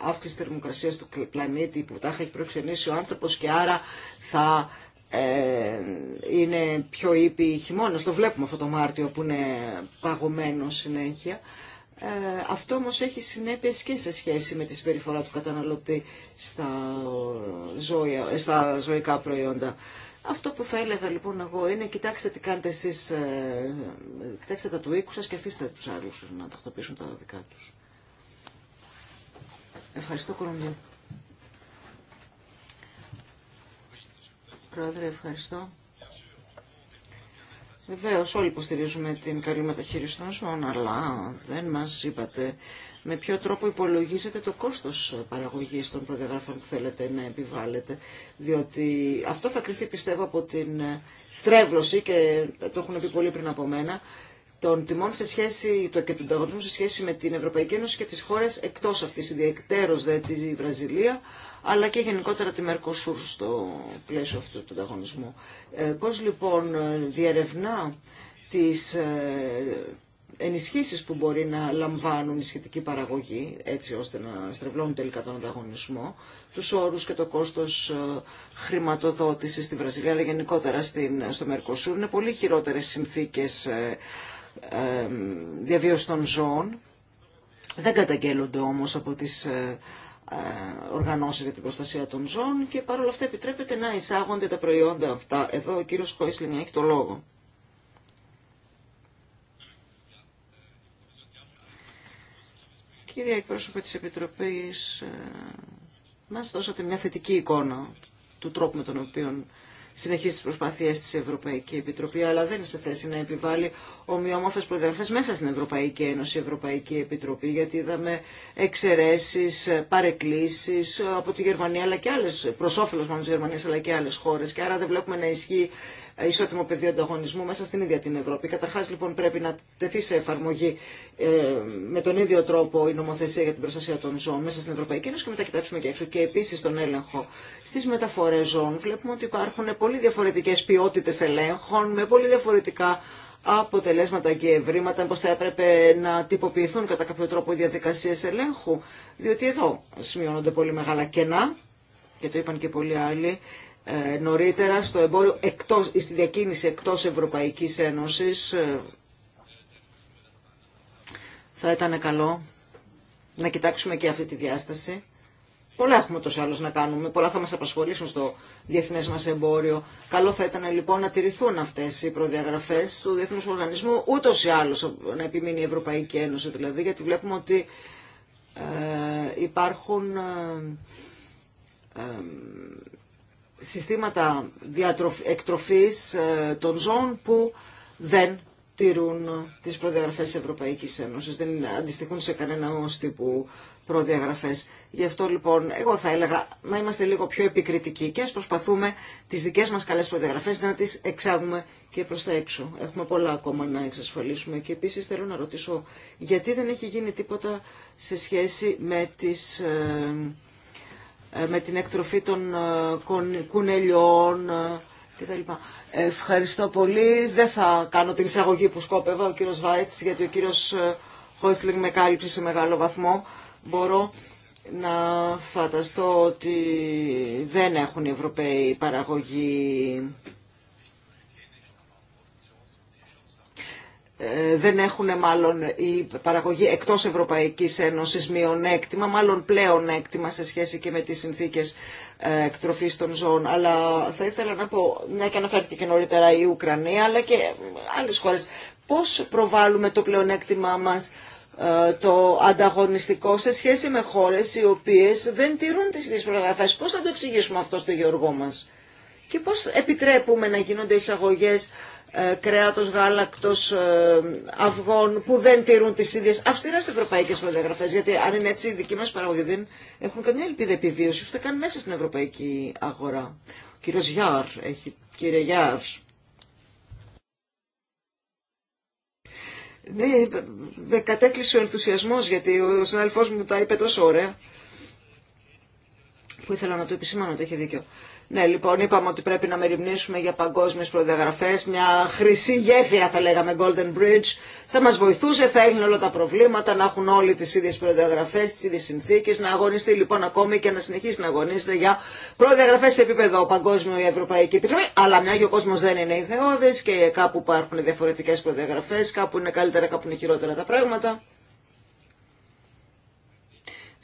αύξηση θερμοκρασίας του πλανήτη που τα έχει προξενήσει ο άνθρωπος και άρα θα ε, είναι πιο ήπιοι χειμώνας, το βλέπουμε αυτό το Μάρτιο που είναι παγωμένο συνέχεια. Ε, αυτό όμω έχει συνέπειε και σε σχέση με τη συμπεριφορά του καταναλωτή στα, ζώια, ε, στα ζωικά προϊόντα. Αυτό που θα έλεγα λοιπόν εγώ είναι κοιτάξτε τι κάνετε εσείς, ε, κοιτάξτε τα του οίκου σας και αφήστε τους άλλους να τα τα δικά τους. Ευχαριστώ Πρόεδρε, ευχαριστώ. Βεβαίω, όλοι υποστηρίζουμε την καλή μεταχείριση των ζώων, αλλά δεν μα είπατε με ποιο τρόπο υπολογίζετε το κόστο παραγωγή των προδιαγραφών που θέλετε να επιβάλλετε. Διότι αυτό θα κρυθεί, πιστεύω, από την στρέβλωση, και το έχουν πει πολύ πριν από μένα, των τιμών σε σχέση, το, και του ανταγωνισμού σε σχέση με την Ευρωπαϊκή Ένωση και τι χώρε εκτό αυτή, ιδιαίτερω δε τη Βραζιλία αλλά και γενικότερα τη Μερκοσούρ στο πλαίσιο αυτού του ανταγωνισμού. Ε, πώς λοιπόν διερευνά τις ε, ενισχύσεις που μπορεί να λαμβάνουν η σχετική παραγωγή, έτσι ώστε να στρεβλώνουν τελικά τον ανταγωνισμό, τους όρους και το κόστος ε, χρηματοδότησης στη Βραζιλία, αλλά γενικότερα στην, στο Μερκοσούρ, είναι πολύ χειρότερες συνθήκες διαβίωση των ζώων. Δεν καταγγέλλονται όμως από τις οργανώσει για την προστασία των ζώων και παρόλα αυτά επιτρέπεται να εισάγονται τα προϊόντα αυτά. Εδώ ο κύριος Χόισλιν έχει το λόγο. Κύριε εκπρόσωπε της Επιτροπής, ε, μας δώσατε μια θετική εικόνα του τρόπου με τον οποίο συνεχίσει τι προσπαθίε τη Ευρωπαϊκή Επιτροπή, αλλά δεν είναι σε θέση να επιβάλλει ομοιόμορφε προδιαγραφέ μέσα στην Ευρωπαϊκή Ένωση, Ευρωπαϊκή Επιτροπή, γιατί είδαμε εξαιρέσει, παρεκκλήσει από τη Γερμανία, αλλά και άλλες, προ όφελο μάλλον τη Γερμανία, αλλά και άλλες χώρες. Και άρα δεν βλέπουμε να ισχύει ισότιμο πεδίο ανταγωνισμού μέσα στην ίδια την Ευρώπη. Καταρχά λοιπόν πρέπει να τεθεί σε εφαρμογή ε, με τον ίδιο τρόπο η νομοθεσία για την προστασία των ζώων μέσα στην Ευρωπαϊκή Ένωση και μετά κοιτάξουμε και έξω. Και επίση τον έλεγχο στι μεταφορέ ζώων βλέπουμε ότι υπάρχουν πολύ διαφορετικέ ποιότητε ελέγχων με πολύ διαφορετικά αποτελέσματα και ευρήματα, πως θα έπρεπε να τυποποιηθούν κατά κάποιο τρόπο οι διαδικασίες ελέγχου, διότι εδώ σημειώνονται πολύ μεγάλα κενά, και το είπαν και πολλοί άλλοι, ε, νωρίτερα στο εμπόριο εκτός, στη διακίνηση εκτός Ευρωπαϊκής Ένωσης. Ε, θα ήταν καλό να κοιτάξουμε και αυτή τη διάσταση. Πολλά έχουμε τόσο άλλο να κάνουμε, πολλά θα μας απασχολήσουν στο διεθνές μας εμπόριο. Καλό θα ήταν λοιπόν να τηρηθούν αυτές οι προδιαγραφές του Διεθνούς Οργανισμού, ούτως ή άλλως να επιμείνει η Ευρωπαϊκή Ένωση δηλαδή, γιατί βλέπουμε ότι ε, υπάρχουν... ε, ε συστήματα εκτροφής ε, των ζώων που δεν τηρούν τις προδιαγραφές της Ευρωπαϊκής Ένωσης, δεν αντιστοιχούν σε κανένα ως τύπου προδιαγραφές. Γι' αυτό λοιπόν εγώ θα έλεγα να είμαστε λίγο πιο επικριτικοί και ας προσπαθούμε τις δικές μας καλές προδιαγραφές να τις εξάγουμε και προς τα έξω. Έχουμε πολλά ακόμα να εξασφαλίσουμε και επίσης θέλω να ρωτήσω γιατί δεν έχει γίνει τίποτα σε σχέση με τις... Ε, ε, με την εκτροφή των ε, κουνελιών ε, κτλ. Ευχαριστώ πολύ. Δεν θα κάνω την εισαγωγή που σκόπευα ο κύριος Βάιτς, γιατί ο κύριος Χόισλινγκ με κάλυψε σε μεγάλο βαθμό. Μπορώ να φανταστώ ότι δεν έχουν οι Ευρωπαίοι παραγωγή Ε, δεν έχουν μάλλον η παραγωγή εκτός Ευρωπαϊκής Ένωσης μειονέκτημα, μάλλον πλέον έκτημα σε σχέση και με τις συνθήκες ε, εκτροφής των ζώων. Αλλά θα ήθελα να πω, μια και αναφέρθηκε και νωρίτερα η Ουκρανία, αλλά και άλλες χώρες, πώς προβάλλουμε το πλεονέκτημά μας ε, το ανταγωνιστικό σε σχέση με χώρες οι οποίες δεν τηρούν τις ίδιες προγραφές. Πώς θα το εξηγήσουμε αυτό στο γεωργό μας. Και πώς επιτρέπουμε να γίνονται εισαγωγές κρέατος, γάλακτος, αυγών που δεν τηρούν τις ίδιες αυστηρές ευρωπαϊκές προδιαγραφές γιατί αν είναι έτσι οι δικοί μας παραγωγοί δεν έχουν καμιά ελπίδα επιβίωση ούτε καν μέσα στην ευρωπαϊκή αγορά. Ο κύριος Γιάρ έχει, κύριε Γιάρ. Ναι, κατέκλεισε ο ενθουσιασμός γιατί ο συνάδελφός μου τα είπε τόσο ωραία που ήθελα να το επισημάνω, το έχει δίκιο. Ναι, λοιπόν, είπαμε ότι πρέπει να μεριμνήσουμε για παγκόσμιες προδιαγραφές, μια χρυσή γέφυρα θα λέγαμε, Golden Bridge. Θα μας βοηθούσε, θα έλυνε όλα τα προβλήματα, να έχουν όλοι τις ίδιες προδιαγραφές, τις ίδιες συνθήκες, να αγωνιστεί λοιπόν ακόμη και να συνεχίσει να αγωνίζεται για προδιαγραφές σε επίπεδο παγκόσμιο η Ευρωπαϊκή Επιτροπή. Αλλά μια και ο κόσμος δεν είναι ιδεώδης και κάπου υπάρχουν διαφορετικέ προδιαγραφέ, κάπου είναι καλύτερα, κάπου είναι χειρότερα τα πράγματα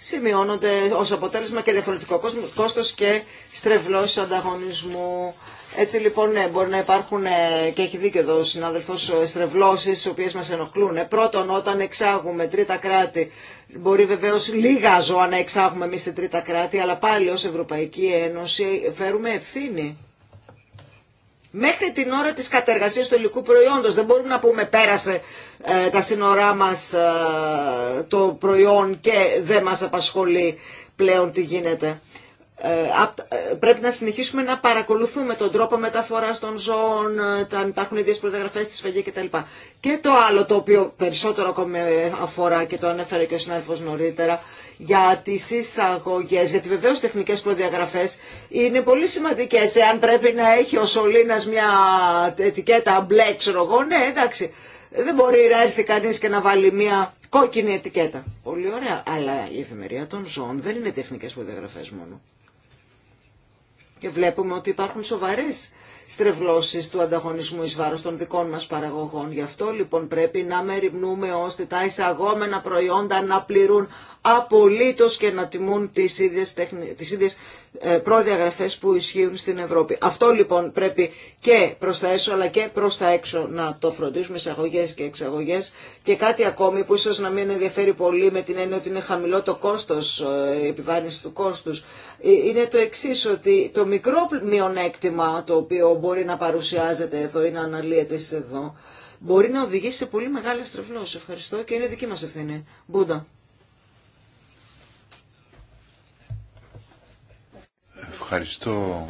σημειώνονται ως αποτέλεσμα και διαφορετικό κόστος και στρεβλώσεις ανταγωνισμού. Έτσι λοιπόν ναι, μπορεί να υπάρχουν ε, και έχει δίκιο εδώ ο συνάδελφος ε, στρεβλώσεις οι οποίες μας ενοχλούν. Ε, πρώτον όταν εξάγουμε τρίτα κράτη μπορεί βεβαίως λίγα ζώα να εξάγουμε εμείς σε τρίτα κράτη αλλά πάλι ως Ευρωπαϊκή Ένωση φέρουμε ευθύνη Μέχρι την ώρα της κατεργασίας του υλικού προϊόντος δεν μπορούμε να πούμε πέρασε ε, τα σύνορά μας ε, το προϊόν και δεν μας απασχολεί πλέον τι γίνεται. Ε, ε, πρέπει να συνεχίσουμε να παρακολουθούμε τον τρόπο μεταφοράς των ζώων, τα, υπάρχουν ίδιες προδιαγραφές στη σφαγή κτλ. Και το άλλο το οποίο περισσότερο ακόμη αφορά και το ανέφερε και ο συνάδελφος νωρίτερα για τι εισαγωγέ, γιατί βεβαίως τεχνικές προδιαγραφέ, είναι πολύ σημαντικές. Εάν πρέπει να έχει ο Σολίνας μια ετικέτα μπλε, ξέρω εγώ, ναι εντάξει, δεν μπορεί να έρθει κανείς και να βάλει μια κόκκινη ετικέτα. Πολύ ωραία, αλλά η εφημερία των ζώων δεν είναι τεχνικές προδιαγραφέ μόνο. Και βλέπουμε ότι υπάρχουν σοβαρές στρεβλώσεις του ανταγωνισμού εις βάρος των δικών μας παραγωγών. Γι' αυτό λοιπόν πρέπει να μεριμνούμε ώστε τα εισαγόμενα προϊόντα να πληρούν απολύτως και να τιμούν τις ίδιες, τεχνι... τις ίδιες ε, προδιαγραφές που ισχύουν στην Ευρώπη. Αυτό λοιπόν πρέπει και προς τα έσω αλλά και προς τα έξω να το σε αγωγές και εξαγωγές και κάτι ακόμη που ίσως να μην ενδιαφέρει πολύ με την έννοια ότι είναι χαμηλό το κόστος, ε, η επιβάρυνση του κόστους. Ε, είναι το εξή ότι το μικρό μειονέκτημα το οποίο μπορεί να παρουσιάζεται εδώ ή να αναλύεται εδώ μπορεί να οδηγήσει σε πολύ μεγάλη στρεβλώση. Ευχαριστώ και είναι δική μας ευθύνη. Μπούντα. Ευχαριστώ,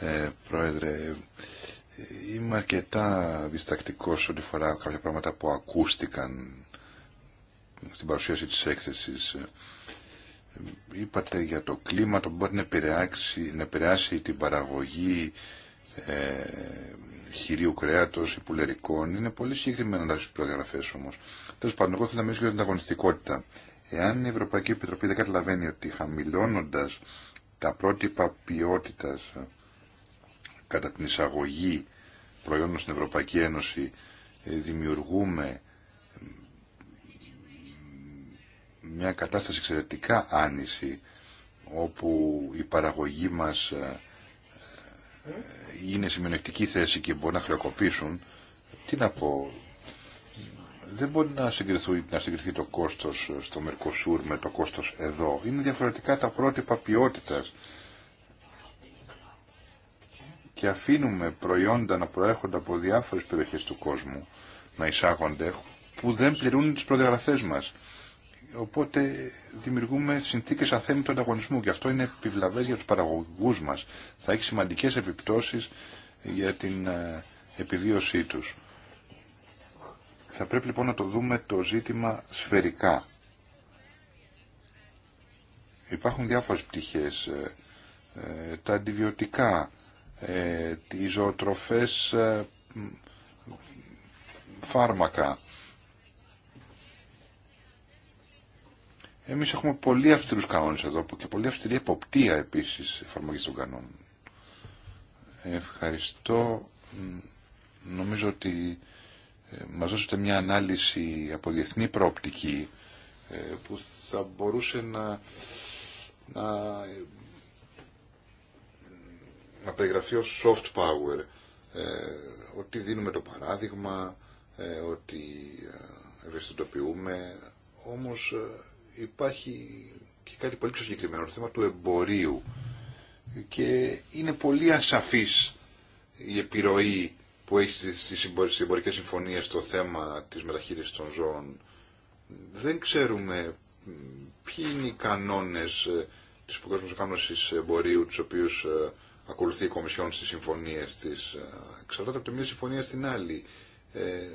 ε, Πρόεδρε. Είμαι αρκετά διστακτικός ό,τι φορά κάποια πράγματα που ακούστηκαν στην παρουσίαση της έκθεσης. Είπατε για το κλίμα, το που μπορεί να επηρεάσει, την παραγωγή ε, χειρίου κρέατος ή πουλερικών. Είναι πολύ συγκεκριμένα τα προδιαγραφές όμως. Τέλος πάντων, εγώ θέλω να μιλήσω για την ανταγωνιστικότητα. Εάν η Ευρωπαϊκή Επιτροπή δεν καταλαβαίνει ότι χαμηλώνοντας τα πρότυπα ποιότητας ε, κατά την εισαγωγή προϊόντων στην Ευρωπαϊκή Ένωση ε, δημιουργούμε ε, μια κατάσταση εξαιρετικά άνηση όπου η παραγωγή μας είναι σε θέση και μπορεί να χρεοκοπήσουν τι να πω δεν μπορεί να, να συγκριθεί το κόστος στο Μερκοσούρ με το κόστος εδώ. Είναι διαφορετικά τα πρότυπα ποιότητας και αφήνουμε προϊόντα να προέρχονται από διάφορες περιοχές του κόσμου να εισάγονται που δεν πληρούν τις προδιαγραφές μας. Οπότε δημιουργούμε συνθήκες αθέμητου ανταγωνισμού και αυτό είναι επιβλαβές για τους παραγωγούς μας. Θα έχει σημαντικές επιπτώσεις για την ε, επιβίωσή τους. Θα πρέπει λοιπόν να το δούμε το ζήτημα σφαιρικά. Υπάρχουν διάφορες πτυχές. Ε, ε, τα αντιβιωτικά, ε, οι ζωοτροφές, φάρμακα. Εμείς έχουμε πολύ αυστηρούς κανόνες εδώ και πολύ αυστηρή εποπτεία επίσης εφαρμογής των κανόνων. Ευχαριστώ. Νομίζω ότι μας δώσετε μια ανάλυση από διεθνή προοπτική ε, που θα μπορούσε να, να, να περιγραφεί ως soft power ε, ότι δίνουμε το παράδειγμα, ε, ότι ευαισθητοποιούμε, όμως υπάρχει και κάτι πολύ πιο συγκεκριμένο, το θέμα του εμπορίου και είναι πολύ ασαφής η επιρροή που έχει στις εμπορικές συμφωνίες το θέμα της μεταχείρισης των ζώων. Δεν ξέρουμε ποιοι είναι οι κανόνες ε, της Παγκόσμιας Οργάνωσης Εμπορίου, τους οποίους ε, ακολουθεί η Κομισιόν στις συμφωνίες της. Ε, εξαρτάται από τη μία συμφωνία στην άλλη. Ε,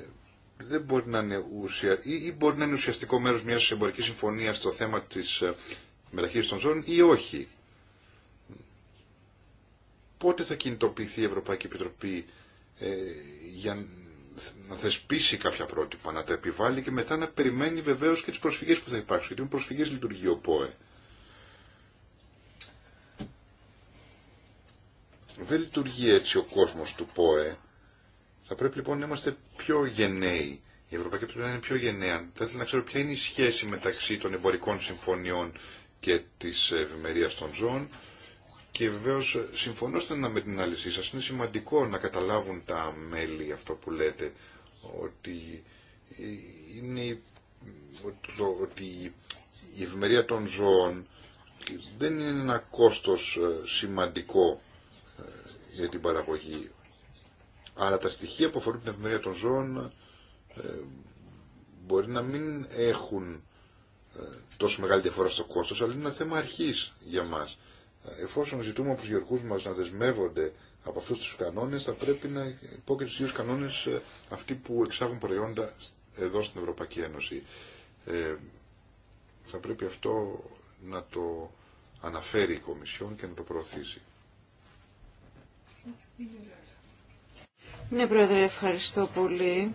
δεν μπορεί να είναι ουσια... ή, ή μπορεί να είναι ουσιαστικό μέρος μιας εμπορικής συμφωνίας το θέμα της μεταχείρισης των ζώων ή όχι. Πότε θα κινητοποιηθεί η η μπορει να ειναι ουσιαστικο μερος μιας εμπορικης συμφωνιας στο θεμα της Επιτροπή ε, για να θεσπίσει κάποια πρότυπα, να τα επιβάλλει και μετά να περιμένει βεβαίως και τις προσφυγές που θα υπάρξουν. Γιατί με προσφυγές λειτουργεί ο ΠΟΕ. Δεν λειτουργεί έτσι ο κόσμος του ΠΟΕ. Θα πρέπει λοιπόν να είμαστε πιο γενναίοι. Η Ευρωπαϊκή Επιτροπή είναι πιο γενναία. Θα ήθελα να ξέρω ποια είναι η σχέση μεταξύ των εμπορικών συμφωνιών και της ευημερίας των ζώων. Και βεβαίω ε, συμφωνώστε με την ανάλυση σα. Είναι σημαντικό να καταλάβουν τα μέλη αυτό που λέτε, ότι, ε, είναι, ότι η ευημερία των ζώων δεν είναι ένα κόστος ε, σημαντικό για την παραγωγή. Αλλά τα στοιχεία που αφορούν την ευημερία των ζώων μπορεί να μην έχουν τόσο μεγάλη διαφορά στο κόστος, αλλά είναι ένα θέμα αρχής για μας. Εφόσον ζητούμε από του γεωργού μα να δεσμεύονται από αυτού του κανόνε, θα πρέπει να πω στου ίδιου κανόνε ε, αυτοί που εξάγουν προϊόντα εδώ στην Ευρωπαϊκή Ένωση. Ε, θα πρέπει αυτό να το αναφέρει η Κομισιόν και να το προωθήσει. Ναι, Πρόεδρε, ευχαριστώ πολύ.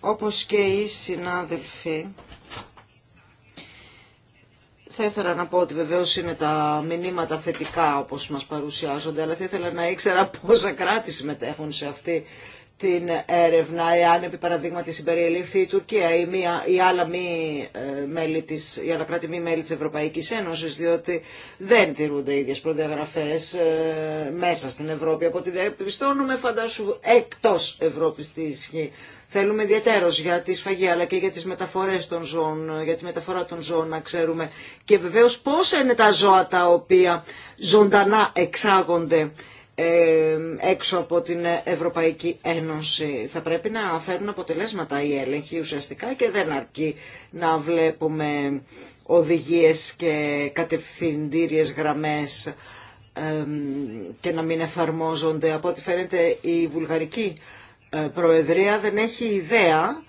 Όπως και οι συνάδελφοι, θα ήθελα να πω ότι βεβαίω είναι τα μηνύματα θετικά όπως μας παρουσιάζονται, αλλά θα ήθελα να ήξερα πόσα κράτη συμμετέχουν σε αυτή την έρευνα εάν επί παραδείγματι συμπεριελήφθη η Τουρκία ή, μία, ή άλλα, μη, ε, μέλη της, ή άλλα κράτη μη μέλη της Ευρωπαϊκής Ένωσης διότι δεν τηρούνται οι ίδιες προδιαγραφές ε, μέσα στην Ευρώπη από ό,τι διαπιστώνουμε φαντάσου εκτός Ευρώπης τη ισχύει. Θέλουμε ιδιαίτερος για τη σφαγή αλλά και για τις μεταφορές των ζώων, για τη μεταφορά των ζώων να ξέρουμε και βεβαίως πόσα είναι τα ζώα τα οποία ζωντανά εξάγονται έξω από την Ευρωπαϊκή Ένωση. Θα πρέπει να φέρουν αποτελέσματα οι έλεγχοι ουσιαστικά και δεν αρκεί να βλέπουμε οδηγίες και κατευθυντήριες γραμμές και να μην εφαρμόζονται. Από ό,τι φαίνεται η Βουλγαρική ε, Προεδρία δεν έχει ιδέα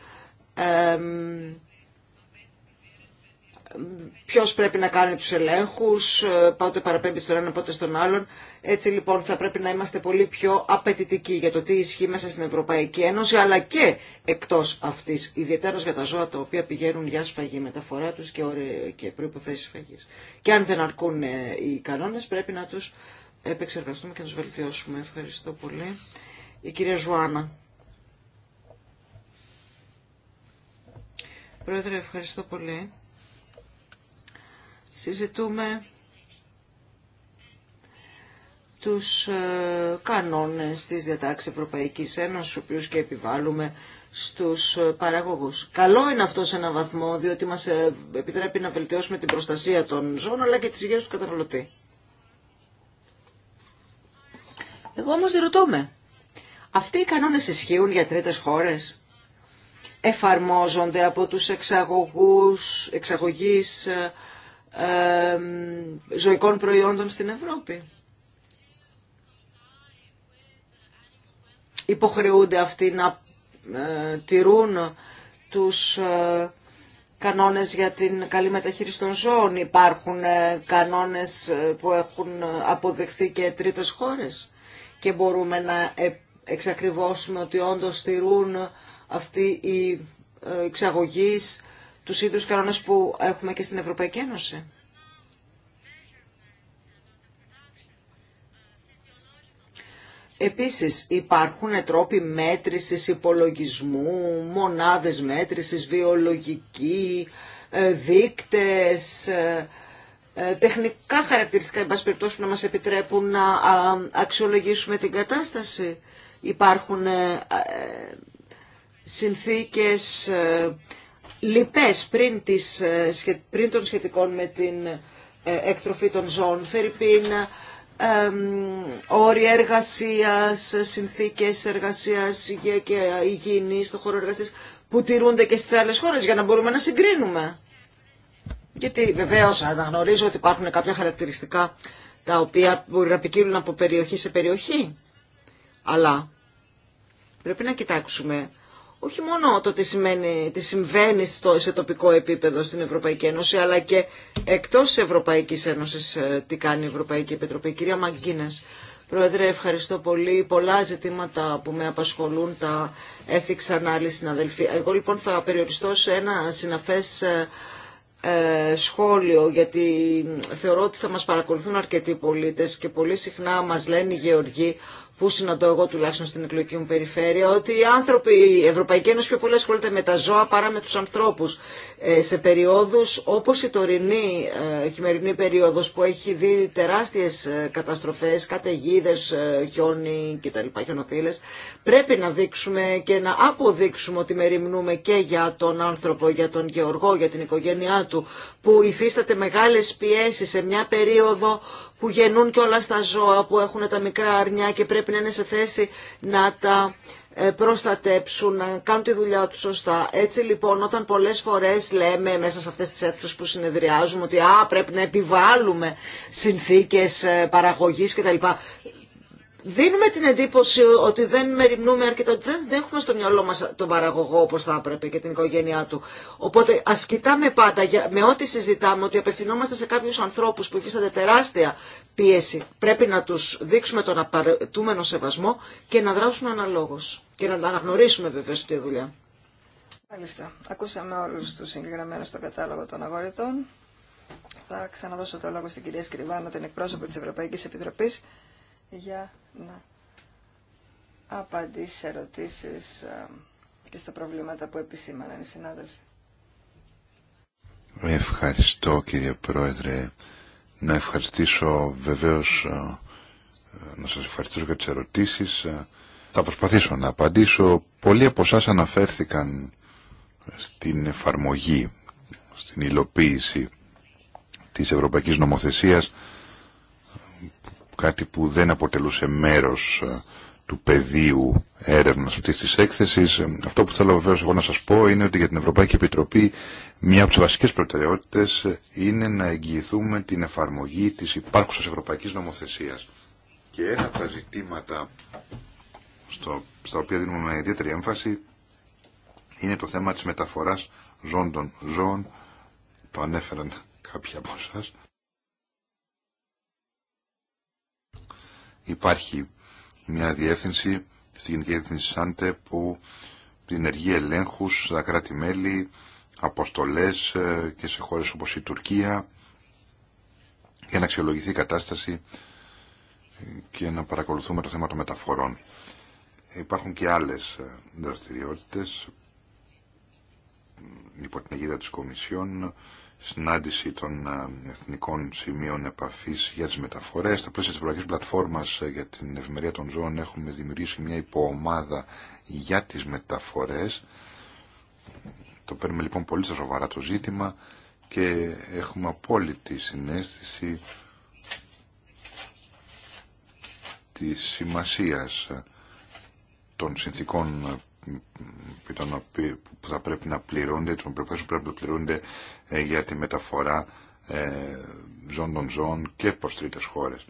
Ποιο πρέπει να κάνει του ελέγχου, ε, πότε παραπέμπει στον ένα, πότε στον άλλον. Έτσι λοιπόν θα πρέπει να είμαστε πολύ πιο απαιτητικοί για το τι ισχύει μέσα στην Ευρωπαϊκή Ένωση, αλλά και εκτό αυτή, ιδιαίτερα για τα ζώα τα οποία πηγαίνουν για σφαγή, μεταφορά του και, ωραί, και προϋποθέσεις σφαγής. Και αν δεν αρκούν ε, οι κανόνε, πρέπει να του επεξεργαστούμε και να τους βελτιώσουμε. Ευχαριστώ πολύ. Η κυρία Ζουάνα. Πρόεδρε, ευχαριστώ πολύ συζητούμε τους ε, κανόνες της διατάξης Ευρωπαϊκής Ένωσης, ο οποίους και επιβάλλουμε στους ε, παραγωγούς. Καλό είναι αυτό σε έναν βαθμό, διότι μας ε, επιτρέπει να βελτιώσουμε την προστασία των ζώων, αλλά και τις υγείας του καταναλωτή. Εγώ όμως ρωτώ αυτοί οι κανόνες ισχύουν για τρίτες χώρες, εφαρμόζονται από τους εξαγωγούς, εξαγωγείς, ζωικών προϊόντων στην Ευρώπη. Υποχρεούνται αυτοί να ε, τηρούν τους ε, κανόνες για την καλή μεταχείριση των ζώων. Υπάρχουν ε, κανόνες που έχουν αποδεχθεί και τρίτες χώρες και μπορούμε να εξακριβώσουμε ότι όντως τηρούν αυτοί οι εξαγωγείς τους ίδιους κανόνες που έχουμε και στην Ευρωπαϊκή Ένωση. Επίσης υπάρχουν τρόποι μέτρησης υπολογισμού, μονάδες μέτρησης, βιολογική, ε, δείκτες, ε, ε, τεχνικά χαρακτηριστικά, εν που να μας επιτρέπουν να αξιολογήσουμε την κατάσταση. Υπάρχουν συνθήκες λοιπές πριν, τις, ε, πριν των σχετικών με την ε, εκτροφή των ζώων, ε, όρια εργασίας, συνθήκες εργασίας, υγεία και υγιεινή στο χώρο εργασίας που τηρούνται και στις άλλες χώρες για να μπορούμε να συγκρίνουμε. Γιατί βεβαίως αναγνωρίζω ότι υπάρχουν κάποια χαρακτηριστικά τα οποία μπορεί να από περιοχή σε περιοχή. Αλλά πρέπει να κοιτάξουμε όχι μόνο το τι, σημαίνει, τι συμβαίνει στο, σε τοπικό επίπεδο στην Ευρωπαϊκή Ένωση, αλλά και εκτός Ευρωπαϊκής Ένωσης ε, τι κάνει η Ευρωπαϊκή Επιτροπή. Κυρία Μαγκίνες, Πρόεδρε, ευχαριστώ πολύ. Πολλά ζητήματα που με απασχολούν τα έθιξαν άλλοι συναδελφοί. Εγώ λοιπόν θα περιοριστώ σε ένα συναφές ε, ε, σχόλιο γιατί θεωρώ ότι θα μας παρακολουθούν αρκετοί πολίτες και πολύ συχνά μας λένε οι γεωργοί που συναντώ εγώ τουλάχιστον στην εκλογική μου περιφέρεια, ότι οι άνθρωποι, η Ευρωπαϊκή Ένωση πιο πολύ ασχολείται με τα ζώα παρά με τους ανθρώπους. Ε, σε περιόδους όπως η τωρινή ε, χειμερινή περίοδος που έχει δει τεράστιες καταστροφέ, ε, καταστροφές, καταιγίδες, ε, χιόνι κτλ, χιονοθύλες, πρέπει να δείξουμε και να αποδείξουμε ότι μεριμνούμε και για τον άνθρωπο, για τον γεωργό, για την οικογένειά του, που υφίσταται μεγάλες πιέσεις σε μια περίοδο που γεννούν και όλα στα ζώα, που έχουν τα μικρά αρνιά και πρέπει να είναι σε θέση να τα ε, προστατέψουν, να κάνουν τη δουλειά τους σωστά. Έτσι λοιπόν όταν πολλές φορές λέμε μέσα σε αυτές τις αίθουσες που συνεδριάζουμε ότι α, πρέπει να επιβάλλουμε συνθήκες ε, παραγωγής κτλ δίνουμε την εντύπωση ότι δεν μεριμνούμε αρκετά, ότι δεν έχουμε στο μυαλό μας τον παραγωγό όπως θα έπρεπε και την οικογένειά του. Οπότε ας κοιτάμε πάντα, με ό,τι συζητάμε, ότι απευθυνόμαστε σε κάποιους ανθρώπους που υφίστανται τεράστια πίεση. Πρέπει να τους δείξουμε τον απαραίτητο σεβασμό και να δράσουμε αναλόγως. Και να αναγνωρίσουμε βεβαίως τη δουλειά. Μάλιστα. Ακούσαμε όλους τους συγκεκριμένους στο κατάλογο των αγορητών. Θα ξαναδώσω το λόγο στην κυρία Σκριβάνο, την εκπρόσωπο της Ευρωπαϊκής Επιτροπής, για να απαντήσει σε ερωτήσεις ε, και στα προβλήματα που επισήμαναν οι συνάδελφοι. Ευχαριστώ κύριε Πρόεδρε. Να ευχαριστήσω βεβαίως, ε, να σας ευχαριστήσω για τις ερωτήσεις. Ε, θα προσπαθήσω να απαντήσω. Πολλοί από εσά αναφέρθηκαν στην εφαρμογή, στην υλοποίηση της Ευρωπαϊκής Νομοθεσίας κάτι που δεν αποτελούσε μέρος ε, του πεδίου έρευνας αυτής της έκθεσης. Ε, αυτό που θέλω βεβαίως εγώ να σας πω είναι ότι για την Ευρωπαϊκή Επιτροπή μια από τις βασικές προτεραιότητες ε, είναι να εγγυηθούμε την εφαρμογή της υπάρχουσας ευρωπαϊκής νομοθεσίας. Και ένα από τα ζητήματα στο, στα οποία δίνουμε ιδιαίτερη έμφαση είναι το θέμα της μεταφοράς ζώντων των ζώων, το ανέφεραν κάποιοι από εσάς, υπάρχει μια διεύθυνση στη Γενική Διεύθυνση ΣΑΝΤΕ που διενεργεί ελέγχους στα κράτη-μέλη, αποστολές ε, και σε χώρες όπως η Τουρκία για να αξιολογηθεί η κατάσταση ε, και να παρακολουθούμε το θέμα των μεταφορών. Υπάρχουν και άλλες ε, δραστηριότητες υπό την αιγύδα της Κομισιόν συνάντηση των εθνικών σημείων επαφής για τις μεταφορές. Στα πλαίσια της Ευρωπαϊκής Πλατφόρμας ε, για την Ευημερία των Ζώων έχουμε δημιουργήσει μια υποομάδα για τις μεταφορές. Το παίρνουμε λοιπόν πολύ στα σοβαρά το ζήτημα και έχουμε απόλυτη συνέστηση της σημασίας ε, των συνθήκων ε, που θα πρέπει να πληρούνται, των προϋποθέσεων που πρέπει να πληρούνται ε, για τη μεταφορά ε, ζών των ζώων και προς τρίτες χώρες.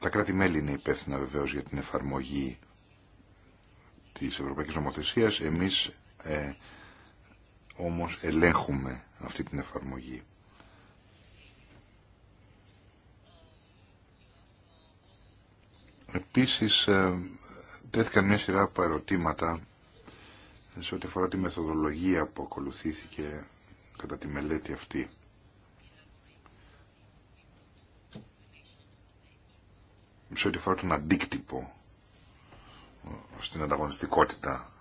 Τα κράτη-μέλη είναι υπεύθυνα βεβαίως για την εφαρμογή της Ευρωπαϊκής Νομοθεσίας. Εμείς ε, όμως ελέγχουμε αυτή την εφαρμογή. Επίσης, ε, τέθηκαν μια σειρά από ερωτήματα σε ό,τι αφορά τη μεθοδολογία που ακολουθήθηκε κατά τη μελέτη αυτή. Σε ό,τι αφορά τον αντίκτυπο ε, στην ανταγωνιστικότητα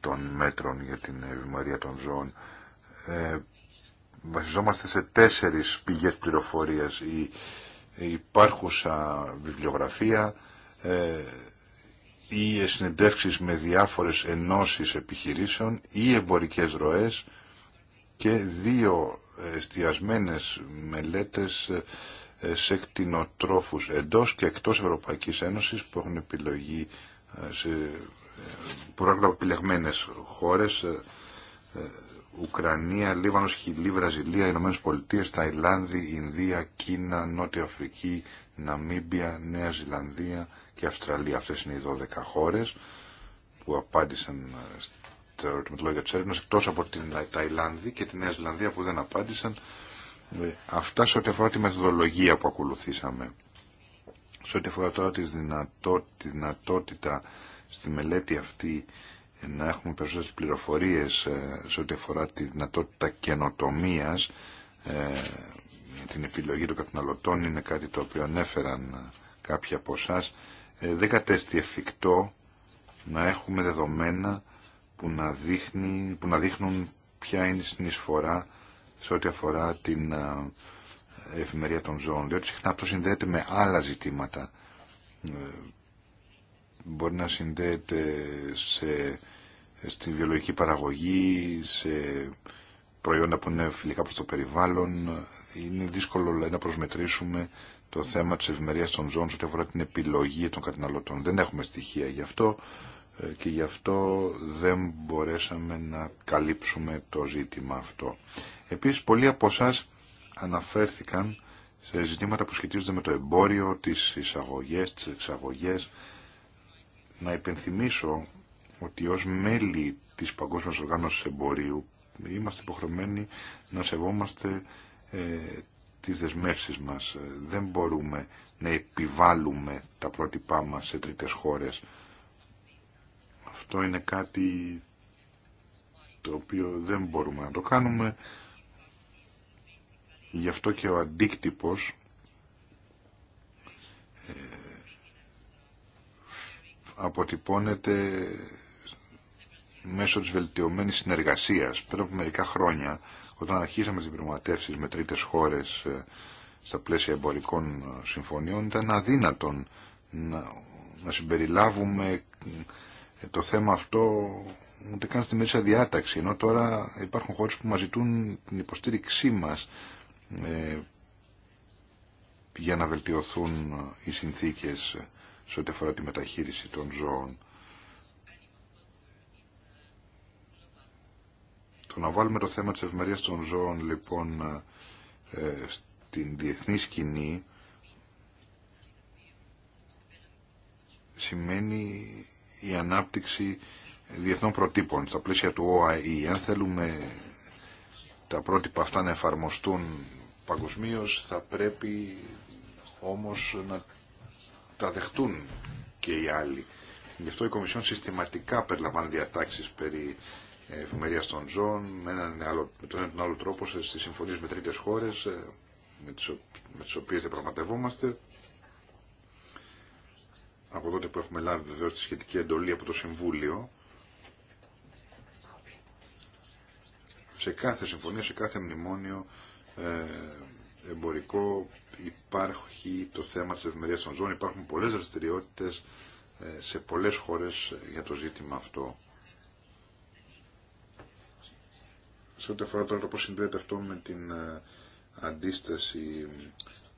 των μέτρων για την ευημερία των ζώων. Ε, βασιζόμαστε σε τέσσερις πηγές πληροφορίας. Η, η υπάρχουσα βιβλιογραφία, ε, ή συνεντεύξεις με διάφορες ενώσεις επιχειρήσεων ή εμπορικές ροές και δύο εστιασμένες μελέτες ε, ε, σε κτηνοτρόφους εντός και εκτός Ευρωπαϊκής Ένωσης που έχουν επιλογή ε, σε χώρες Ουκρανία, Λίβανος, Χιλή, Βραζιλία, Ηνωμένες Πολιτείες, Ταϊλάνδη, Ινδία, Κίνα, Νότια Αφρική, Ναμίμπια, Νέα Ζηλανδία, και Αυστραλία. Αυτές είναι οι 12 χώρες που απάντησαν ε, στο ερωτηματολόγιο της έρευνας, εκτός από την Ταϊλάνδη και την Νέα Ζηλανδία που δεν απάντησαν. Ε, αυτά σε ό,τι αφορά τη μεθοδολογία που ακολουθήσαμε. Σε ό,τι αφορά τώρα τη δυνατότητα στη μελέτη αυτή ε, να έχουμε περισσότερες πληροφορίες σε ό,τι αφορά τη δυνατότητα καινοτομία την επιλογή των καταναλωτών είναι κάτι το οποίο ανέφεραν κάποιοι από εσά. Ε, δεν κατέστη εφικτό να έχουμε δεδομένα που να, δείχνει, που να δείχνουν ποια είναι η συνεισφορά σε ό,τι αφορά την ε, εφημερία των ζώων. Διότι συχνά αυτό συνδέεται με άλλα ζητήματα. Ε, μπορεί να συνδέεται σε, στη βιολογική παραγωγή, σε προϊόντα που είναι φιλικά προς το περιβάλλον. Είναι δύσκολο να προσμετρήσουμε το θέμα της ευημερίας των ζώων σε ό,τι αφορά την επιλογή των καταναλωτών. Δεν έχουμε στοιχεία γι' αυτό ε, και γι' αυτό δεν μπορέσαμε να καλύψουμε το ζήτημα αυτό. Επίσης, πολλοί από εσά αναφέρθηκαν σε ζητήματα που σχετίζονται με το εμπόριο, τις εισαγωγές, τις εξαγωγές. Να υπενθυμίσω ότι ως μέλη της Παγκόσμιας Οργάνωσης Εμπορίου είμαστε υποχρεωμένοι να σεβόμαστε ε, τις δεσμεύσεις μας. Ε, δεν μπορούμε να επιβάλλουμε τα πρότυπά μας σε τρίτες χώρες. Αυτό είναι κάτι το οποίο δεν μπορούμε να το κάνουμε. Γι' αυτό και ο αντίκτυπος ε, αποτυπώνεται μέσω της βελτιωμένης συνεργασίας. Πριν από μερικά χρόνια όταν αρχίσαμε τις διπλωματεύσεις με τρίτες χώρες ε, στα πλαίσια εμπορικών ε, συμφωνιών ήταν αδύνατον να, να συμπεριλάβουμε ε, το θέμα αυτό ούτε καν στη μέση διάταξη ενώ τώρα υπάρχουν χώρες που μας ζητούν την υποστήριξή μας για να βελτιωθούν οι συνθήκες σε ό,τι αφορά τη μεταχείριση των ζώων. Το να βάλουμε το θέμα της ευμερίας των ζώων λοιπόν ε, στην διεθνή σκηνή σημαίνει η ανάπτυξη διεθνών προτύπων στα πλαίσια του ΟΑΗ. Αν θέλουμε τα πρότυπα αυτά να εφαρμοστούν παγκοσμίως θα πρέπει όμως να τα δεχτούν και οι άλλοι. Γι' αυτό η Κομισιόν συστηματικά περιλαμβάνει διατάξεις περί ευημερία των ζώων, με έναν άλλο, τον άλλο τρόπο στις συμφωνίες με τρίτες χώρε, ε, με τι οποίε οποίες πραγματευόμαστε Από τότε που έχουμε λάβει βεβαίω τη σχετική εντολή από το Συμβούλιο, σε κάθε συμφωνία, σε κάθε μνημόνιο ε, εμπορικό υπάρχει το θέμα της ευημερίας των ζώων, υπάρχουν πολλές δραστηριότητες ε, σε πολλές χώρες για το ζήτημα αυτό. σε ό,τι αφορά τώρα το πώς συνδέεται αυτό με την ε, αντίσταση,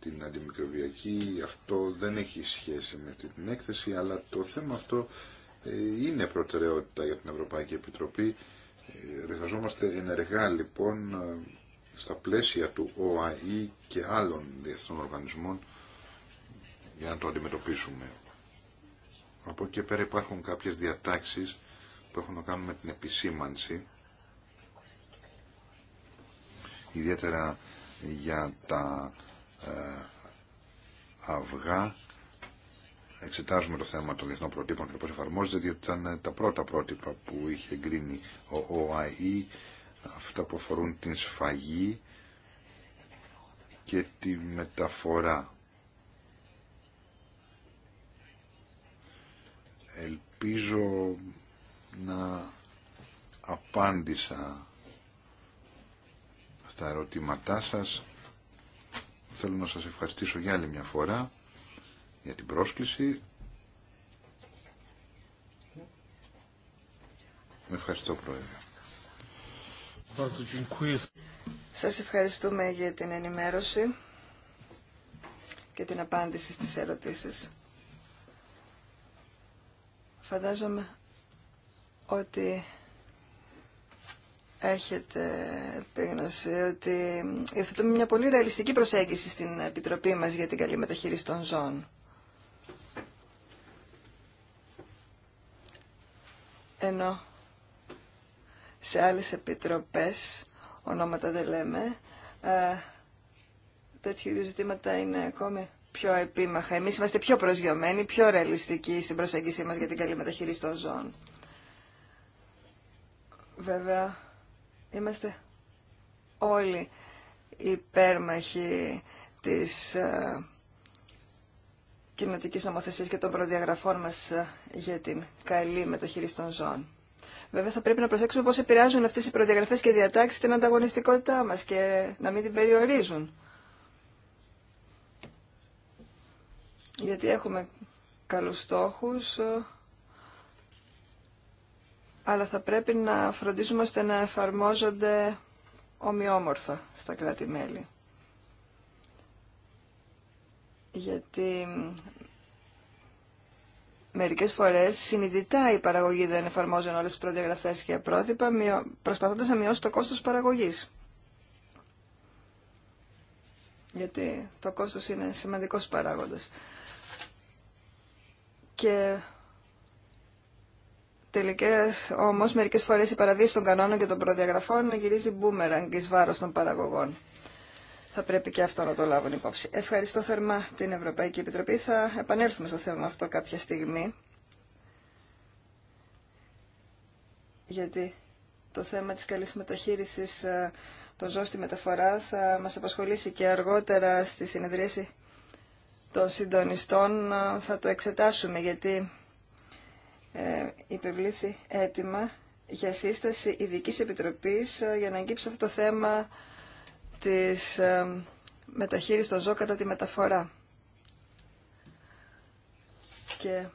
την αντιμικροβιακή, αυτό δεν έχει σχέση με την έκθεση, αλλά το θέμα αυτό ε, είναι προτεραιότητα για την Ευρωπαϊκή Επιτροπή. Ε, εργαζόμαστε ενεργά λοιπόν στα πλαίσια του ΟΑΗ και άλλων διεθνών οργανισμών για να το αντιμετωπίσουμε. Από εκεί πέρα υπάρχουν κάποιες διατάξεις που έχουν να κάνουν με την επισήμανση ιδιαίτερα για τα ε, αυγά. Εξετάζουμε το θέμα των διεθνών προτύπων και πώς εφαρμόζεται, διότι ήταν τα πρώτα πρότυπα που είχε εγκρίνει ο ΟΑΗ, αυτά που αφορούν την σφαγή και τη μεταφορά. Ελπίζω να απάντησα στα ερωτήματά σας. Θέλω να σας ευχαριστήσω για άλλη μια φορά για την πρόσκληση. Ευχαριστώ, Πρόεδρε. Σας ευχαριστούμε για την ενημέρωση και την απάντηση στις ερωτήσεις. Φαντάζομαι ότι έχετε επίγνωση ότι υιοθετούμε μια πολύ ρεαλιστική προσέγγιση στην Επιτροπή μας για την καλή μεταχείριση των ζώων. Ενώ σε άλλες επιτροπές, ονόματα δεν λέμε, ε, τέτοιου είδους ζητήματα είναι ακόμη πιο επίμαχα. Εμείς είμαστε πιο προσγειωμένοι, πιο ρεαλιστικοί στην προσέγγιση μας για την καλή μεταχείριση των ζώων. Βέβαια, Είμαστε όλοι υπέρμαχοι της ε, κοινοτικής νομοθεσίας και των προδιαγραφών μας ε, για την καλή μεταχείριση των ζώων. Βέβαια θα πρέπει να προσέξουμε πώς επηρεάζουν αυτές οι προδιαγραφές και διατάξεις την ανταγωνιστικότητά μας και να μην την περιορίζουν. Γιατί έχουμε καλούς στόχους, ε, αλλά θα πρέπει να φροντίζουμε ώστε να εφαρμόζονται ομοιόμορφα στα κράτη-μέλη. Γιατί μερικές φορές συνειδητά η παραγωγή δεν εφαρμόζουν όλες τις προδιαγραφές και πρότυπα, προσπαθώντας να μειώσει το κόστος παραγωγής. Γιατί το κόστος είναι σημαντικός παράγοντας. Και Τελικά όμως μερικές φορές η παραβίαση των κανόνων και των προδιαγραφών γυρίζει μπούμεραγκ ει βάρο των παραγωγών. Θα πρέπει και αυτό να το λάβουν υπόψη. Ευχαριστώ θερμά την Ευρωπαϊκή Επιτροπή. Θα επανέλθουμε στο θέμα αυτό κάποια στιγμή. Γιατί το θέμα της καλής μεταχείρισης ε, των ζώων στη μεταφορά θα μας απασχολήσει και αργότερα στη συνεδρίαση των συντονιστών. Ε, θα το εξετάσουμε γιατί ε, υπευλήθη έτοιμα για σύσταση ειδική επιτροπής ε, για να αγγίψει αυτό το θέμα της ε, μεταχείρισης των ζώων κατά τη μεταφορά. Και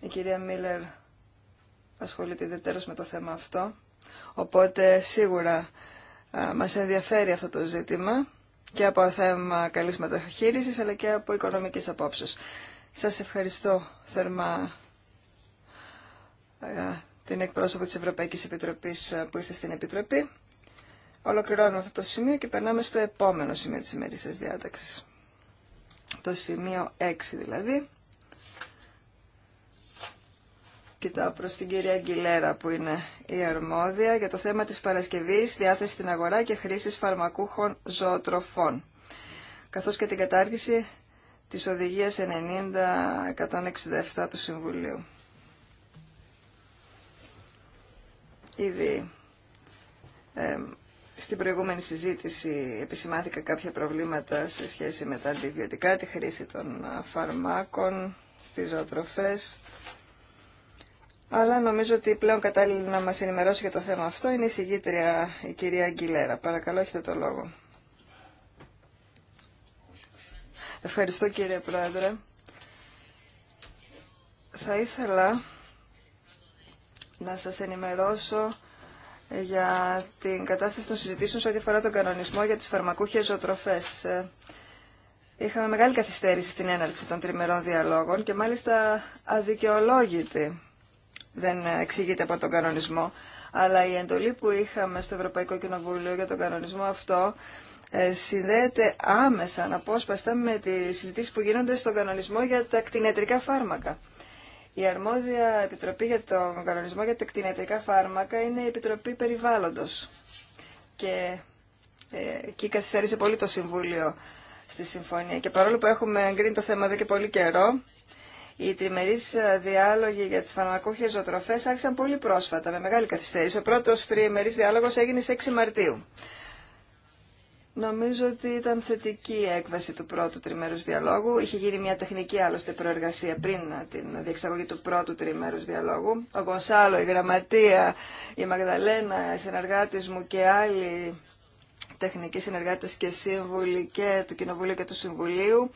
η κυρία Μίλλερ ασχολείται ιδιαίτερως με το θέμα αυτό, οπότε σίγουρα μας ενδιαφέρει αυτό το ζήτημα και από θέμα καλής μεταχείρισης αλλά και από οικονομικής απόψεως. Σας ευχαριστώ θερμά ε, την εκπρόσωπο της Ευρωπαϊκής Επιτροπής ε, που ήρθε στην Επιτροπή. Ολοκληρώνουμε αυτό το σημείο και περνάμε στο επόμενο σημείο της ημερήσιας διάταξης. Το σημείο 6 δηλαδή. Κοιτάω προς την κυρία Αγγιλέρα που είναι η αρμόδια για το θέμα της Παρασκευής, διάθεση στην αγορά και χρήσης φαρμακούχων ζωοτροφών, καθώς και την κατάργηση της οδηγίας 90-167 του Συμβουλίου. Ήδη ε, στην προηγούμενη συζήτηση επισημάθηκα κάποια προβλήματα σε σχέση με τα αντιβιωτικά, τη χρήση των ε, φαρμάκων στις ζωοτροφές. Αλλά νομίζω ότι πλέον κατάλληλη να μας ενημερώσει για το θέμα αυτό είναι η συγγήτρια η κυρία Αγγιλέρα. Παρακαλώ, έχετε το λόγο. Ευχαριστώ κύριε Πρόεδρε. Θα ήθελα να σας ενημερώσω ε, για την κατάσταση των συζητήσεων σε ό,τι αφορά τον κανονισμό για τις φαρμακούχες ζωοτροφές. Ε, είχαμε μεγάλη καθυστέρηση στην έναρξη των τριμερών διαλόγων και μάλιστα αδικαιολόγητη δεν ε, εξηγείται από τον κανονισμό. Αλλά η εντολή που είχαμε στο Ευρωπαϊκό Κοινοβούλιο για τον κανονισμό αυτό συνδέεται άμεσα, αναπόσπαστα, με τις συζητήσεις που γίνονται στον κανονισμό για τα κτηνιατρικά φάρμακα. Η αρμόδια επιτροπή για τον κανονισμό για τα κτηνιατρικά φάρμακα είναι η Επιτροπή Περιβάλλοντος. Και ε, εκεί καθυστέρησε πολύ το Συμβούλιο στη Συμφωνία. Και παρόλο που έχουμε εγκρίνει το θέμα εδώ και πολύ καιρό, οι τριμερεί ε, διάλογοι για τις φαρμακούχε ζωοτροφέ άρχισαν πολύ πρόσφατα, με μεγάλη καθυστέρηση. Ο πρώτος τριμερή διάλογο έγινε σε 6 Μαρτίου. Νομίζω ότι ήταν θετική η έκβαση του πρώτου τριμέρους διαλόγου. Είχε γίνει μια τεχνική άλλωστε προεργασία πριν την διεξαγωγή του πρώτου τριμέρους διαλόγου. Ο Γκονσάλο, η Γραμματεία, η Μαγδαλένα, οι συνεργάτες μου και άλλοι τεχνικοί συνεργάτες και σύμβουλοι και του Κοινοβουλίου και του Συμβουλίου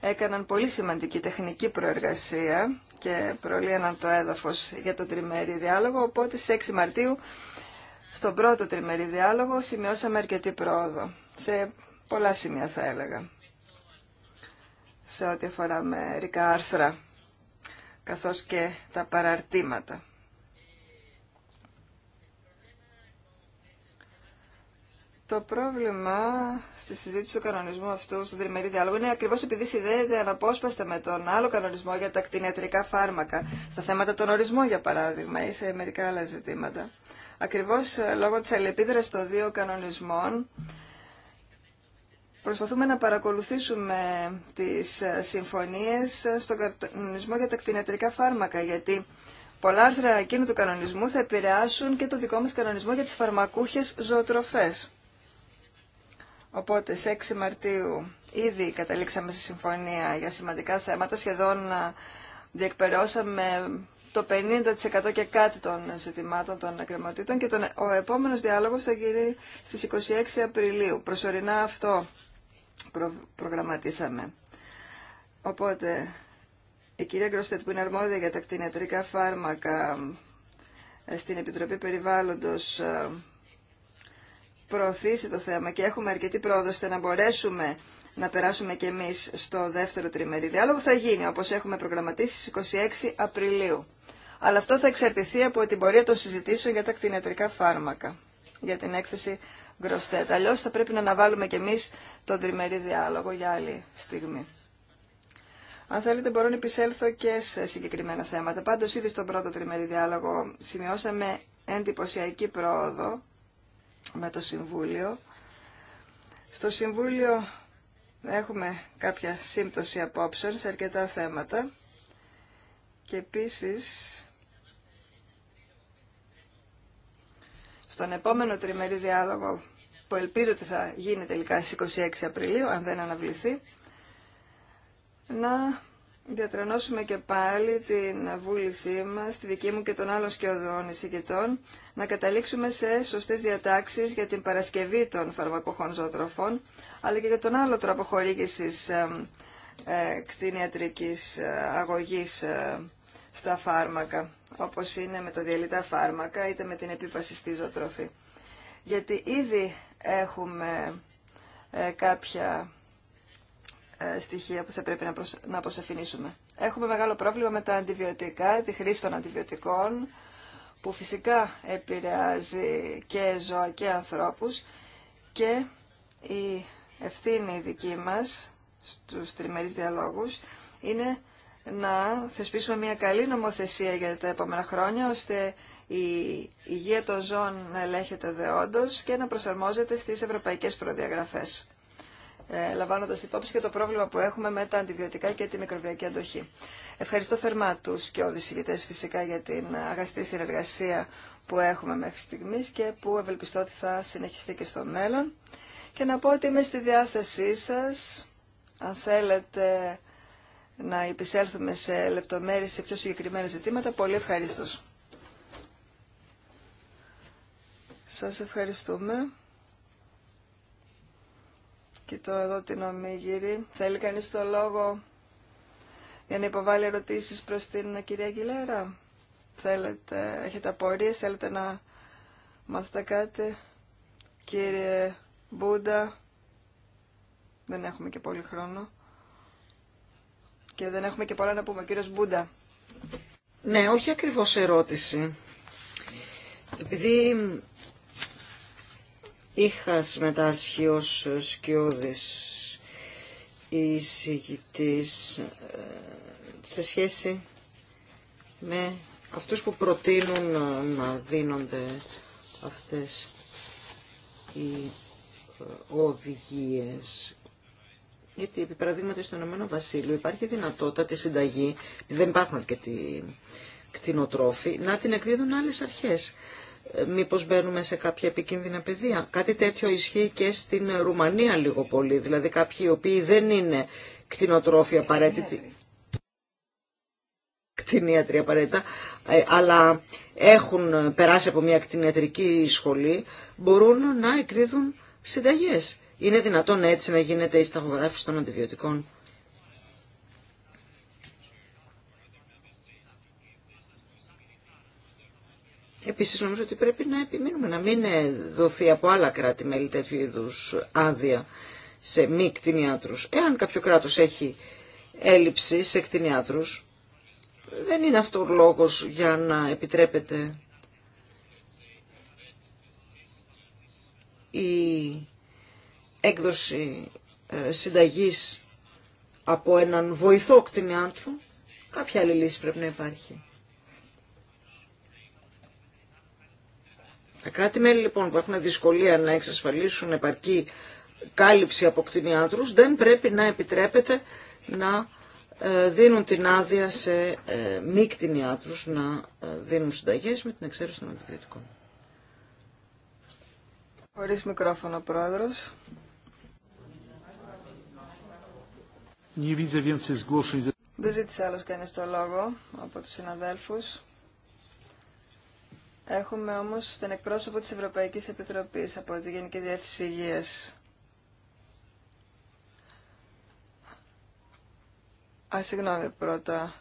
έκαναν πολύ σημαντική τεχνική προεργασία και προλύαναν το έδαφος για τον τριμέρι διάλογο, οπότε στις 6 Μαρτίου στον πρώτο τριμερή διάλογο σημειώσαμε αρκετή πρόοδο σε πολλά σημεία θα έλεγα σε ό,τι αφορά μερικά άρθρα καθώς και τα παραρτήματα. Το πρόβλημα στη συζήτηση του κανονισμού αυτού στον τριμερή διάλογο είναι ακριβώς επειδή συνδέεται αναπόσπαστα με τον άλλο κανονισμό για τα κτηνιατρικά φάρμακα, στα θέματα των ορισμών για παράδειγμα ή σε μερικά άλλα ζητήματα. Ακριβώς ε, λόγω της αλληλεπίδρασης των δύο κανονισμών Προσπαθούμε να παρακολουθήσουμε τις συμφωνίες στον κανονισμό για τα κτηνιατρικά φάρμακα, γιατί πολλά άρθρα εκείνου του κανονισμού θα επηρεάσουν και το δικό μας κανονισμό για τις φαρμακούχες ζωοτροφές. Οπότε, σε 6 Μαρτίου ήδη καταλήξαμε στη συμφωνία για σημαντικά θέματα, σχεδόν ε, διεκπαιρεώσαμε το 50% και κάτι των ζητημάτων των εκκρεμωτήτων και τον, ο επόμενος διάλογος θα γίνει στις 26 Απριλίου. Προσωρινά αυτό προγραμματίσαμε. Οπότε, η κυρία Γκροστέτ που είναι αρμόδια για τα κτηνιατρικά φάρμακα ε, στην Επιτροπή Περιβάλλοντος ε, προωθήσει το θέμα και έχουμε αρκετή πρόοδο ώστε να μπορέσουμε να περάσουμε και εμείς στο δεύτερο τριμερή διάλογο θα γίνει όπως έχουμε προγραμματίσει στις 26 Απριλίου. Αλλά αυτό θα εξαρτηθεί από την πορεία των συζητήσεων για τα κτηνιατρικά φάρμακα, για την έκθεση Γκροστέτ. Αλλιώ θα πρέπει να αναβάλουμε κι εμεί τον τριμερή διάλογο για άλλη στιγμή. Αν θέλετε μπορώ να επισέλθω και σε συγκεκριμένα θέματα. Πάντω ήδη στον πρώτο τριμερή διάλογο σημειώσαμε εντυπωσιακή πρόοδο με το Συμβούλιο. Στο Συμβούλιο έχουμε κάποια σύμπτωση απόψεων σε αρκετά θέματα και επίσης στον επόμενο τριμερή διάλογο που ελπίζω ότι θα γίνει τελικά στις 26 Απριλίου, αν δεν αναβληθεί, να διατρανώσουμε και πάλι την βούλησή μας, τη δική μου και των άλλων σκιωδών εισηγητών, να καταλήξουμε σε σωστές διατάξεις για την παρασκευή των φαρμακοχών ζωοτροφών, αλλά και για τον άλλο τρόπο χορήγησης ε, κτηνιατρικής ε, αγωγής ε, στα φάρμακα όπως είναι με τα διαλυτά φάρμακα είτε με την επίπαση στη ζωοτροφή. Γιατί ήδη έχουμε ε, κάποια ε, στοιχεία που θα πρέπει να, αποσαφηνίσουμε. Έχουμε μεγάλο πρόβλημα με τα αντιβιωτικά, τη χρήση των αντιβιωτικών, που φυσικά επηρεάζει και ζώα και ανθρώπους και η ευθύνη δική μας στους τριμερείς διαλόγους είναι να θεσπίσουμε μια καλή νομοθεσία για τα επόμενα χρόνια, ώστε η υγεία των ζώων να ελέγχεται δεόντως και να προσαρμόζεται στις ευρωπαϊκές προδιαγραφές ε, λαμβάνοντας υπόψη και το πρόβλημα που έχουμε με τα αντιβιωτικά και τη μικροβιακή αντοχή. Ευχαριστώ θερμά τους και ηγητές φυσικά για την αγαστή συνεργασία που έχουμε μέχρι στιγμής και που ευελπιστώ ότι θα συνεχιστεί και στο μέλλον. Και να πω ότι είμαι στη διάθεσή σας, αν θέλετε να επισέλθουμε σε λεπτομέρειες, σε πιο συγκεκριμένα ζητήματα, πολύ ευχαριστώ. Σας ευχαριστούμε. Κοιτώ εδώ την ομίγυρη. Θέλει κανείς το λόγο για να υποβάλει ερωτήσεις προς την κυρία Γιλέρα. Θέλετε, έχετε απορίες, θέλετε να μάθετε κάτι. Κύριε Μπούντα, δεν έχουμε και πολύ χρόνο και δεν έχουμε και πολλά να πούμε. κύριος Μπούντα. Ναι, όχι ακριβώς ερώτηση. Επειδή είχα συμμετάσχει ως σκιώδης εισηγητής ε, σε σχέση με αυτούς που προτείνουν ε, να δίνονται αυτές οι ε, οδηγίες γιατί επί παραδείγματο στο Ηνωμένο Βασίλειο υπάρχει δυνατότητα τη συνταγή, δεν υπάρχουν αρκετοί κτηνοτρόφοι, να την εκδίδουν άλλε αρχέ. Ε, μήπως μπαίνουμε σε κάποια επικίνδυνα παιδεία. Κάτι τέτοιο ισχύει και στην Ρουμανία λίγο πολύ. Δηλαδή κάποιοι οι οποίοι δεν είναι κτηνοτρόφοι απαραίτητοι, κτηνίατροι απαραίτητα, ε, αλλά έχουν περάσει από μια κτηνιατρική σχολή, μπορούν να εκδίδουν συνταγές. Είναι δυνατόν έτσι να γίνεται η σταγογράφηση των αντιβιωτικών. Επίσης νομίζω ότι πρέπει να επιμείνουμε να μην δοθεί από άλλα κράτη-μέλη τέτοιου είδου άδεια σε μη κτηνιάτρους. Εάν κάποιο κράτος έχει έλλειψη σε κτηνιάτρους, δεν είναι αυτό ο λόγος για να επιτρέπεται η έκδοση ε, συνταγής από έναν βοηθό κτηνιάντρου, κάποια άλλη λύση πρέπει να υπάρχει. Τα κράτη-μέλη λοιπόν που έχουν δυσκολία να εξασφαλίσουν επαρκή κάλυψη από κτηνιάτρους δεν πρέπει να επιτρέπεται να ε, δίνουν την άδεια σε ε, μη κτηνιάτρους να δίνουν συνταγές με την εξαίρεση των αντιπληκτικών. Χωρίς μικρόφωνο, Πρόεδρος. Δεν ζήτησε άλλο κανεί το λόγο από του συναδέλφου. Έχουμε όμω τον εκπρόσωπο τη Ευρωπαϊκή Επιτροπή από τη Γενική Διεύθυνση υγεία. Α, συγγνώμη πρώτα.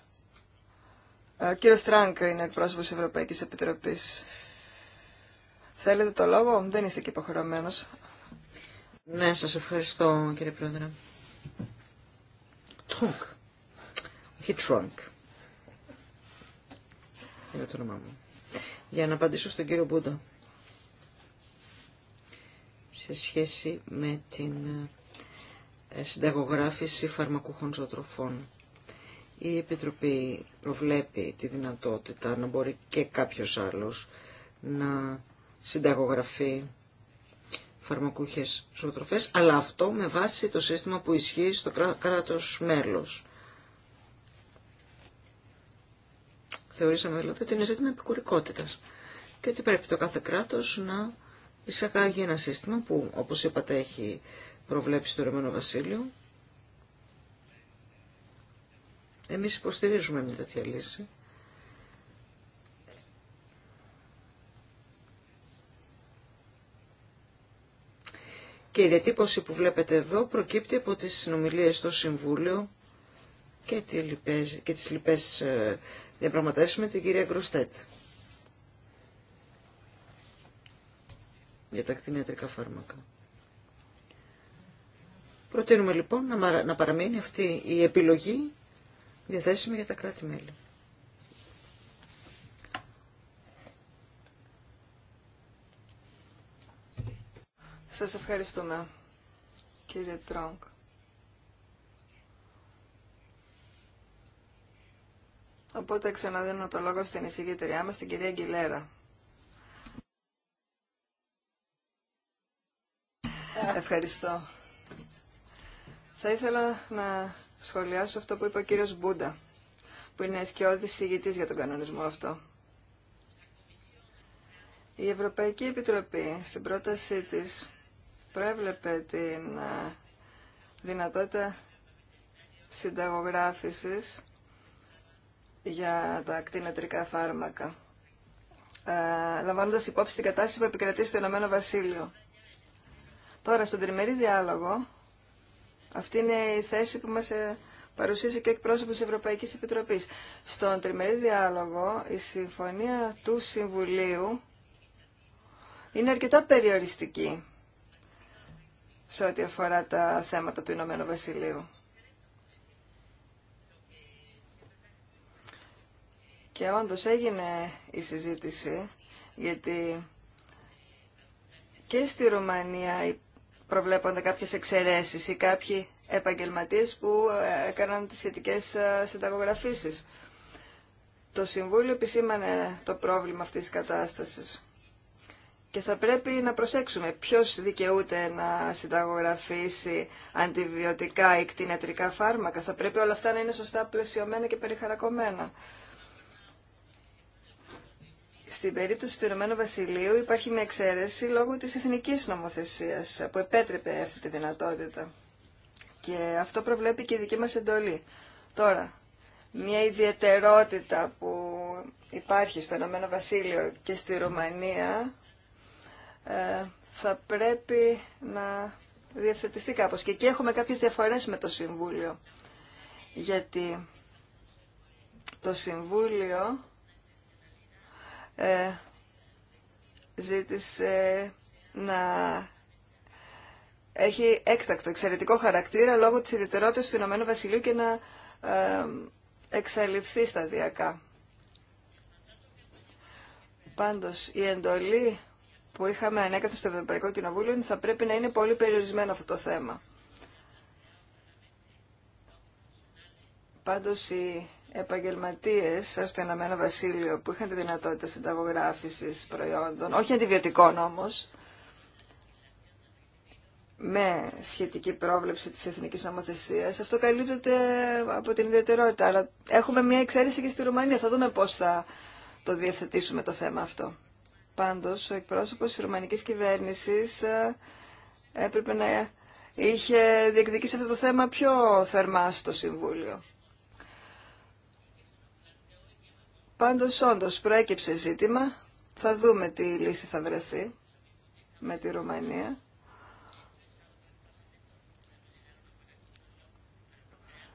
Ε, ο κύριος Στράνκ είναι εκπρόσωπος της Ευρωπαϊκής Επιτροπής. Θέλετε το λόγο, δεν είστε και υποχρεωμένος. Ναι, σας ευχαριστώ κύριε Πρόεδρε. Trunk. Όχι trunk. το Για να απαντήσω στον κύριο Μπούντα. Σε σχέση με την ε, συνταγογράφηση φαρμακούχων ζωοτροφών. Η Επιτροπή προβλέπει τη δυνατότητα να μπορεί και κάποιος άλλος να συνταγογραφεί φαρμακούχες ζωοτροφές, αλλά αυτό με βάση το σύστημα που ισχύει στο κράτος μέλος. Θεωρήσαμε δηλαδή ότι είναι ζήτημα επικουρικότητας και ότι πρέπει το κάθε κράτος να εισακάγει ένα σύστημα που, όπως είπατε, έχει προβλέψει το Ρωμανό Βασίλειο. Εμείς υποστηρίζουμε μια τέτοια λύση. Και η διατύπωση που βλέπετε εδώ προκύπτει από τις συνομιλίες στο Συμβούλιο και, τη λιπές, και τις λοιπές ε, διαπραγματεύσεις με την κυρία Γκροστέτ. Για τα κτηνιατρικά φάρμακα. Προτείνουμε λοιπόν να παραμείνει αυτή η επιλογή διαθέσιμη για τα κράτη-μέλη. Σας ευχαριστούμε, κύριε Τρόγκ. Οπότε ξαναδίνω το λόγο στην εισηγητριά μας, την κυρία Γκιλέρα. Ευχαριστώ. Θα ήθελα να σχολιάσω αυτό που είπε ο κύριος Μπούντα, που είναι σκιώδης συγητής για τον κανονισμό αυτό. Η Ευρωπαϊκή Επιτροπή στην πρότασή της προέβλεπε την ε, δυνατότητα συνταγογράφησης για τα ακτινατρικά φάρμακα, ε, λαμβάνοντας υπόψη την κατάσταση που επικρατεί στο Ηνωμένο Βασίλειο. Τώρα, στον τριμερή διάλογο, αυτή είναι η θέση που μας ε, παρουσίασε και ο εκπρόσωπος της Ευρωπαϊκής Επιτροπής. Στον τριμερή διάλογο, η συμφωνία του Συμβουλίου είναι αρκετά περιοριστική σε ό,τι αφορά τα θέματα του Ηνωμένου Βασιλείου. Και όντως έγινε η συζήτηση, γιατί και στη Ρουμανία προβλέπονται κάποιες εξαιρέσεις ή κάποιοι επαγγελματίες που ε, έκαναν τις σχετικές ε, συνταγογραφήσεις. Το Συμβούλιο επισήμανε το πρόβλημα αυτής της κατάστασης. Και θα πρέπει να προσέξουμε ποιος δικαιούται να συνταγογραφήσει αντιβιωτικά ή κτηνιατρικά φάρμακα. Θα πρέπει όλα αυτά να είναι σωστά πλαισιωμένα και περιχαρακωμένα. Στην περίπτωση του Ηνωμένου Βασιλείου υπάρχει μια εξαίρεση λόγω της εθνικής νομοθεσίας που επέτρεπε αυτή τη δυνατότητα. Και αυτό προβλέπει και η δική μας εντολή. Τώρα, μια ιδιαιτερότητα που υπάρχει στο Ηνωμένο Βασίλειο και στη Ρουμανία ε, θα πρέπει να διευθετηθεί κάπως. Και εκεί έχουμε κάποιες διαφορές με το Συμβούλιο. Γιατί το Συμβούλιο ε, ζήτησε να έχει έκτακτο, εξαιρετικό χαρακτήρα λόγω της ιδιαιτερότητας του Ηνωμένου Βασιλείου και να ε, εξαλειφθεί σταδιακά. Πάντως, η εντολή που είχαμε ανέκαθεν στο Ευρωπαϊκό Κοινοβούλιο είναι θα πρέπει να είναι πολύ περιορισμένο αυτό το θέμα. Πάντως οι επαγγελματίες στο Ηνωμένο Βασίλειο που είχαν τη δυνατότητα συνταγογράφησης προϊόντων, όχι αντιβιωτικών όμως, με σχετική πρόβλεψη της εθνικής νομοθεσίας. Αυτό καλύπτεται από την ιδιαιτερότητα, αλλά έχουμε μια εξαίρεση και στη Ρουμανία. Θα δούμε πώς θα το διευθετήσουμε το θέμα αυτό. Πάντως, ο εκπρόσωπος της Ρουμανικής κυβέρνησης ε, έπρεπε να είχε διεκδικήσει αυτό το θέμα πιο θερμά στο Συμβούλιο. Πάντως, όντως, προέκυψε ζήτημα. Θα δούμε τι λύση θα βρεθεί με τη Ρουμανία.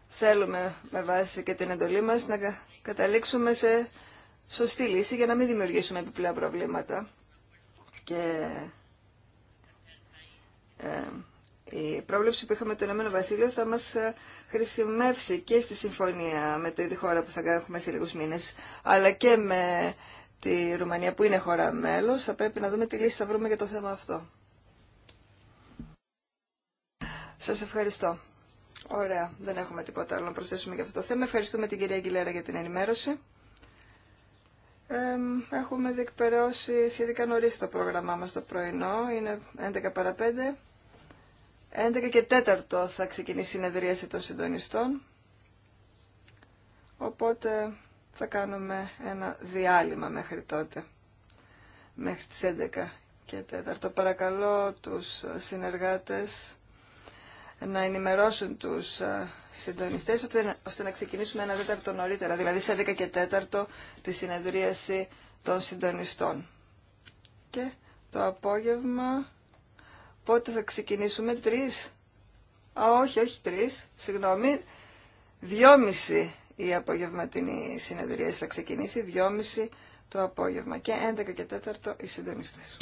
Θέλουμε με βάση και την εντολή μας να καταλήξουμε σε σωστή λύση για να μην δημιουργήσουμε επιπλέον προβλήματα. Και ε, η πρόβλεψη που είχαμε το Ηνωμένο Βασίλειο θα μας ε, χρησιμεύσει και στη συμφωνία με τη χώρα που θα έχουμε σε λίγους μήνες, αλλά και με τη Ρουμανία που είναι χώρα μέλος. Θα πρέπει να δούμε τι λύση θα βρούμε για το θέμα αυτό. Σας ευχαριστώ. Ωραία, δεν έχουμε τίποτα άλλο να προσθέσουμε για αυτό το θέμα. Ευχαριστούμε την κυρία Αγγιλέρα για την ενημέρωση έχουμε διεκπαιρεώσει σχετικά νωρίς το πρόγραμμά μας το πρωινό. Είναι 11 παρα 5. 11 και 4 θα ξεκινήσει η συνεδρίαση των συντονιστών. Οπότε θα κάνουμε ένα διάλειμμα μέχρι τότε. Μέχρι τις 11 και 4. Παρακαλώ τους συνεργάτες να ενημερώσουν τους ε, συντονιστές ώστε να ξεκινήσουμε ένα τέταρτο νωρίτερα, δηλαδή σε 11 και 4 τη συνεδρίαση των συντονιστών. Και το απόγευμα πότε θα ξεκινήσουμε, τρεις, α όχι, όχι τρεις, συγγνώμη, δυόμιση η απογευματινή συνεδρίαση θα ξεκινήσει, δυόμιση το απόγευμα και 11 και 4 οι συντονιστές.